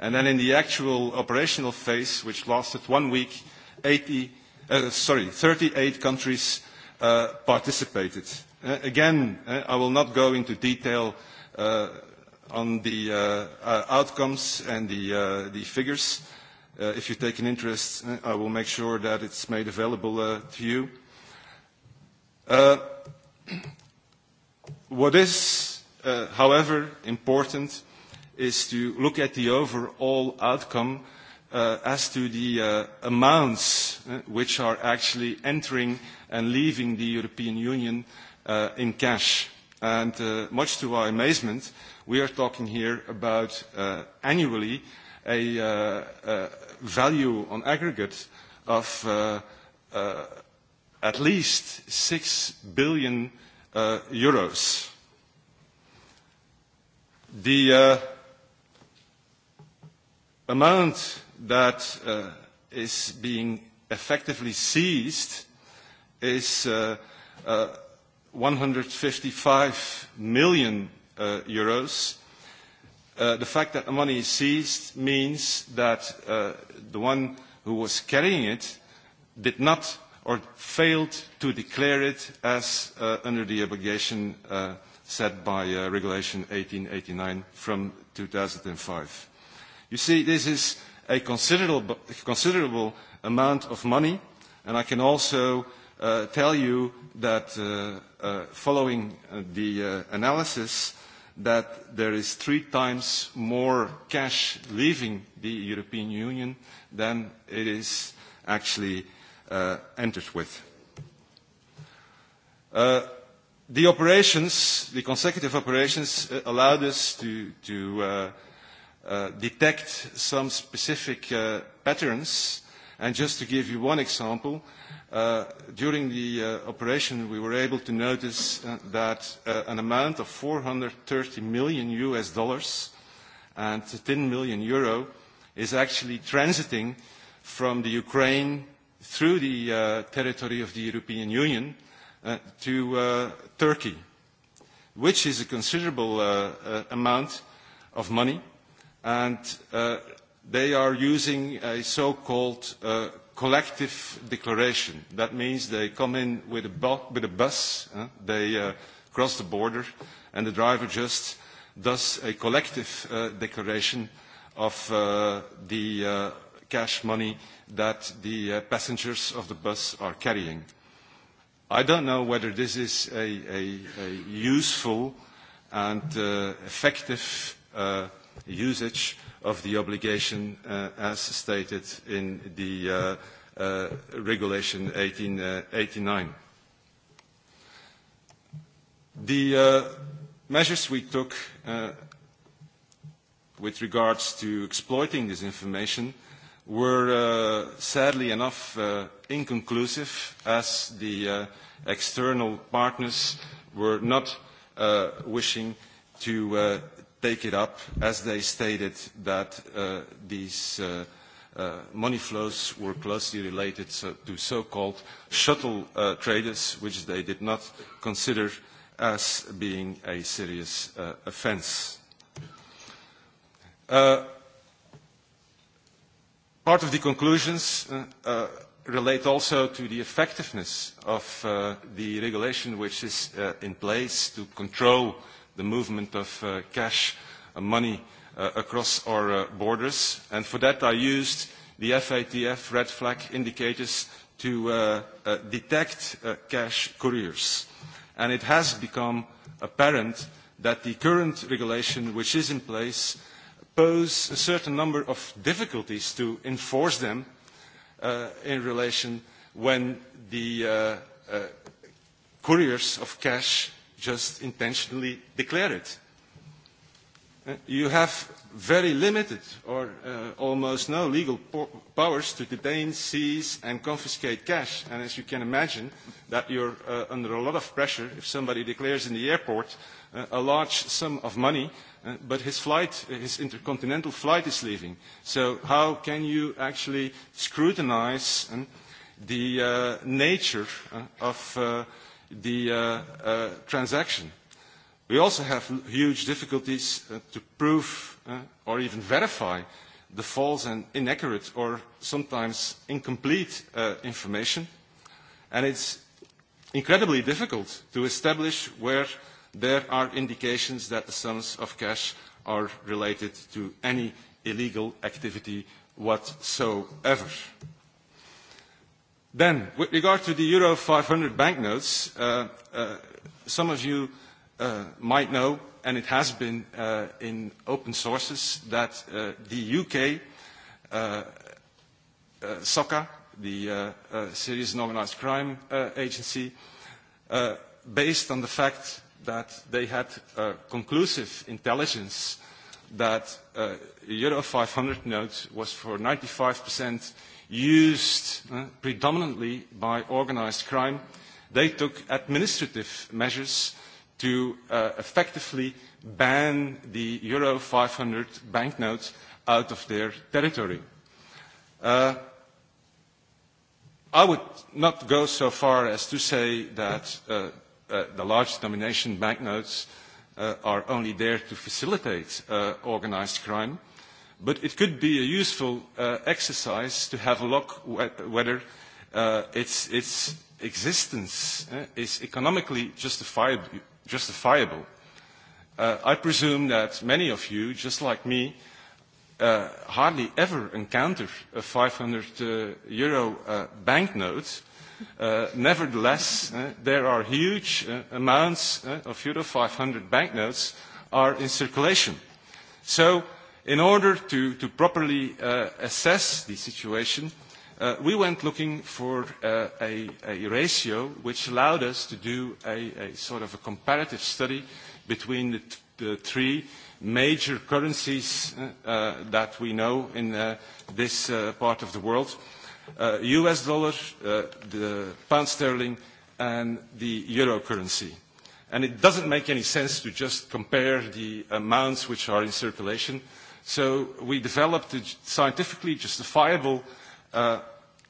And then in the actual operational phase, which lasted one week, 80, uh, sorry, 38 countries uh, participated. Uh, again, uh, I will not go into detail uh, on the uh, uh, outcomes and the, uh, the figures. Uh, if you take an interest, uh, I will make sure that it's made available uh, to you. Uh, *clears throat* what is, uh, however, important is to look at the overall outcome Uh, as to the uh, amounts uh, which are actually entering and leaving the European Union in cash. And much to our amazement, we are talking here about annually a, value on aggregate of at least 6 billion euros. The amount that uh, is being effectively seized is uh, uh, 155 million uh, euros. Uh, the fact that the money is seized means that uh, the one who was carrying it did not or failed to declare it as uh, under the obligation uh, set by uh, Regulation 1889 from 2005. You see, this is a considerable, considerable amount of money. And I can also uh, tell you that uh, uh, following uh, the uh, analysis, that there is three times more cash leaving the European Union than it is actually uh, entered with. Uh, the operations, the consecutive operations, uh, allowed us to, to uh, Uh, detect some specific uh, patterns. And just to give you one example, uh, during the uh, operation we were able to notice uh, that uh, an amount of 430 million US dollars and 10 million euro is actually transiting from the Ukraine through the uh, territory of the European Union uh, to uh, Turkey, which is a considerable uh, uh, amount of money and uh, they are using a so-called uh, collective declaration. That means they come in with a, bu with a bus, uh, they uh, cross the border, and the driver just does a collective uh, declaration of uh, the uh, cash money that the uh, passengers of the bus are carrying. I don't know whether this is a, a, a useful and uh, effective uh, usage of the obligation uh, as stated in the uh, uh, Regulation 1889. The measures we took with regards to exploiting this information were sadly enough inconclusive as the external partners were not wishing to take it up as they stated that uh, these uh, uh, money flows were closely related to so-called shuttle uh, traders, which they did not consider as being a serious uh, offense. Uh, part of the conclusions uh, uh, relate also to the effectiveness of uh, the regulation which is uh, in place to control the movement of uh, cash, and uh, money uh, across our uh, borders. And for that I used the FATF red flag indicators to uh, uh, detect uh, cash couriers. And it has become apparent that the current regulation which is in place pose a certain number of difficulties to enforce them uh, in relation when the uh, uh, couriers of cash just intentionally declare it. Uh, you have very limited or uh, almost no legal po powers to detain, seize and confiscate cash. And as you can imagine, that you're uh, under a lot of pressure if somebody declares in the airport uh, a large sum of money, uh, but his flight, his intercontinental flight is leaving. So how can you actually scrutinize uh, the uh, nature uh, of uh, the uh, uh, transaction. We also have huge difficulties uh, to prove or even verify the false and inaccurate or sometimes incomplete information. And it's incredibly difficult to establish where there are indications that the sums of cash are related to any illegal activity whatsoever. Then, with regard to the euro 500 banknotes, uh, uh, some of you uh, might know, and it has been uh, in open sources, that uh, the UK uh, uh, SOCA, the uh, uh, Serious and Organized Crime uh, Agency, uh, based on the fact that they had uh, conclusive intelligence that uh, Euro 500 note was for 95 percent used uh, predominantly by organized crime, they took administrative measures to uh, effectively ban the Euro 500 banknotes out of their territory. Uh, I would not go so far as to say that uh, uh, the large denomination banknotes uh, are only there to facilitate uh, organized crime. Uh, But it could be a useful uh, exercise to have a look whether uh, its, its existence uh, is economically justifiable. justifiable. Uh, I presume that many of you, just like me, uh, hardly ever encounter a 500 uh, euro uh, banknote. Uh, nevertheless, uh, there are huge uh, amounts uh, of euro 500 banknotes are in circulation. So In order to, to properly uh, assess the situation, uh, we went looking for uh, a, a ratio which allowed us to do a, a sort of a comparative study between the, the three major currencies uh, uh, that we know in uh, this uh, part of the world, uh, US dollar, uh, the pound sterling, and the euro currency. And it doesn't make any sense to just compare the amounts which are in circulation So we developed a scientifically justifiable uh,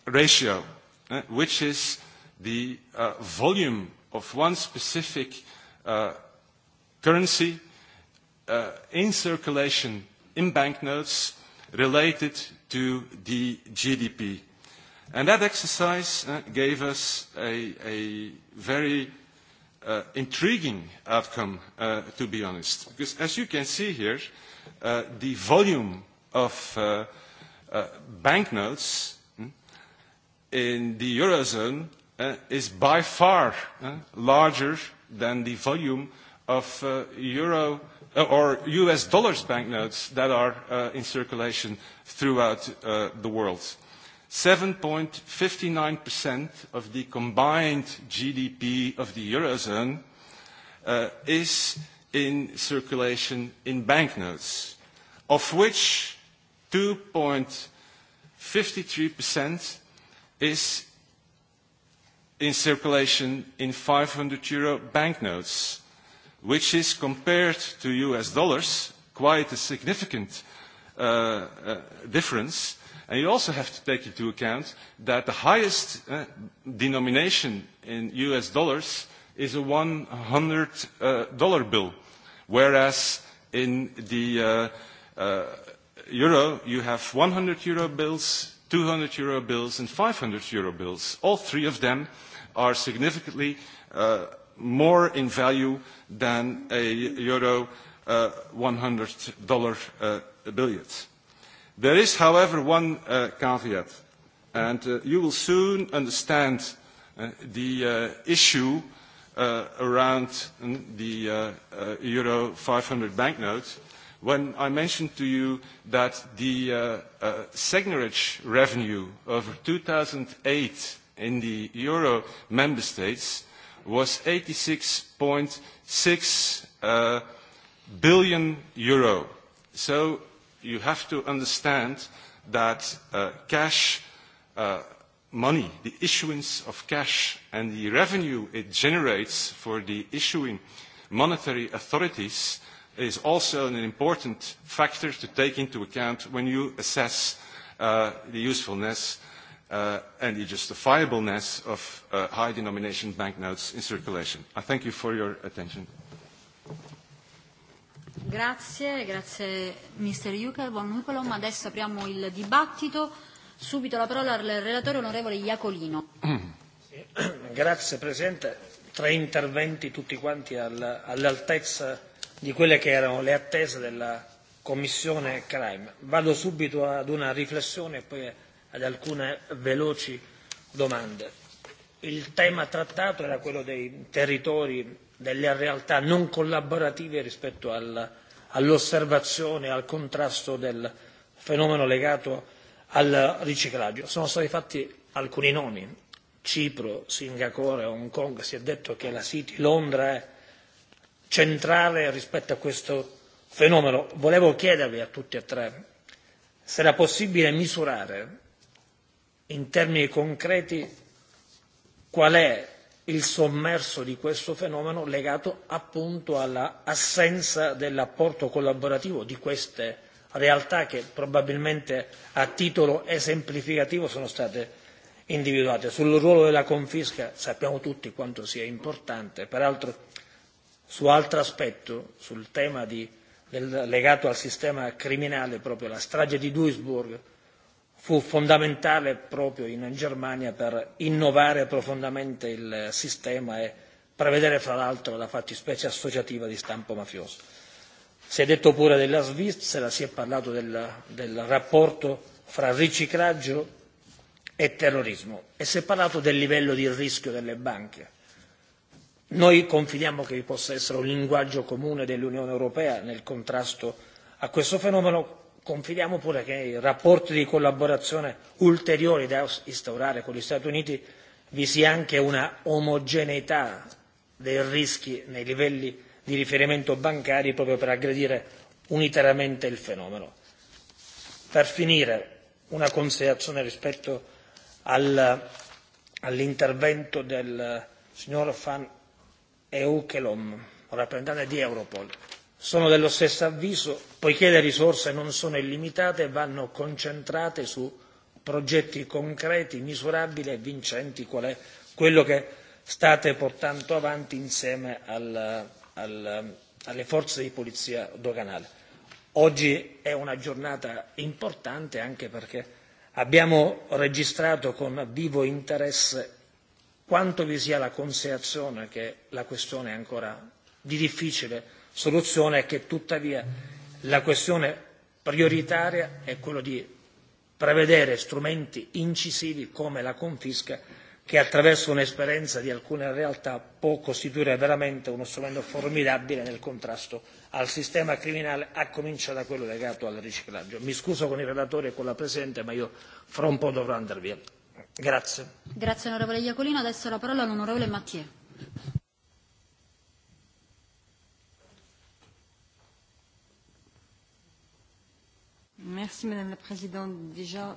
ratio, uh, which is the uh, volume of one specific uh, currency uh, in circulation in banknotes related to the GDP. And that exercise uh, gave us a, a very uh, intriguing outcome, uh, to be honest, because as you can see here, uh, the volume of uh, uh, banknotes hmm, in the Eurozone uh, is by far uh, larger than the volume of uh, euro uh, or US dollars banknotes that are uh, in circulation throughout uh, the world. 7.59% of the combined GDP of the Eurozone uh, is in circulation in banknotes of which 2.53% is in circulation in 500 euro banknotes, which is compared to US dollars quite a significant uh, uh, difference. And you also have to take into account that the highest uh, denomination in US dollars is a $100 dollar bill, whereas in the uh, euro, you have 100 euro bills, 200 euro bills, and 500 euro bills. All three of them are significantly uh, more in value than a euro uh, 100 dollar uh, billion. There is, however, one uh, caveat, and uh, you will soon understand uh, the uh, issue uh, around mm, the uh, uh, euro 500 banknote when I mentioned to you that the uh, uh, revenue over 2008 in the euro member states was 86.6 uh, billion euro. So you have to understand that uh, cash uh, money, the issuance of cash and the revenue it generates for the issuing monetary authorities is also an important factor to take into account when you assess uh, the usefulness uh, and the justifiableness of uh, high denomination banknotes in circulation. I thank you for your attention. Grazie, grazie Mr. Juncker, buon Nicolom. Adesso apriamo il dibattito. Subito la parola al relatore onorevole Iacolino. Grazie Presidente. Tre interventi tutti quanti all'altezza di quelle che erano le attese della Commissione Crime. Vado subito ad una riflessione e poi ad alcune veloci domande. Il tema trattato era quello dei territori, delle realtà non collaborative rispetto al, all'osservazione e al contrasto del fenomeno legato al riciclaggio. Sono stati fatti alcuni nomi, Cipro, Singapore, Hong Kong, si è detto che la City Londra è centrale rispetto a questo fenomeno. Volevo chiedervi a tutti e tre se era possibile misurare in termini concreti qual è il sommerso di questo fenomeno legato appunto all'assenza dell'apporto collaborativo di queste realtà che probabilmente a titolo esemplificativo sono state individuate. Sul ruolo della confisca sappiamo tutti quanto sia importante, peraltro su altro aspetto, sul tema di, del, legato al sistema criminale, proprio la strage di Duisburg fu fondamentale proprio in Germania per innovare profondamente il sistema e prevedere fra l'altro la fattispecie associativa di stampo mafioso. Si è detto pure della Svizzera, si è parlato del, del rapporto fra riciclaggio e terrorismo e si è parlato del livello di rischio delle banche Noi confidiamo che possa essere un linguaggio comune dell'Unione Europea nel contrasto a questo fenomeno, confidiamo pure che i rapporti di collaborazione ulteriori da instaurare con gli Stati Uniti vi sia anche una omogeneità dei rischi nei livelli di riferimento bancari proprio per aggredire unitariamente il fenomeno. Per finire, una considerazione rispetto al, all'intervento del signor Van e Uchelom, rappresentante di Europol, sono dello stesso avviso, poiché le risorse non sono illimitate vanno concentrate su progetti concreti, misurabili e vincenti, qual è quello che state portando avanti insieme al, al, alle forze di polizia doganale. Oggi è una giornata importante anche perché abbiamo registrato con vivo interesse quanto vi sia la considerazione che la questione è ancora di difficile soluzione e che tuttavia la questione prioritaria è quella di prevedere strumenti incisivi come la confisca che attraverso un'esperienza di alcune realtà può costituire veramente uno strumento formidabile nel contrasto al sistema criminale, a cominciare da quello legato al riciclaggio. Mi scuso con il relatore e con la Presidente, ma io fra un po' dovrò andar via. Grazie. onorevole Iacolino. Adesso la parola all'onorevole Mathieu. Merci Madame la Présidente. Déjà,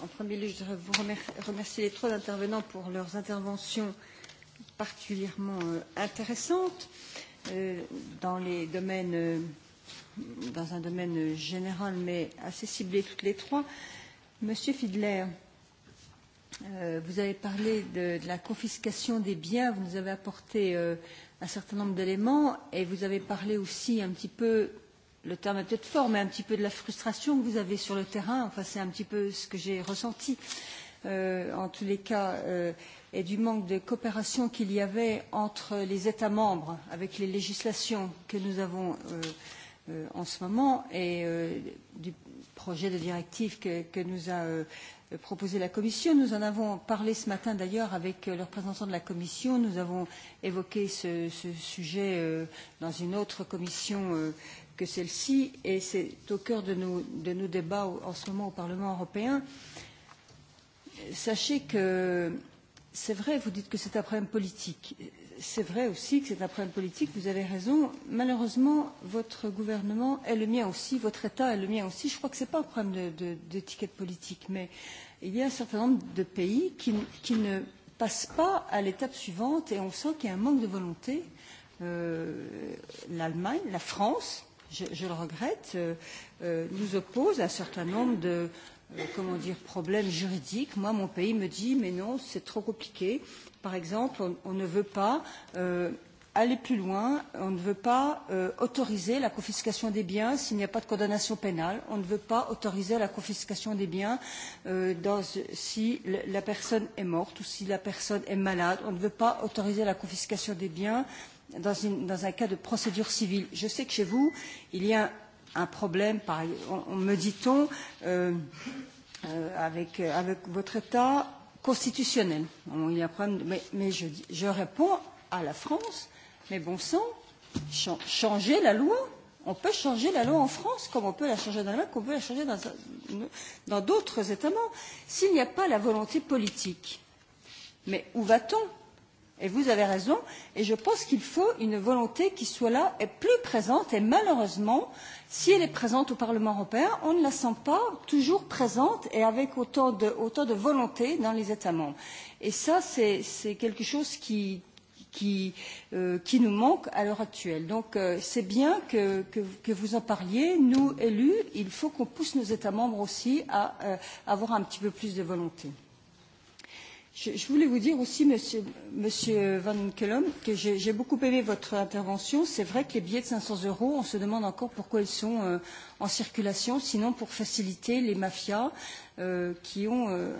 en premier lieu, je voudrais vous remercier les trois intervenants pour leurs interventions particulièrement euh, intéressantes euh, dans les domaines, euh, dans un domaine général mais assez ciblé toutes les trois. Monsieur Fidler, Euh, vous avez parlé de, de la confiscation des biens, vous nous avez apporté euh, un certain nombre d'éléments et vous avez parlé aussi un petit peu, le terme est peut-être fort, mais un petit peu de la frustration que vous avez sur le terrain. Enfin, c'est un petit peu ce que j'ai ressenti euh, en tous les cas euh, et du manque de coopération qu'il y avait entre les États membres avec les législations que nous avons euh, euh, en ce moment et euh, du projet de directive que, que nous a euh, proposé la Commission. Nous en avons parlé ce matin d'ailleurs avec euh, le représentant de la Commission. Nous avons évoqué ce, ce sujet euh, dans une autre commission euh, que celle-ci et c'est au cœur de nos, de nos débats en ce moment au Parlement européen. Sachez que c'est vrai, vous dites que c'est un problème politique c'est vrai aussi que c'est un problème politique, vous avez raison. Malheureusement, votre gouvernement est le mien aussi, votre État est le mien aussi. Je crois que ce n'est pas un problème d'étiquette de, de, politique, mais il y a un certain nombre de pays qui, qui ne passent pas à l'étape suivante et on sent qu'il y a un manque de volonté. Euh, L'Allemagne, la France, je, je le regrette, euh, euh, nous oppose à un certain nombre de, euh, comment dire, problèmes juridiques. Moi, mon pays me dit, mais non, c'est trop compliqué. Euh, par exemple, on, on ne veut pas euh, aller plus loin, on ne veut pas euh, autoriser la confiscation des biens s'il n'y a pas de condamnation pénale, on ne veut pas autoriser la confiscation des biens euh, dans, si la personne est morte ou si la personne est malade, on ne veut pas autoriser la confiscation des biens dans, une, dans un cas de procédure civile. Je sais que chez vous, il y a un problème, par, on, on me dit-on, euh, euh, avec, avec votre État, constitutionnel. Bon, il y a un problème, de, mais, mais je, je réponds à la France, mais bon sang, ch changer la loi. On peut changer la loi en France comme on peut la changer dans la comme on peut la changer dans d'autres États membres. S'il n'y a pas la volonté politique, mais où va-t-on et vous avez raison. Et je pense qu'il faut une volonté qui soit là et plus présente. Et malheureusement, si elle est présente au Parlement européen, on ne la sent pas toujours présente et avec autant de, autant de volonté dans les États membres. Et ça, c'est quelque chose qui, qui, euh, qui nous manque à l'heure actuelle. Donc euh, c'est bien que, que, que vous en parliez. Nous, élus, il faut qu'on pousse nos États membres aussi à euh, avoir un petit peu plus de volonté. Je, je voulais vous dire aussi, Monsieur, monsieur Van Kellum, que j'ai ai beaucoup aimé votre intervention. C'est vrai que les billets de 500 euros, on se demande encore pourquoi ils sont euh, en circulation, sinon pour faciliter les mafias euh, qui ont euh,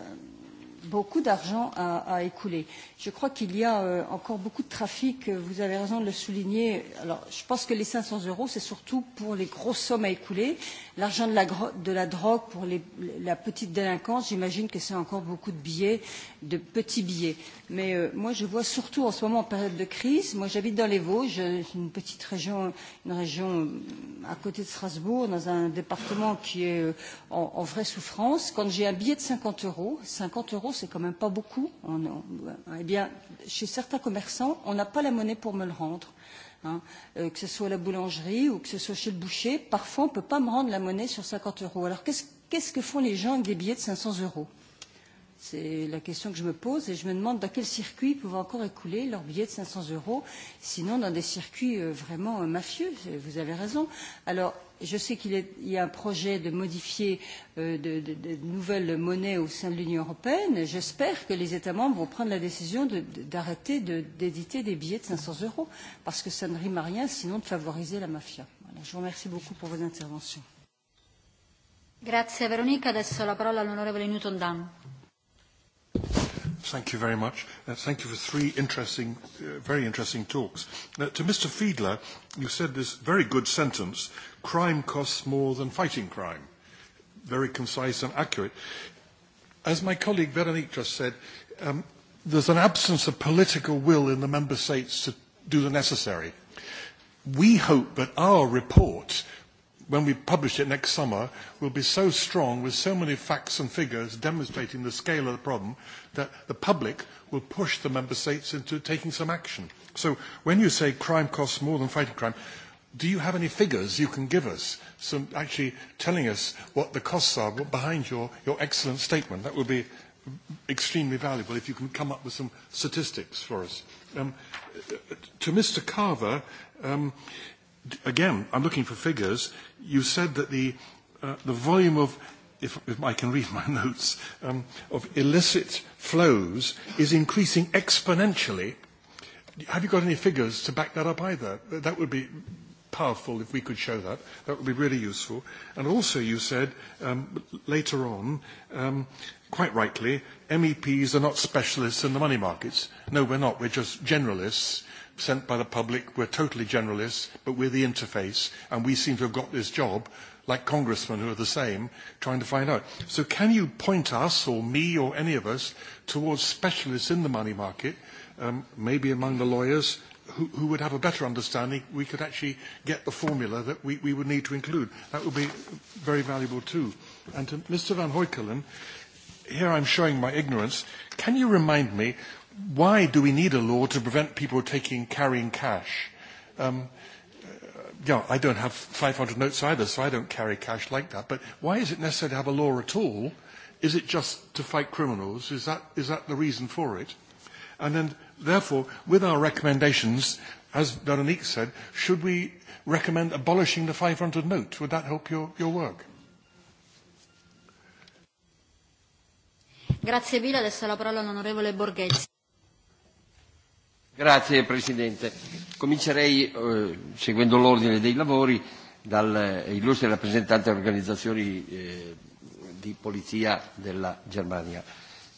beaucoup d'argent à, à écouler. Je crois qu'il y a euh, encore beaucoup de trafic. Euh, vous avez raison de le souligner. Alors, je pense que les 500 euros, c'est surtout pour les grosses sommes à écouler. L'argent de la, de la drogue pour les, la petite délinquance, j'imagine que c'est encore beaucoup de billets, de petits billets. Mais euh, moi, je vois surtout en ce moment en période de crise. Moi, j'habite dans les Vosges, une petite région, une région euh, à côté de Strasbourg, dans un département qui est euh, en, en vraie souffrance. Quand j'ai un billet de 50 euros, 50 euros, c'est quand même pas beaucoup. On, On, on, bien, chez certains commerçants, on n'a pas la monnaie pour me le rendre. Hein, euh, que ce soit à la boulangerie ou que ce soit chez le boucher, parfois on ne peut pas me rendre la monnaie sur 50 euros. Alors qu'est-ce qu que font les gens avec des billets de 500 euros C'est la question que je me pose et je me demande dans quel circuit peuvent encore écouler leurs billets de 500 euros, sinon dans des circuits euh, vraiment euh, mafieux. Vous avez raison. Alors, je sais qu'il y a un projet de modifier euh, de, de, de nouvelles monnaies au sein de l'Union européenne. J'espère que les États membres vont prendre la décision d'arrêter de, d'éditer de, des billets de 500 euros, parce que ça ne rime à rien sinon de favoriser la mafia. Voilà, je vous remercie beaucoup pour vos interventions. Grazie Veronica, adesso la parola all'onorevole Newton Dunn. Thank you very much. Uh, thank you for three interesting, uh, very interesting talks. Uh, to Mr. Fiedler, you said this very good sentence, crime costs more than fighting crime. Very concise and accurate. As my colleague Veronique just said, um, there's an absence of political will in the member states to do the necessary. We hope that our report when we publish it next summer, will be so strong with so many facts and figures demonstrating the scale of the problem that the public will push the member states into taking some action. So when you say crime costs more than fighting crime, do you have any figures you can give us, some actually telling us what the costs are behind your, your excellent statement? That would be extremely valuable if you can come up with some statistics for us. Um, to Mr. Carver, um, again, I'm looking for figures. You said that the, uh, the volume of, if, if I can read *laughs* my notes, um, of illicit flows is increasing exponentially. Have you got any figures to back that up either? That would be powerful if we could show that. That would be really useful. And also you said um, later on, um, quite rightly, MEPs are not specialists in the money markets. No, we're not. We're just generalists sent by the public. We're totally generalists, but we're the interface, and we seem to have got this job, like congressmen who are the same, trying to find out. So can you point us, or me, or any of us, towards specialists in the money market, um, maybe among the lawyers, who, who would have a better understanding, we could actually get the formula that we, we would need to include. That would be very valuable too. And to Mr. Van Hoykelen, here I'm showing my ignorance. Can you remind me, why do we need a law to prevent people taking, carrying cash? Um, uh, yeah, I don't have 500 notes either, so I don't carry cash like that. But why is it necessary to have a law at all? Is it just to fight criminals? Is that, is that the reason for it? And then, therefore, with our recommendations, as Veronique said, should we recommend abolishing the 500 note? Would that help your, your work? Grazie mille, adesso la parola all'onorevole Borghezzi. Grazie Presidente. Comincerei, eh, seguendo l'ordine dei lavori, dal eh, illustre rappresentante delle organizzazioni eh, di polizia della Germania.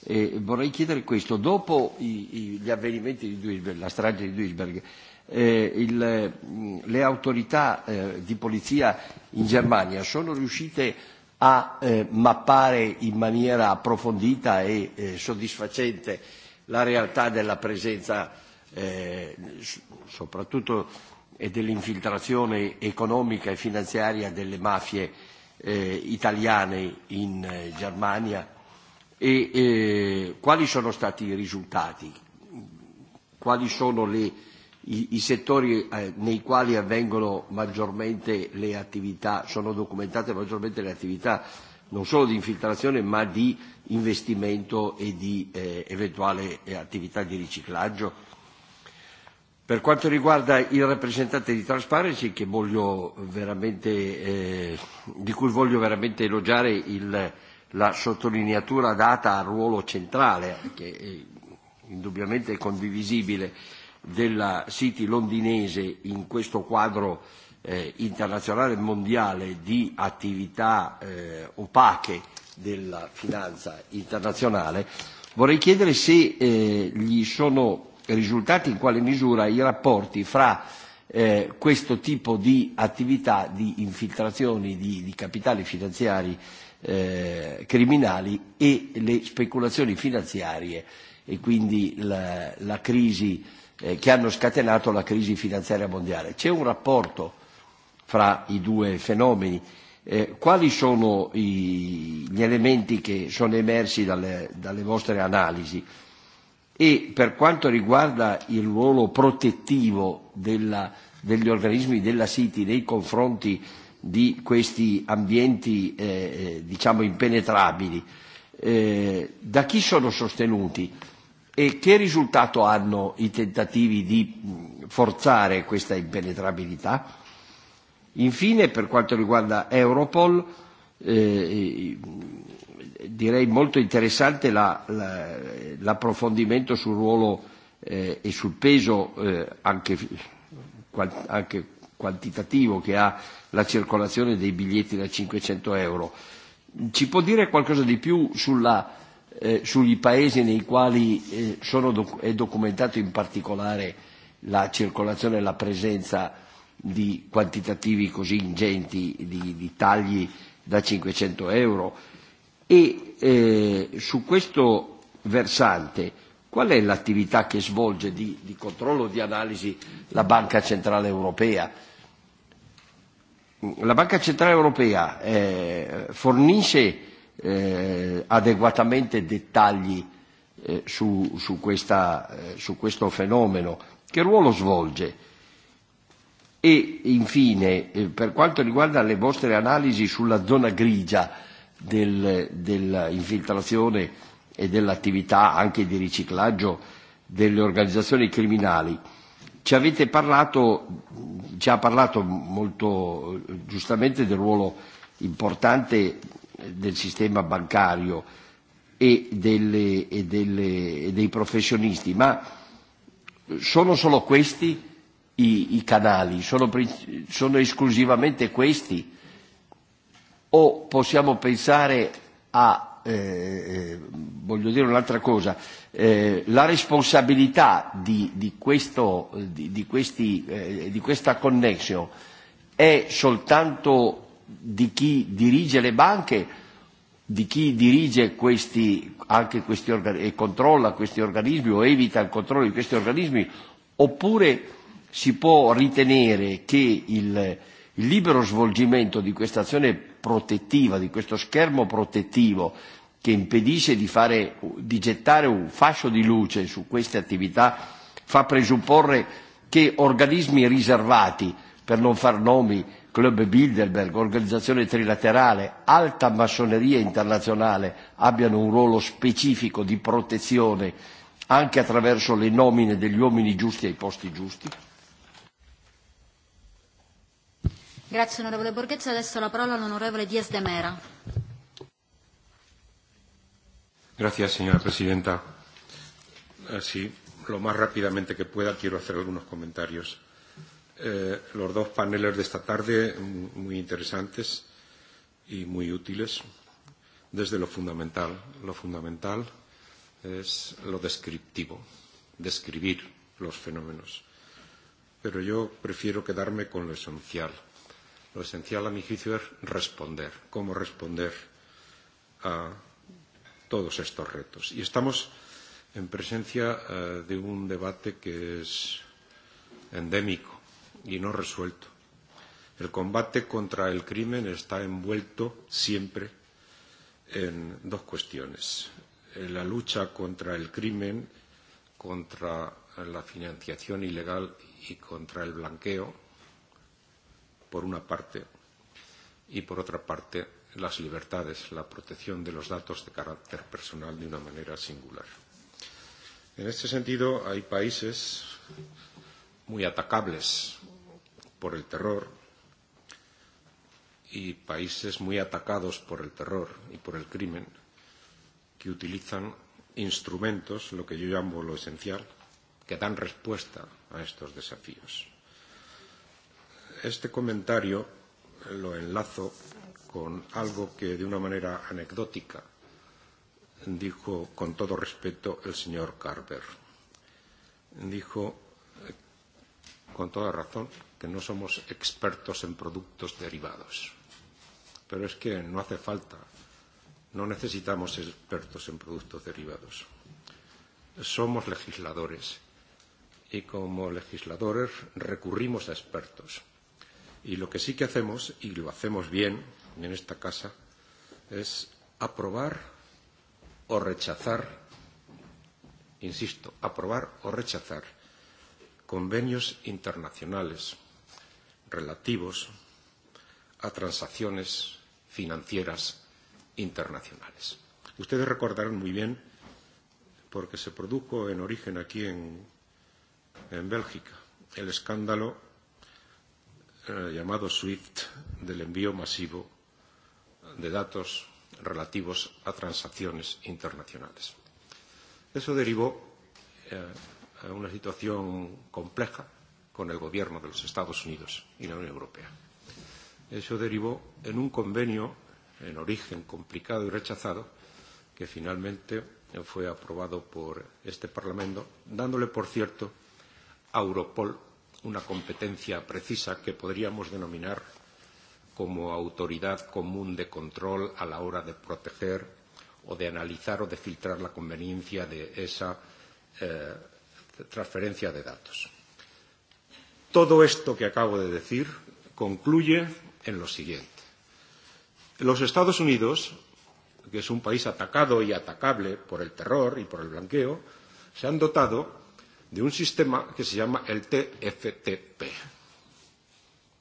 E vorrei chiedere questo, dopo i, i, gli avvenimenti di Duisberg, la strage di Duisberg, eh, il, mm, le autorità eh, di polizia in Germania sono riuscite a eh, mappare in maniera approfondita e eh, soddisfacente la realtà della presenza eh, soprattutto e dell'infiltrazione economica e finanziaria delle mafie eh, italiane in eh, Germania e eh, quali sono stati i risultati, quali sono le i, i settori eh, nei quali avvengono maggiormente le attività, sono documentate maggiormente le attività non solo di infiltrazione ma di investimento e di eh, eventuale eh, attività di riciclaggio. Per quanto riguarda il rappresentante di Transparency, che voglio veramente, eh, di cui voglio veramente elogiare il, la sottolineatura data al ruolo centrale, che è eh, indubbiamente condivisibile, della City londinese in questo quadro eh, internazionale e mondiale di attività eh, opache della finanza internazionale, vorrei chiedere se eh, gli sono risultati in quale misura i rapporti fra eh, questo tipo di attività di infiltrazioni di, di capitali finanziari eh, criminali e le speculazioni finanziarie e quindi la, la crisi eh, eh, che hanno scatenato la crisi finanziaria mondiale. C'è un rapporto fra i due fenomeni. Eh, quali sono i, gli elementi che sono emersi dalle, dalle vostre analisi? E per quanto riguarda il ruolo protettivo della, degli organismi della City nei confronti di questi ambienti eh, eh diciamo impenetrabili, eh, da chi sono sostenuti? E che risultato hanno i tentativi di forzare questa impenetrabilità? Infine, per quanto riguarda Europol, eh, direi molto interessante la, la, l'approfondimento sul ruolo eh, e sul peso eh, anche, qual, anche quantitativo che ha la circolazione dei biglietti da 500 euro. Ci può dire qualcosa di più sulla Eh, sugli paesi nei quali eh, sono doc- è documentato in particolare la circolazione e la presenza di quantitativi così ingenti di, di tagli da 500 euro. E eh, su questo versante qual è l'attività che svolge di, di controllo, di analisi la Banca Centrale Europea? La Banca Centrale Europea eh, fornisce eh, eh, adeguatamente dettagli eh, su, su, questa, eh, su questo fenomeno. Che ruolo svolge? E infine, eh, per quanto riguarda le vostre analisi sulla zona grigia del, dell'infiltrazione e dell'attività anche di riciclaggio delle organizzazioni criminali, ci avete parlato, ci ha parlato molto eh, giustamente del ruolo importante del sistema bancario e, delle, e, delle, e dei professionisti, ma sono solo questi i, i canali, sono, sono esclusivamente questi o possiamo pensare a, eh, eh, voglio dire un'altra cosa, eh, la responsabilità di, di, questo, di, di, questi, eh, di questa connessione è soltanto di chi dirige le banche, di chi dirige questi, anche questi e controlla questi organismi o evita il controllo di questi organismi, oppure si può ritenere che il, il libero svolgimento di questa azione protettiva, di questo schermo protettivo che impedisce di, fare, di gettare un fascio di luce su queste attività, fa presupporre che organismi riservati, per non far nomi, Club Bilderberg, organizzazione trilaterale, alta massoneria internazionale abbiano un ruolo specifico di protezione anche attraverso le nomine degli uomini giusti ai posti giusti? Grazie onorevole Borghezza. Adesso la parola all'onorevole Diaz de Mera. Grazie signora presidenta. Eh, sì, lo más rápidamente que pueda, quiero hacer algunos comentarios eh, los dos paneles de esta tarde muy interesantes y muy útiles desde lo fundamental. Lo fundamental es lo descriptivo, describir los fenómenos. Pero yo prefiero quedarme con lo esencial. Lo esencial, a mi juicio, es responder. ¿Cómo responder a todos estos retos? Y estamos en presencia uh, de un debate que es endémico y no resuelto. El combate contra el crimen está envuelto siempre en dos cuestiones. En eh, La lucha contra el crimen, contra la financiación ilegal y contra el blanqueo, por una parte, y por otra parte, las libertades, la protección de los datos de carácter personal de una manera singular. En este sentido, hay países muy atacables por el terror y países muy atacados por el terror y por el crimen que utilizan instrumentos, lo que yo llamo lo esencial, que dan respuesta a estos desafíos. Este comentario lo enlazo con algo que de una manera anecdótica dijo con todo respeto el señor Carver. Dijo con toda razón, que no somos expertos en productos derivados. Pero es que no hace falta, no necesitamos expertos en productos derivados. Somos legisladores y como legisladores recurrimos a expertos. Y lo que sí que hacemos, y lo hacemos bien en esta casa, es aprobar o rechazar, insisto, aprobar o rechazar convenios internacionales relativos a transacciones financieras internacionales. Ustedes recordarán muy bien, porque se produjo en origen aquí en, en Bélgica, el escándalo eh, llamado SWIFT del envío masivo de datos relativos a transacciones internacionales. Eso derivó eh, a una situación compleja con el gobierno de los Estados Unidos y la Unión Europea. Eso derivó en un convenio en origen complicado y rechazado que finalmente fue aprobado por este Parlamento, dándole, por cierto, a Europol una competencia precisa que podríamos denominar como autoridad común de control a la hora de proteger o de analizar o de filtrar la conveniencia de esa eh, transferencia de datos. Todo esto que acabo de decir concluye en lo siguiente. Los Estados Unidos, que es un país atacado y atacable por el terror y por el blanqueo, se han dotado de un sistema que se llama el TFTP.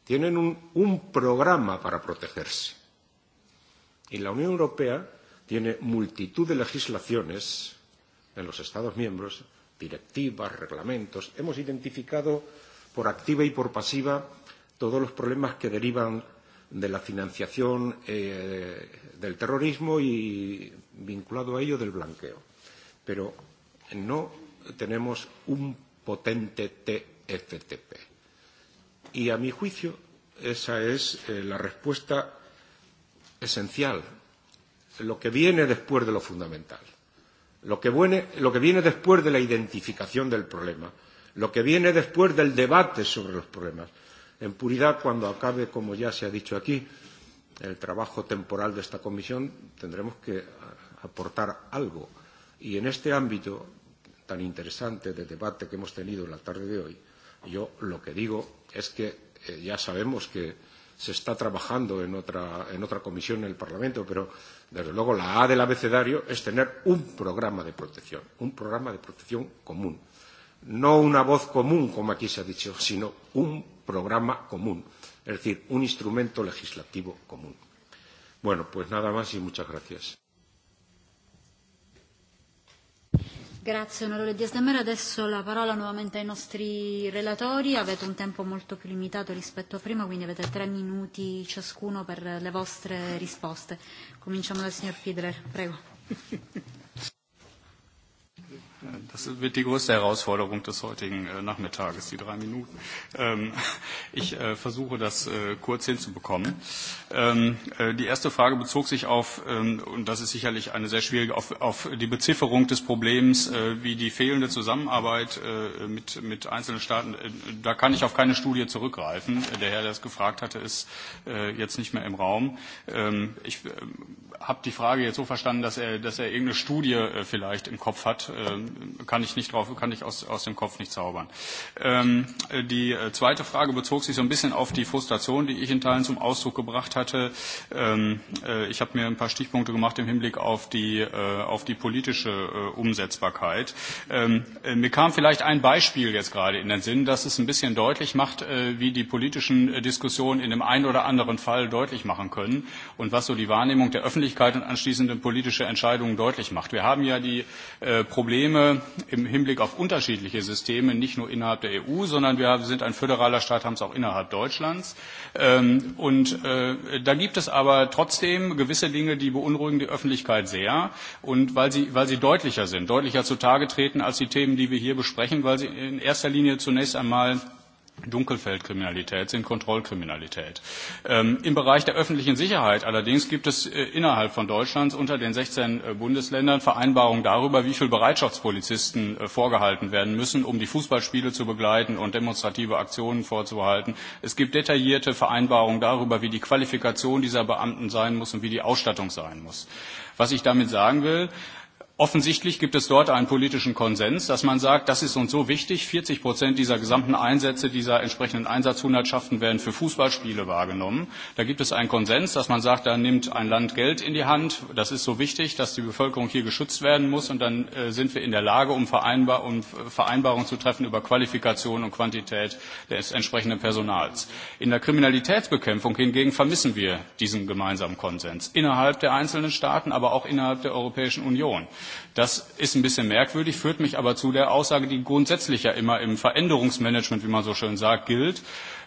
Tienen un, un programa para protegerse. Y la Unión Europea tiene multitud de legislaciones en los Estados miembros directivas, reglamentos. Hemos identificado por activa y por pasiva todos los problemas que derivan de la financiación eh, del terrorismo y vinculado a ello del blanqueo. Pero no tenemos un potente TFTP. Y a mi juicio esa es eh, la respuesta esencial, lo que viene después de lo fundamental. Lo que, viene, lo que viene después de la identificación del problema, lo que viene después del debate sobre los problemas. En puridad, cuando acabe, como ya se ha dicho aquí, el trabajo temporal de esta comisión, tendremos que aportar algo. Y en este ámbito tan interesante de debate que hemos tenido en la tarde de hoy, yo lo que digo es que eh, ya sabemos que se está trabajando en otra, en otra comisión en el Parlamento, pero desde luego la A del abecedario es tener un programa de protección, un programa de protección común. No una voz común, como aquí se ha dicho, sino un programa común, es decir, un instrumento legislativo común. Bueno, pues nada más y muchas gracias. Grazie onorevole Diasdemera. Adesso la parola nuovamente ai nostri relatori. Avete un tempo molto più limitato rispetto a prima, quindi avete tre minuti ciascuno per le vostre risposte. Cominciamo dal signor Fiedler, prego. *laughs* Das wird die größte Herausforderung des heutigen äh, Nachmittages, die drei Minuten. Ähm, *laughs* ich äh, versuche das äh, kurz hinzubekommen. Ähm, die erste Frage bezog sich auf, ähm, und das ist sicherlich eine sehr schwierige, auf, die Bezifferung des Problems, wie die fehlende Zusammenarbeit mit, mit einzelnen Staaten. Da kann ich auf keine Studie zurückgreifen. Der Herr, der das gefragt hatte, ist jetzt nicht mehr im Raum. Ich habe die Frage jetzt so verstanden, dass er, dass er irgendeine Studie vielleicht im Kopf hat, kann ich nicht drauf, kann ich aus, aus dem Kopf nicht zaubern. Ähm, die äh, zweite Frage bezog sich so ein bisschen auf die Frustration, die ich in Teilen zum Ausdruck gebracht hatte. Ähm, äh, ich habe mir ein paar Stichpunkte gemacht im Hinblick auf die, äh, auf die politische äh, Umsetzbarkeit. Ähm, äh, mir kam vielleicht ein Beispiel jetzt gerade in den Sinn, dass es ein bisschen deutlich macht, äh, wie die politischen äh, Diskussionen in dem einen oder anderen Fall deutlich machen können und was so die Wahrnehmung der Öffentlichkeit und anschließenden politische Entscheidungen deutlich macht. Wir haben ja die äh, Probleme, Systeme im Hinblick auf unterschiedliche Systeme, nicht nur innerhalb der EU, sondern wir sind ein föderaler Staat, haben es auch innerhalb Deutschlands. Ähm, und äh, da gibt es aber trotzdem gewisse Dinge, die beunruhigen die Öffentlichkeit sehr und weil sie, weil sie deutlicher sind, deutlicher zutage treten als die Themen, die wir hier besprechen, weil sie in erster Linie zunächst einmal Dunkelfeldkriminalität sind Kontrollkriminalität. Ähm, Im Bereich der öffentlichen Sicherheit allerdings gibt es äh, innerhalb von Deutschlands unter den 16 äh, Bundesländern Vereinbarungen darüber, wie viel Bereitschaftspolizisten äh, vorgehalten werden müssen, um die Fußballspiele zu begleiten und demonstrative Aktionen vorzuhalten. Es gibt detaillierte Vereinbarungen darüber, wie die Qualifikation dieser Beamten sein muss und wie die Ausstattung sein muss. Was ich damit sagen will, Offensichtlich gibt es dort einen politischen Konsens, dass man sagt, das ist uns so wichtig. 40 Prozent dieser gesamten Einsätze, dieser entsprechenden Einsatzhundertschaften werden für Fußballspiele wahrgenommen. Da gibt es einen Konsens, dass man sagt, da nimmt ein Land Geld in die Hand. Das ist so wichtig, dass die Bevölkerung hier geschützt werden muss. Und dann äh, sind wir in der Lage, um, Vereinbar um Vereinbarungen zu treffen über Qualifikation und Quantität des entsprechenden Personals. In der Kriminalitätsbekämpfung hingegen vermissen wir diesen gemeinsamen Konsens innerhalb der einzelnen Staaten, aber auch innerhalb der Europäischen Union. Das ist ein bisschen merkwürdig, führt mich aber zu der Aussage, die grundsätzlich ja immer im Veränderungsmanagement, wie man so schön sagt, gilt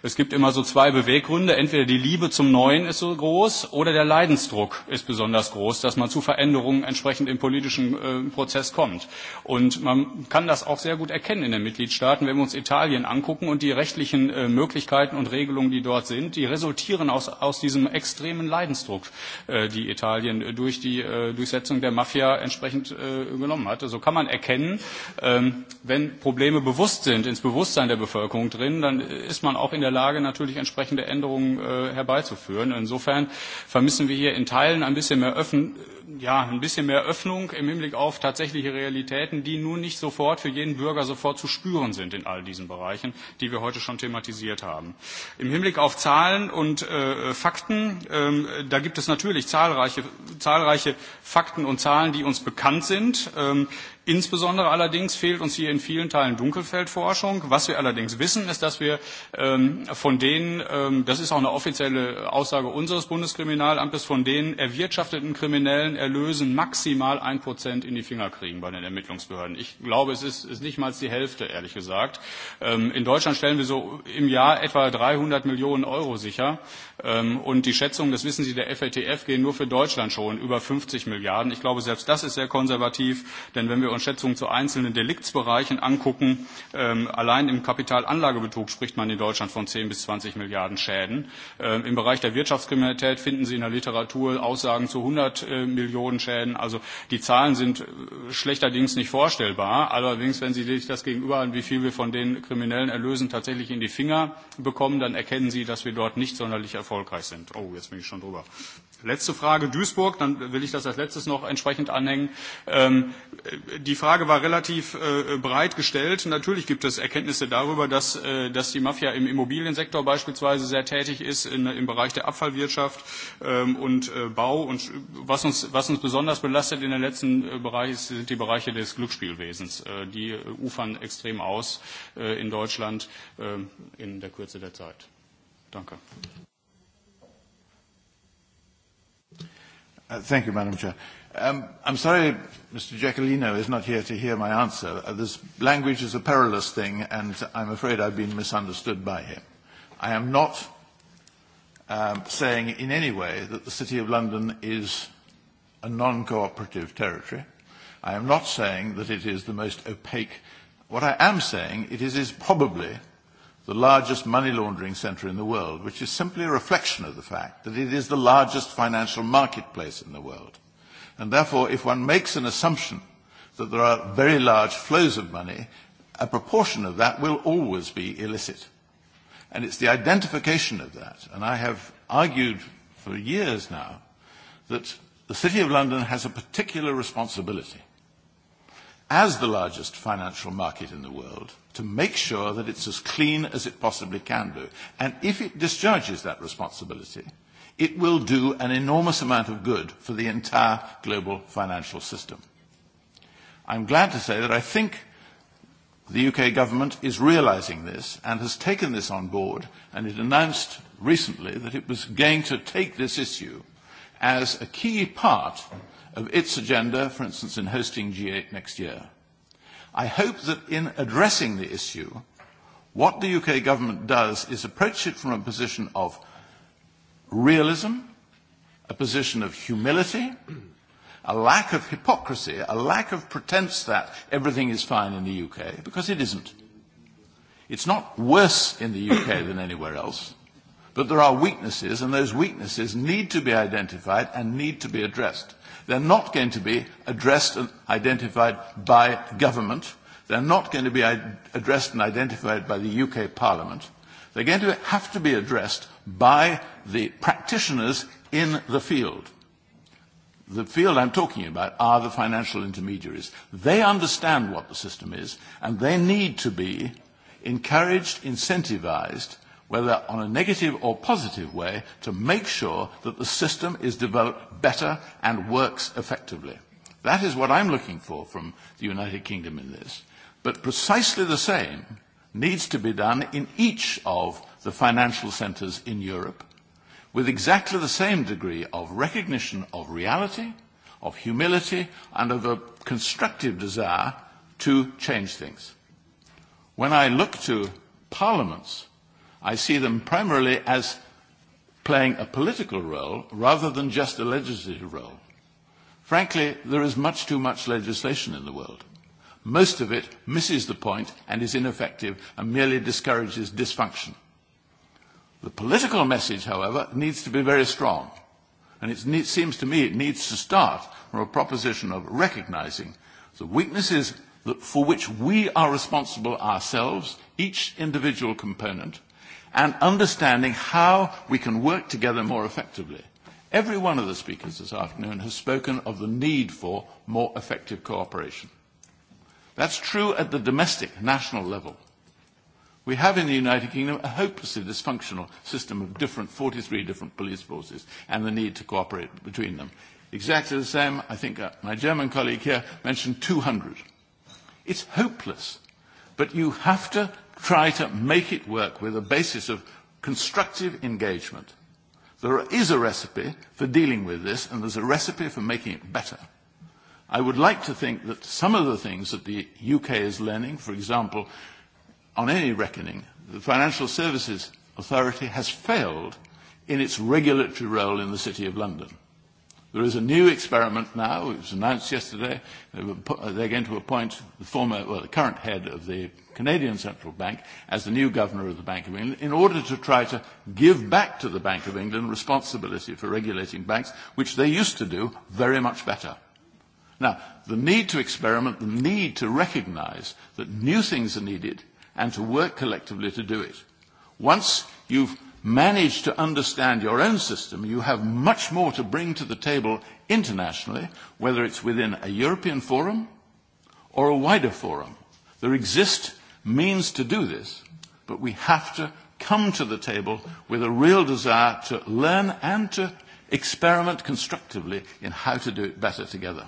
Es gibt immer so zwei Beweggründe. Entweder die Liebe zum Neuen ist so groß oder der Leidensdruck ist besonders groß, dass man zu Veränderungen entsprechend im politischen äh, Prozess kommt. Und man kann das auch sehr gut erkennen in den Mitgliedstaaten, wenn wir uns Italien angucken und die rechtlichen äh, Möglichkeiten und Regelungen, die dort sind, die resultieren aus, aus diesem extremen Leidensdruck, äh, die Italien äh, durch die äh, Durchsetzung der Mafia entsprechend äh, genommen hat. So kann man erkennen, äh, wenn Probleme bewusst sind, ins Bewusstsein der Bevölkerung drin, dann ist man auch in der Lage, natürlich entsprechende Änderungen äh, herbeizuführen. Insofern vermissen wir hier in Teilen ein bisschen mehr Öffentlichkeit ja, ein bisschen mehr Öffnung im Hinblick auf tatsächliche Realitäten, die nun nicht sofort für jeden Bürger sofort zu spüren sind in all diesen Bereichen, die wir heute schon thematisiert haben. Im Hinblick auf Zahlen und äh, Fakten, äh, da gibt es natürlich zahlreiche, zahlreiche Fakten und Zahlen, die uns bekannt sind. Äh, Insbesondere allerdings fehlt uns hier in vielen Teilen Dunkelfeldforschung. Was wir allerdings wissen, ist, dass wir ähm, von denen, ähm, das ist auch eine offizielle Aussage unseres Bundeskriminalamtes, von den erwirtschafteten Kriminellen Erlösen maximal ein Prozent in die Finger kriegen bei den Ermittlungsbehörden. Ich glaube, es ist, ist nicht mal die Hälfte, ehrlich gesagt. Ähm, in Deutschland stellen wir so im Jahr etwa 300 Millionen Euro sicher. Ähm, und die Schätzungen, das wissen Sie, der FATF gehen nur für Deutschland schon über 50 Milliarden. Ich glaube, selbst das ist sehr konservativ, denn wenn wir uns Schätzungen zu einzelnen Deliktsbereichen angucken, ähm, allein im Kapitalanlagebetrug spricht man in Deutschland von 10 bis 20 Milliarden Schäden. Ähm, Im Bereich der Wirtschaftskriminalität finden Sie in der Literatur Aussagen zu 100 äh, Millionen Schäden. Also die Zahlen sind äh, schlechterdings nicht vorstellbar. Allerdings, wenn Sie sich das gegenüber an, wie viel wir von den kriminellen Erlösen tatsächlich in die Finger bekommen, dann erkennen Sie, dass wir dort nicht sonderlich erfolgreich erfolgreich sind. Oh, jetzt bin ich schon drüber. Letzte Frage Duisburg, dann will ich das als letztes noch entsprechend anhängen. Ähm, die Frage war relativ äh, breit gestellt. Natürlich gibt es Erkenntnisse darüber, dass, äh, dass die Mafia im Immobiliensektor beispielsweise sehr tätig ist, in, im Bereich der Abfallwirtschaft ähm, und äh, Bau. Und was uns, was uns besonders belastet in den letzten äh, Bereichen sind die Bereiche des Glücksspielwesens. Äh, die äh, ufern extrem aus äh, in Deutschland äh, in der Kürze der Zeit. Danke. Uh, thank you, Madam Chair. Um, I'm sorry Mr. Giacolino is not here to hear my answer. Uh, this language is a perilous thing, and I'm afraid I've been misunderstood by him. I am not um, saying in any way that the City of London is a non-cooperative territory. I am not saying that it is the most opaque. What I am saying, it is, is probably – the largest money laundering center in the world, which is simply a reflection of the fact that it is the largest financial marketplace in the world. And therefore, if one makes an assumption that there are very large flows of money, a proportion of that will always be illicit. And it's the identification of that. And I have argued for years now that the City of London has a particular responsibility as the largest financial market in the world to make sure that it's as clean as it possibly can do. And if it discharges that responsibility, it will do an enormous amount of good for the entire global financial system. I'm glad to say that I think the UK government is realizing this and has taken this on board, and it announced recently that it was going to take this issue as a key part of its agenda, for instance, in hosting G8 next year. I hope that in addressing the issue, what the UK government does is approach it from a position of realism, a position of humility, a lack of hypocrisy, a lack of pretense that everything is fine in the UK, because it isn't. It's not worse in the UK *coughs* than anywhere else, but there are weaknesses, and those weaknesses need to be identified and need to be addressed. They're not going to be addressed and identified by government. They're not going to be addressed and identified by the UK Parliament. They're going to have to be addressed by the practitioners in the field. The field I'm talking about are the financial intermediaries. They understand what the system is, and they need to be encouraged, incentivized, whether on a negative or positive way, to make sure that the system is developed better and works effectively. That is what I'm looking for from the United Kingdom in this. But precisely the same needs to be done in each of the financial centres in Europe with exactly the same degree of recognition of reality, of humility, and of a constructive desire to change things. When I look to parliaments I see them primarily as playing a political role rather than just a legislative role. Frankly, there is much too much legislation in the world. Most of it misses the point and is ineffective and merely discourages dysfunction. The political message, however, needs to be very strong. And it seems to me it needs to start from a proposition of recognizing the weaknesses that, for which we are responsible ourselves, each individual component – and understanding how we can work together more effectively. Every one of the speakers this afternoon has spoken of the need for more effective cooperation. That's true at the domestic national level. We have in the United Kingdom a hopelessly dysfunctional system of different 43 different police forces and the need to cooperate between them. Exactly the same, I think uh, my German colleague here mentioned 200. It's hopeless, but you have to try to make it work with a basis of constructive engagement. There is a recipe for dealing with this, and there's a recipe for making it better. I would like to think that some of the things that the UK is learning, for example, on any reckoning, the Financial Services Authority has failed in its regulatory role in the City of London. There is a new experiment now, it was announced yesterday, they're going to appoint the former, well, the current head of the Canadian Central Bank as the new governor of the Bank of England in order to try to give back to the Bank of England responsibility for regulating banks, which they used to do very much better. Now, the need to experiment, the need to recognize that new things are needed and to work collectively to do it. Once you've managed to understand your own system, you have much more to bring to the table internationally, whether it's within a European forum or a wider forum. There exist means to do this, but we have to come to the table with a real desire to learn and to experiment constructively in how to do it better together.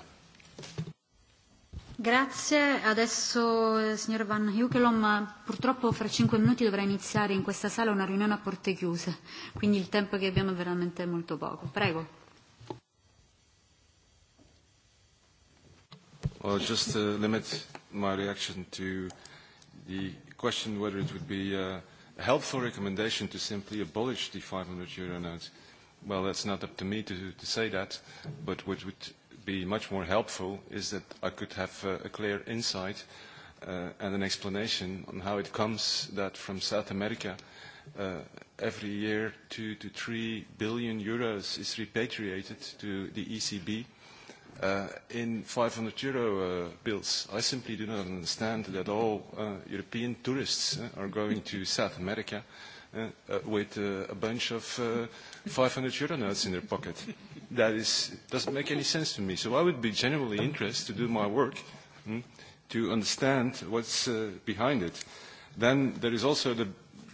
Grazie, adesso signor Van Heukelom, purtroppo fra cinque minuti dovrà iniziare in questa sala una riunione a porte chiuse, quindi il tempo che abbiamo è veramente molto poco. Prego. Well, just to limit my reaction to the question whether it would be uh, a helpful recommendation to simply abolish the 500 euro notes. Well, that's not up to me to, to say that, but what would be much more helpful is that I could have uh, a clear insight uh, and an explanation on how it comes that from South America uh, every year two to three billion euros is repatriated to the ECB uh, in 500 euro uh, bills. I simply do not understand that all uh, European tourists uh, are going to South America uh, uh, with uh, a bunch of uh, 500 euro notes in their pocket. That is, doesn't make any sense to me. So I would be genuinely interested to do my work mm, to understand what's uh, behind it. Then there is also the,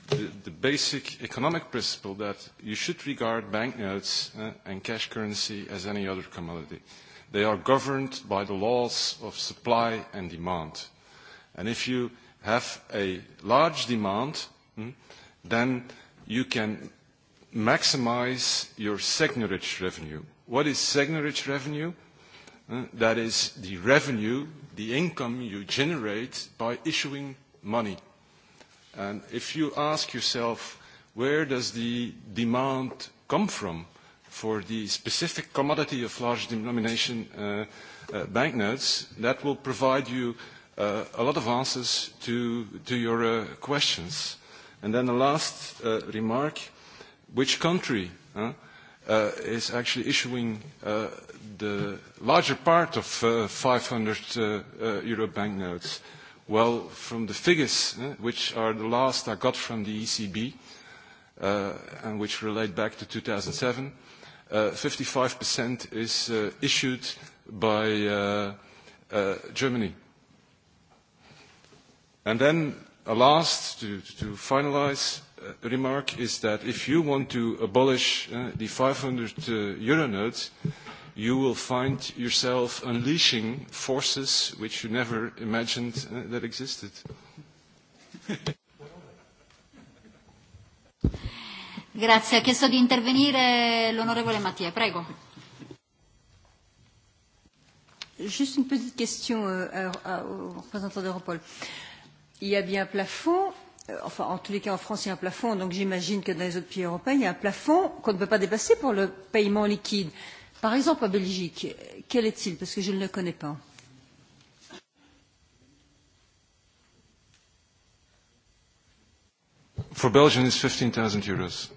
the, the basic economic principle that you should regard banknotes uh, and cash currency as any other commodity. Uh, They are governed by the laws of supply and demand. if you have a large demand, hmm, then you can maximize your seigniorage revenue. What is seigniorage revenue? Hmm, that is the revenue, the income you generate by issuing money. if you ask yourself, where does the demand come from? for the specific commodity of large denomination uh, uh, banknotes, that will provide you uh, a lot of answers to, to your uh, questions. And then the last uh, remark, which country uh, uh, is actually issuing uh, the larger part of uh, 500 uh, uh, euro banknotes? Well, from the figures, uh, which are the last I got from the ECB, uh, and which relate back to 2007, 55% uh, is uh, issued by uh, Germany. And then a last, to, finalize, remark is that if you want to abolish uh, the 500 uh, euro note, you will find yourself unleashing forces which you never imagined that existed. *laughs* Grazie. Ha chiesto di intervenire l'onorevole Mattia. Prego. Juste une petite question euh, à, euh, au représentant d'Europol. Il y a bien un plafond, euh, enfin en tous les cas en France il y a un plafond, donc j'imagine que dans les autres pays européens il y a un plafond qu'on ne peut pas dépasser pour le paiement liquide. Par exemple en Belgique, quel est-il Parce que je ne le connais pas. For Belgium it's 15,000 euros.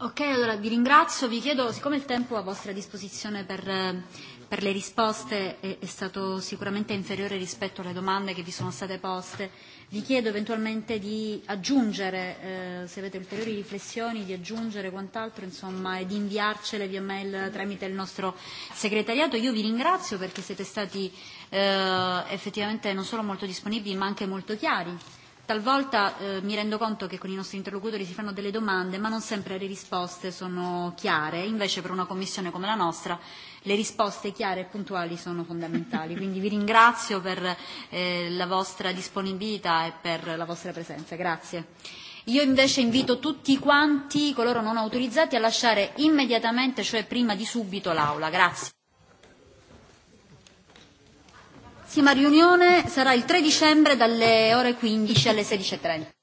Ok, allora vi ringrazio, vi chiedo, siccome il tempo a vostra disposizione per, eh, per le risposte è, è stato sicuramente inferiore rispetto alle domande che vi sono state poste, vi chiedo eventualmente di aggiungere, eh, se avete ulteriori riflessioni, di aggiungere quant'altro, insomma, e di inviarcele via mail tramite il nostro segretariato. Io vi ringrazio perché siete stati eh, effettivamente non solo molto disponibili ma anche molto chiari Talvolta eh, mi rendo conto che con i nostri interlocutori si fanno delle domande, ma non sempre le risposte sono chiare. Invece per una commissione come la nostra le risposte chiare e puntuali sono fondamentali. Quindi vi ringrazio per eh, la vostra disponibilità e per la vostra presenza. Grazie. Io invece invito tutti quanti, coloro non autorizzati, a lasciare immediatamente, cioè prima di subito, l'Aula. Grazie. prossima riunione sarà il 3 dicembre dalle ore 15 alle 16.30.